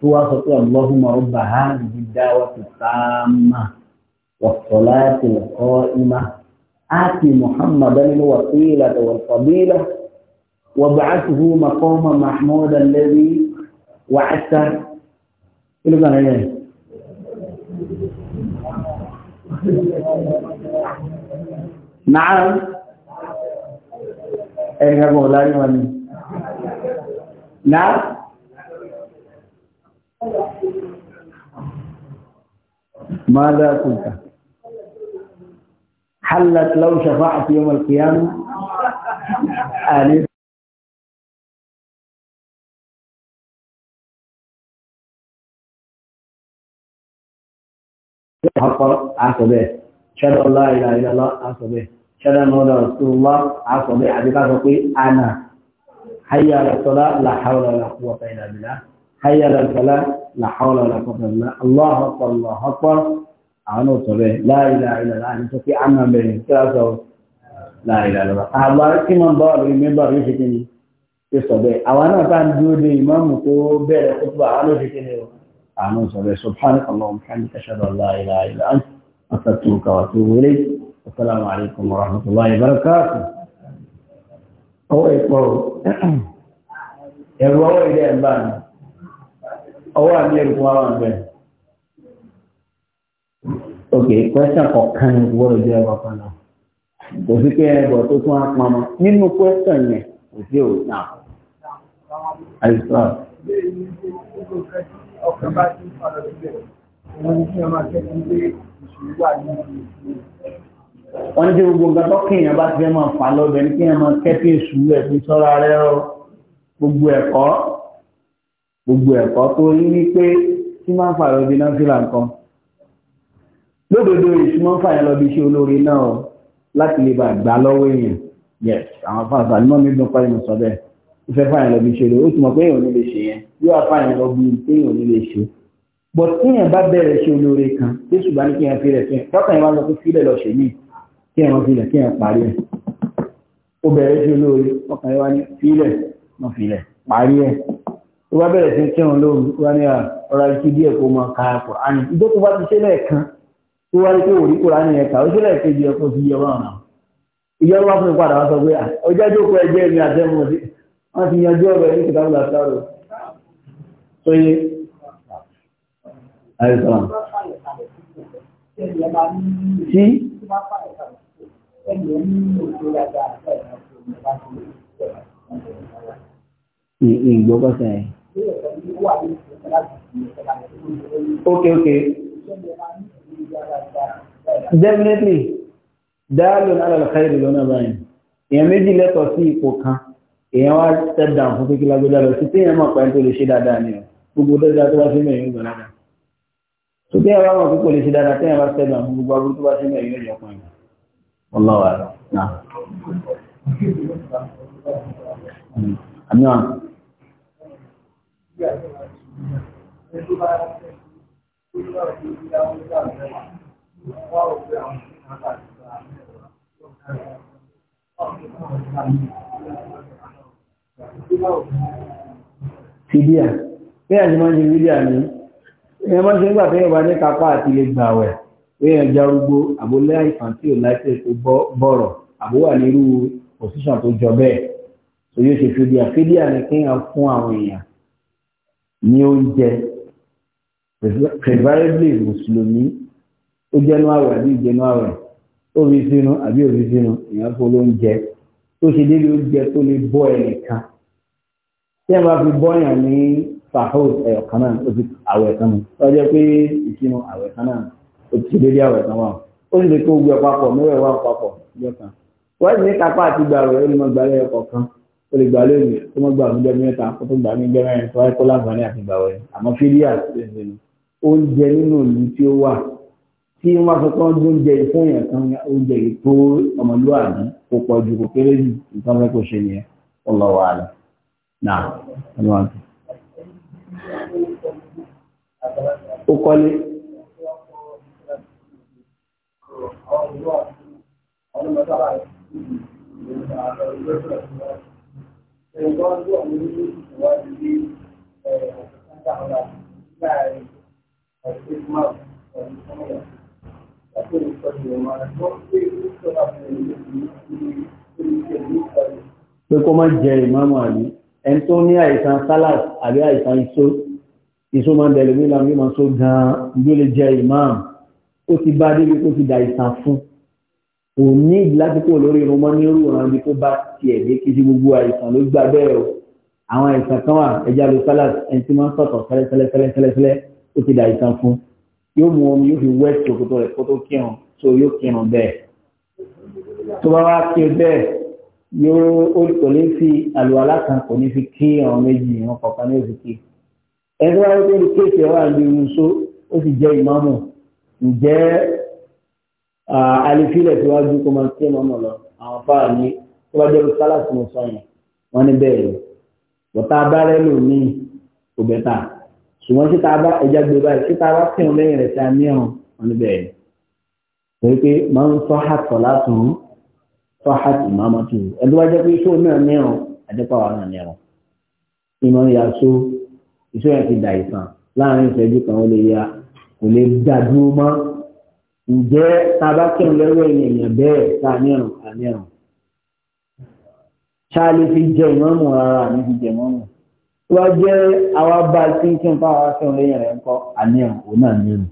S1: القران اللهم رب هذه الدعوه التامه والصلاه القائمه آتي محمدا الوسيلة والفضيلة وابعثه مقام محمودا الذي وعدته إلى كان إيه؟ نعم إيه يا مولاي نعم ماذا قلت حلت لو شفعت يوم القيامة آلف حق عصبه شهد الله لا إله إلا الله عصبه شهد أن رسول الله عصبه عبد الله أنا حي على الصلاة لا حول ولا قوة إلا بالله حي على الصلاة لا حول ولا قوة إلا بالله الله أكبر الله أكبر أعنو صلى لا إله إلا الله أنت في عنا به كذا لا إله إلا الله أهلا كم بار من بار يشكني يصبي أوانا كان جودي ما مكو بير خطبة أعنو يشتني أعنو صلى سبحانك اللهم وبحمدك أشهد أن لا إله إلا أنت أستغفرك وأتوب إليك السلام عليكم ورحمة الله وبركاته ọwọ́ ìpọ̀ ẹ̀rù ọwọ́ ilẹ̀ ẹ̀mbà ní ọwọ́ àmì ẹ̀rù fún àwọn àgbẹ̀ ok kwẹ́sàn kọ̀kan gbọ́dọ̀ jẹ́ ẹ̀rọ náà kò sí pé ẹ̀rọ tó tún á pamọ́ nínú question yẹn kò sí òun náà
S3: àìsàn. ọkàn bá ti ń padà sílẹ̀ òun ni kí wọ́n máa kẹ́kọ̀ọ́ pé ìṣòro wà nínú ìṣòro.
S1: wọ́n ní tí gbogbo nǹkan tó kéèyàn bá ti fẹ́ máa fà lọ́bẹ̀ ní kéèyàn máa kẹ́fí èṣù ẹ̀ fi sọ́ra rẹ̀ ọ́ gbogbo ẹ̀kọ́ gbogbo ẹ̀kọ́ tó rí ní pé tí máa ń fà lọ́bẹ̀ náà sí làǹkan lódodo èṣù fà yẹn lọ́bẹ̀ iṣẹ́ olóore náà láti lè bá gbà lọ́wọ́ èèyàn yes àwọn fàṣà ní mọ́mí dùn pa ìmọ̀ sọ bẹ́ẹ̀ ó fẹ́ fà yẹn lọ́bẹ̀ iṣẹ́ olóore ó ti mọ̀ pé èèyàn ò ní lè ṣe yẹn yóò bá bẹ̀rẹ̀ ṣe olóore kan jésù bá ní kí yẹn fi rẹ̀ fi hàn tọ́kàn yẹn wá lọ pé fílẹ̀ lọ ṣèlú kí ẹ̀wọ̀n filẹ̀ kí ẹ̀wọ̀n parí ẹ̀ ó bẹ̀rẹ̀ sí olóore ọkàn yẹn wá ní filẹ̀ wọn filẹ̀ parí ẹ̀ tó bá bẹ̀rẹ̀ sí kí ẹ̀wọ̀n lóru wá ní ọ̀rọ̀ ikú díẹ̀ kó máa ka Kùránì ìjọ tó bá ti ṣe lẹ́ẹ̀kan tó wá ní pé òrí Kùránì yẹn kà ó ṣe lẹ́ẹ̀kejì ẹ̀kọ́ sí iye wọn náà ìyá fún ìpadà wá sọ pé ọjọ́ ìjókòó ẹjẹ́ mi àtẹ́mọ̀ sí wọ́n ti yanjú ọ̀rọ̀ ní kìtàbù làtàrò tó yé àìsàn
S3: sí ìgbọ́gbọ́
S1: sẹ́yìn. Okay, okay. definitely dáàlù náà lọ́lọ́kà ìlú lọ́nà báyìí èèyàn méjì lẹ́tọ̀ọ́ sí ipò kan èèyàn wá step down fún kékeré agbẹ́dá lọ sí tí èèyàn mọ̀ pẹ́ẹ́n tó lè ṣe dáadáa ni o gbogbo dáadáa tó bá sí mẹ́rin ń gbọ́n dáadáa tó tí èèyàn bá mọ̀ pé kò lè ṣe dáadáa tí èèyàn bá step down fún gbogbo aburú tó bá sí mẹ́rin ń yọ̀pọ̀ Wallahu a'lam. Nah. Àmì ọ̀nà. Fìdíà. Bí àjímọ́ ṣe fìdíà ní, ẹmọ́ ṣe ń gbà fẹ́ ìwà ní kápá àti lè gbà wẹ̀ wíyàn jarugbo àbólé àìsàn tí ò láìsẹ̀ tó bọ̀rọ̀ àbówà nírú position tó jọ bẹ́ẹ̀ tó yóò ṣe fídíà fídíà ni kéèyàn fún àwọn èèyàn ní oúnjẹ preferably mùsùlùmí ó jẹ́nu àwẹ̀ àbí ìjẹnu àwẹ̀ ó fi sínú àbí òfi sínú èèyàn fún olóúnjẹ tó ṣe débi oúnjẹ tó lè bọ́ ẹnìkan tí ẹ bá fi bọ́yàn ní fàhóòs ẹ̀yọ̀kan náà ó fi àwẹ̀ kan mu ó jẹ́ pé ìsinú àwẹ̀ kan náà òtítẹ́lẹ́lẹ́ àwẹ̀ kan wà ó lè kó gbẹ papọ̀ mẹ́wẹ̀ wà papọ̀ ìjọ kan wọ́n sì ní kápá àti gbà rẹ̀ ó lè mọ gbà lẹ́yìn kọ̀ọ̀kan ó lè gbà lónìí ó mọ gbà ní ọjọ́ mẹ́ta ó tó gbà ní ọjọ́ mẹ́rin tó wáyé kó láǹfààní àti gbà wẹ̀ àmọ́ fílíà oúnjẹ nínú ìlú tí ó wà tí wọ́n sọ pé wọ́n gbé oúnjẹ fún èèyàn kan oúnjẹ yìí tó ọmọlúwàbí kó pọ̀ ju kó kéré jù nǹkan fẹ́ kó ṣe nìyẹn ọlọ́wọ́ àlẹ́ náà ọlọ́wọ́ ó kọ́lé pé kó má jẹ ìmáàmù àbí ẹni tó ní àìsàn salad àbí àìsàn iṣó iṣó máa ń bẹ̀rẹ̀ nílànà máa só gan-an ló lè jẹ ìmáàmù ó ti bá débi kó ti dà ìsàn fún kò ní ìdílásíkò lórí irun mọ́ ní irú ọ̀ràn bí kó bá tiẹ̀ dé kí ti gbogbo àìsàn ló gbà bẹ́ẹ̀ o àwọn àìsàn kan wà ẹja lu salad ẹni tí wọ́n sọ̀tọ̀ fẹ́lẹ́fẹ́lẹ́fẹ́lẹ́fẹ́lẹ́ ó ti dà ìsàn fún yóò mú omi yóò fi wẹ́ ṣòkòtò rẹ̀ kó tó kírun tó yóò kírun bẹ́ẹ̀ tó bá wá kí bẹ́ẹ̀ yóò kò ní fi àlùwàlá kan kò ní fi kí ọ̀ràn méjì ìran kọ̀ọ̀kan ní òfin kí ẹni tó wá wọ́n tó ń kéèké ó ǹjẹ́ alifilẹ̀ síwájú kó máa kí ọmọ lọ àwọn fáà ní tó bá jẹ́ sálàsì mo sọ yẹn wọ́n ní bẹ́ẹ̀ lọ bọ́tà abárẹ́ lò ní òbẹ́ta ṣùgbọ́n síta bá ẹja gbé báyìí síta bá fẹ́hùn lẹ́yìn rẹ̀ ta ní ọ̀hún wọ́n ní bẹ́ẹ̀ lọ. torí pé máa ń tọ́ hàtọ̀ látún tọ́ hàtì máa mọ́tò ẹni tó bá jẹ́ pé iṣẹ́ náà ní ọ̀hún àdẹ́pà wà náà ní ọ̀hún. ìmọ̀ ìyàsó iṣẹ́ yẹn ti dà ìsàn láàrin ìṣẹ́jú kan ó lè ya kò lè dá dúró mọ́ ǹjẹ́ tábà kẹ́hìn lẹ́rọ ènìyàn bẹ́ẹ̀ tá nírun ànírun ṣáàlì fi jẹ ìmọ̀mù rárá àmì fi jẹ ìmọ̀mù tó jẹ́ àwa bá a ti ń kí n fáwọn akẹ́hìn lẹ́yìn rẹ̀ ń kọ́ ànírun òun náà nírun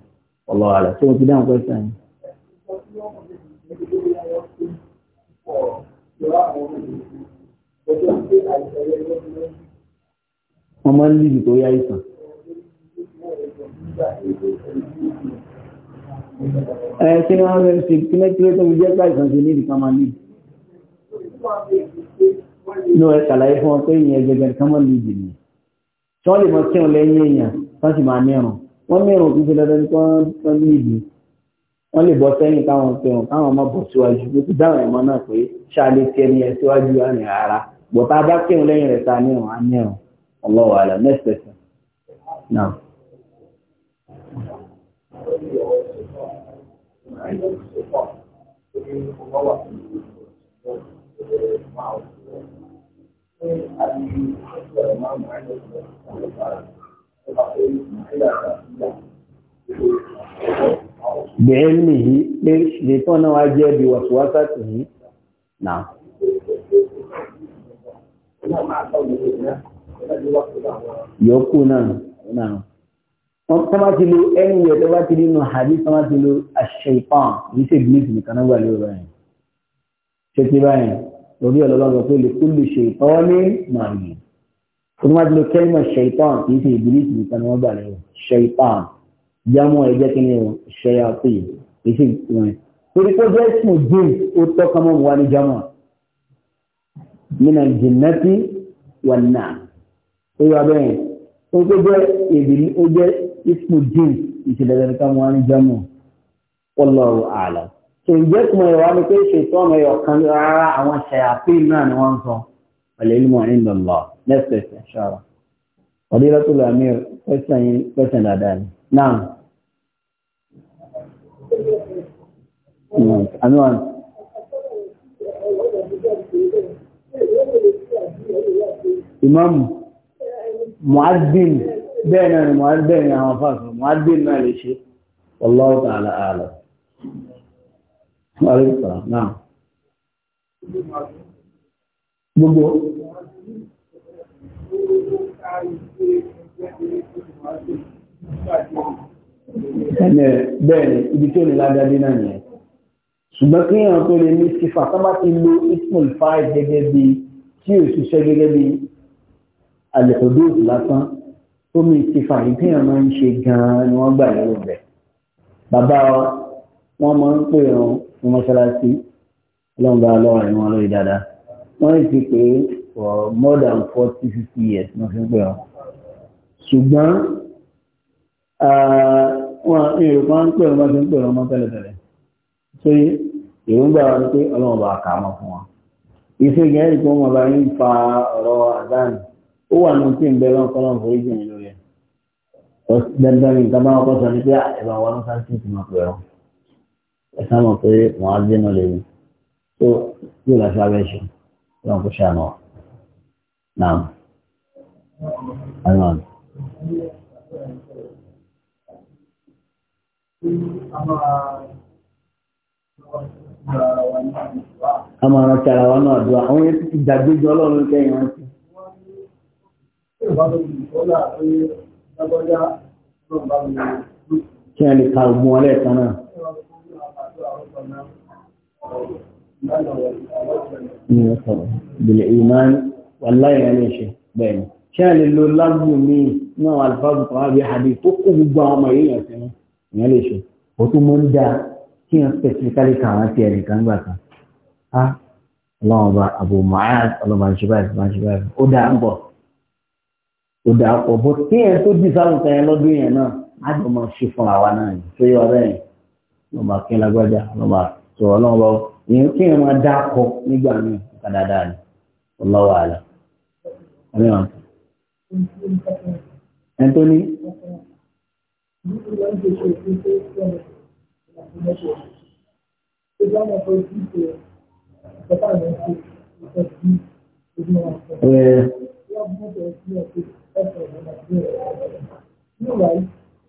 S1: ọlọ́wà rẹ̀ tí wọ́n ti dáhùn pẹ́sẹ̀ yìí. wọ́n máa ń líbi tó yá ìsàn. Ẹ kí ni wọ́n rẹ̀ sí kí ní kílé tó fi jẹ́ pàìsàn sí ní ìdíkan máa ní?
S3: Ní ẹ kàlàyé fún
S1: ọ pé ìyẹn gẹ́gẹ́ kan mọ́ lùdì ni. Tí wọ́n lè mọ kí wọn lẹ́yìn èèyàn, wọ́n sì máa mẹ́rùn. Wọ́n mẹ́rùn kí ṣe dandan tí wọ́n lùdì. Wọ́n lè bọ́ sẹ́yìn káwọn fẹ́ràn káwọn má bọ̀ síwájú. Mo ti dáhùn ẹ̀mọ́ náà pé ṣáàlẹ̀ tí ẹni ẹ̀ síwájú àrìn ara. Bọ̀tá bá kí lẹ́yìn rẹ̀ ta mẹ́rùn á mẹ́rùn. Ọlọ́wàá bẹ̀ẹ́lì yìí pé ṣètàn náà wá jẹ́ bí wàsíwásá tì yìí náà. yòókù náà náà wọ́n tọ́má ti lo ẹni rẹ̀ tọ́má ti nínú àbí tọ́má ti lo àṣẹ ìpáhùn ní ṣe ìgbésì nìkan náà wà lórí rẹ̀ ṣe ti báyìí lórí ọ̀lọ́lọ́gbọ̀n tó lè kú lè ní màmí tó má ti lo kẹ́mọ̀ ṣe ìpáhùn kì í nìkan náà wà lórí ṣe ìpáhùn jámọ́ kí ni o ṣe pé kì í torí pé jẹ́ sùn dín ó tọ́ka mọ́ wa ní jámọ́ nínú jìnnàtì wà náà ó yọ abẹ́yẹn ó jẹ́ ismu jins ìṣẹ̀lẹ̀ rẹ̀ ká wọn ní jamu wallahu a'lam. tó ń jẹ́ kùmọ̀ ìwà ni pé ṣètò ọmọ ẹ̀yọ̀ kan rárá àwọn ṣàyàfín náà ni wọ́n ń sọ al-ilmu inda Allah next question ṣọ́ra. Fadilatul Amir question yìí question dáadáa ni. náà àmì wọn. muazzin bẹ́ẹ̀ náà ni mo á bẹ́ẹ̀ ni àwọn fáṣọ mo á dé náà lè ṣe wallahu ta'ala a'lam. Gbogbo. Ẹ̀nẹ̀ bẹ́ẹ̀ ni ibi tó ní ládádé náà nìyẹn. Ṣùgbọ́n kí èèyàn tó lè ní sífà tó ti lo ismul gẹ́gẹ́ bí tí ò ṣiṣẹ́ gẹ́gẹ́ bí àlẹ̀kọ̀dóòdù lásán tó mi ti fààrí téèyàn máa ń ṣe gan-an ni wọ́n gbà lérò rẹ̀ bàbá wọn máa ń pè wọn ní mọ́ṣáláṣí ọlọ́run lọ́wọ́ àìní wọn lórí dáadáa wọ́n lè ti pé for more than forty fifty years wọ́n fi ń pè wọn ṣùgbọ́n wọn èrò kan ń pè wọn máa fi ń pè wọn mọ́ tẹ́lẹ̀tẹ́lẹ̀ ṣé èròǹgbà wọn ni pé ọlọ́run bá kà á mọ́ fún wọn ìṣègùn ẹ̀rí tó wọn bá ń fa ọ̀rọ̀ àdáni ó wà ní dandan nǹkan bá ọkọ̀ sọ ní pé ẹ̀bà wa ló sáà tìǹtì máa pẹ̀rọ ẹ sáàmọ̀ pé wọ́n á dénà lèmi tó yóò láti abẹ́ ṣe tí wọ́n kó ṣàánú wa náà ẹ̀wọ̀n. a máa rántí ara wa náà dùn àwọn ìdàgbéjọ ọlọ́run kẹ́yìn rántí
S3: lágbọ́já náà bá mi
S1: kí ẹ lè ka ogun ọlẹ́ ẹ̀kan náà. Bìlẹ̀ ìmáà wàláyé ẹ̀ lè ṣe bẹ́ẹ̀ ni. Kí ẹ lè lo lágbù mi náà alifáàbù kan àbí àdé tó kó gbogbo àwọn ọmọ yìí sí wọn. Ìyẹn lè ṣe. Ó tún mọ́ ń da kí ẹ pẹ̀sìkálì kà wọ́n ti ẹ̀rìn kan gbà kan. Ah, ọlọ́run ọba Abu Mu'az ọlọ́run ṣe báyìí, ṣe báyìí. Ó dáa ń bọ̀ kò dà pọ̀ bó kí ẹ tó dì sáwọn kan yẹn lọ́dún yẹn náà á jọ máa ṣe fún àwa náà yìí tó yọ ọ̀rẹ́ yìí ló máa lágbájá ló máa sọ ọlọ́run lọ kí ẹ máa dá kọ nígbà míì ká dáadáa ni ọlọ́wọ́ àlà ọlọ́run ẹni tó ní.
S3: Yeah ẹgbẹ̀rún nàìjíríà níwà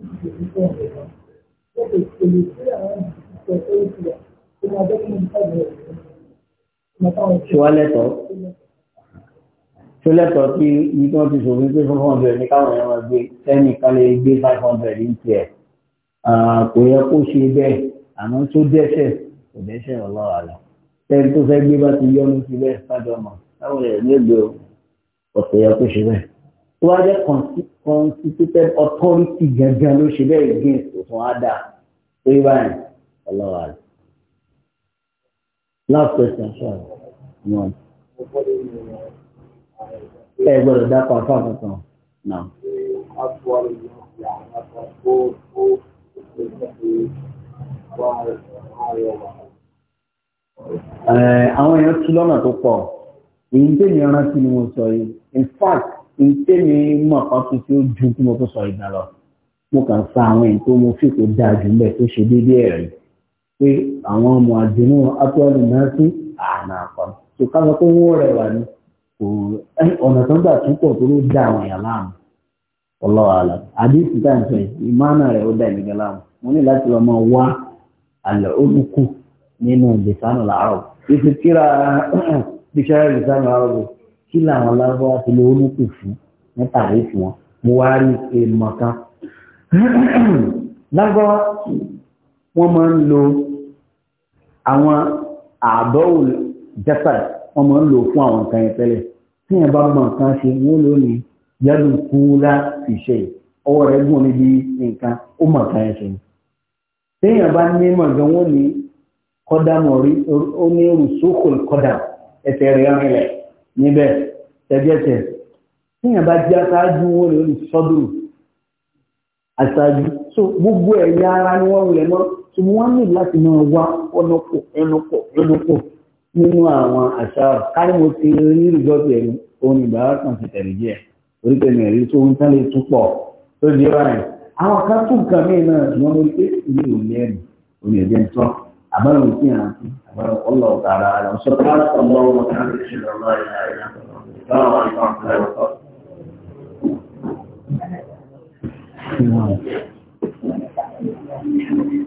S3: ìṣèlú tó ń lò wọ́n lè pèlè sí àwọn ìṣẹ́ tó ń fi tó máa jẹ́ kí nípa ìrìn rẹ̀
S1: ṣọlẹ́tọ̀ ṣọlẹ́tọ̀ tí ibi tí wọ́n ti sòfin pé five hundred ní káwọn èèyàn máa gbé sẹ́ni ká lè gbé five hundred ní tiẹ̀ kò yẹ kó ṣe bẹ́ẹ̀ àmọ́ tó dẹ́sẹ̀ kò dẹ́sẹ̀ ọlọ́wà lọ tẹ́ni tó fẹ́ gbé bá ti yọ́nú síbẹ̀ fájọ́ mọ̀ táwọn èèyàn ní èdè ọ̀pọ̀ yẹ kó ṣe bẹ́ẹ̀ tó wá jẹ́ constituted authority gangan ló ṣe bẹ́ẹ̀ against òfin ada tó yẹ báyìí ọlọ́wà rẹ̀. last question ṣáà wọn.
S3: ẹ gbọ́dọ̀ dápọ̀ afá
S1: kankan náà. Àwọn èèyàn tú lọ́nà tó pọ̀, èyí tẹ̀lé rántí ni mo sọ yìí. In fact, ìtẹ́mi mọ̀ kan tún tí ó ju kí mo tún sọ ìgbà lọ mo kàn sa àwọn èyí tó mo fi kò dáa jù mbẹ tó ṣe déédéé ẹ̀rí pé àwọn ọmọ àdínú atọ́lù náà sí àná àpamọ́ tó ká sọ pé wọ́n rẹwà ni kò ọ̀nà tó ń gbà tún pọ̀ tó ló dá àwọn èèyàn láàmú ọlọ́wàlà àdìsí tá à ń sọ yìí ìmáànà rẹ̀ ó dá èmi gan láàmú mo ní láti lọ́ọ́ máa wá àlọ́ olùkù nínú ìdìsánù làárọ̀ ìfikíra bíṣẹ́ ìdìsánù làárọ̀ kí làwọn lábọ́ ti lè olùkù fún mẹ́ta àrí fún wọn mo wá rí èèmọ̀ kan lábọ́ wọ́n máa ń lo àwọn àbọ̀wò jẹ́pẹ̀ wọ́n máa ń lò fún àwọn nǹkan yẹn tẹ́lẹ̀ tí yẹn bá mọ nǹkan ṣe wọ́n ló ní yẹ́dùn kúrá ìṣe ọwọ́ rẹ̀ gùn níbi nǹkan ó mọ̀ nǹkan yẹn ṣe ni téèyàn bá ní mọ̀gán wọ́n ní kọ́dà mọ̀rí ó ní rùsókòl kọ́dà ẹsẹ̀ rẹ̀ rìnlẹ̀ níbẹ̀ tẹ́gẹ́tẹ̀ tíyàn bá jẹ́ aṣáájú wọn lè sọ́dún aṣáájú so gbogbo ẹ̀yà ara ni wọ́n rẹ̀ mọ́ tí wọ́n ní láti máa wá ọ̀nàpọ̀ ẹnupọ̀ ẹnupọ̀ nínú àwọn àṣà kárí mo ti rí rìsọ́ọ̀tì ẹ̀rí ohun ìgbàlá kan ti tẹ̀lé jẹ́ oríkèé mi rí tó ń tán lè túpọ̀ tó di báyìí àwọn kan tún kàn mí náà ṣùgbọ́n mo rí pé ìlú ò ní ẹ̀rí òun ẹ̀jẹ̀ ń tán أبانا مسيحنا أبانا والله تعالى أعلم سبحانك اللهم وبحمدك أشهد لا إله إلا أنت الله وبركاته Thank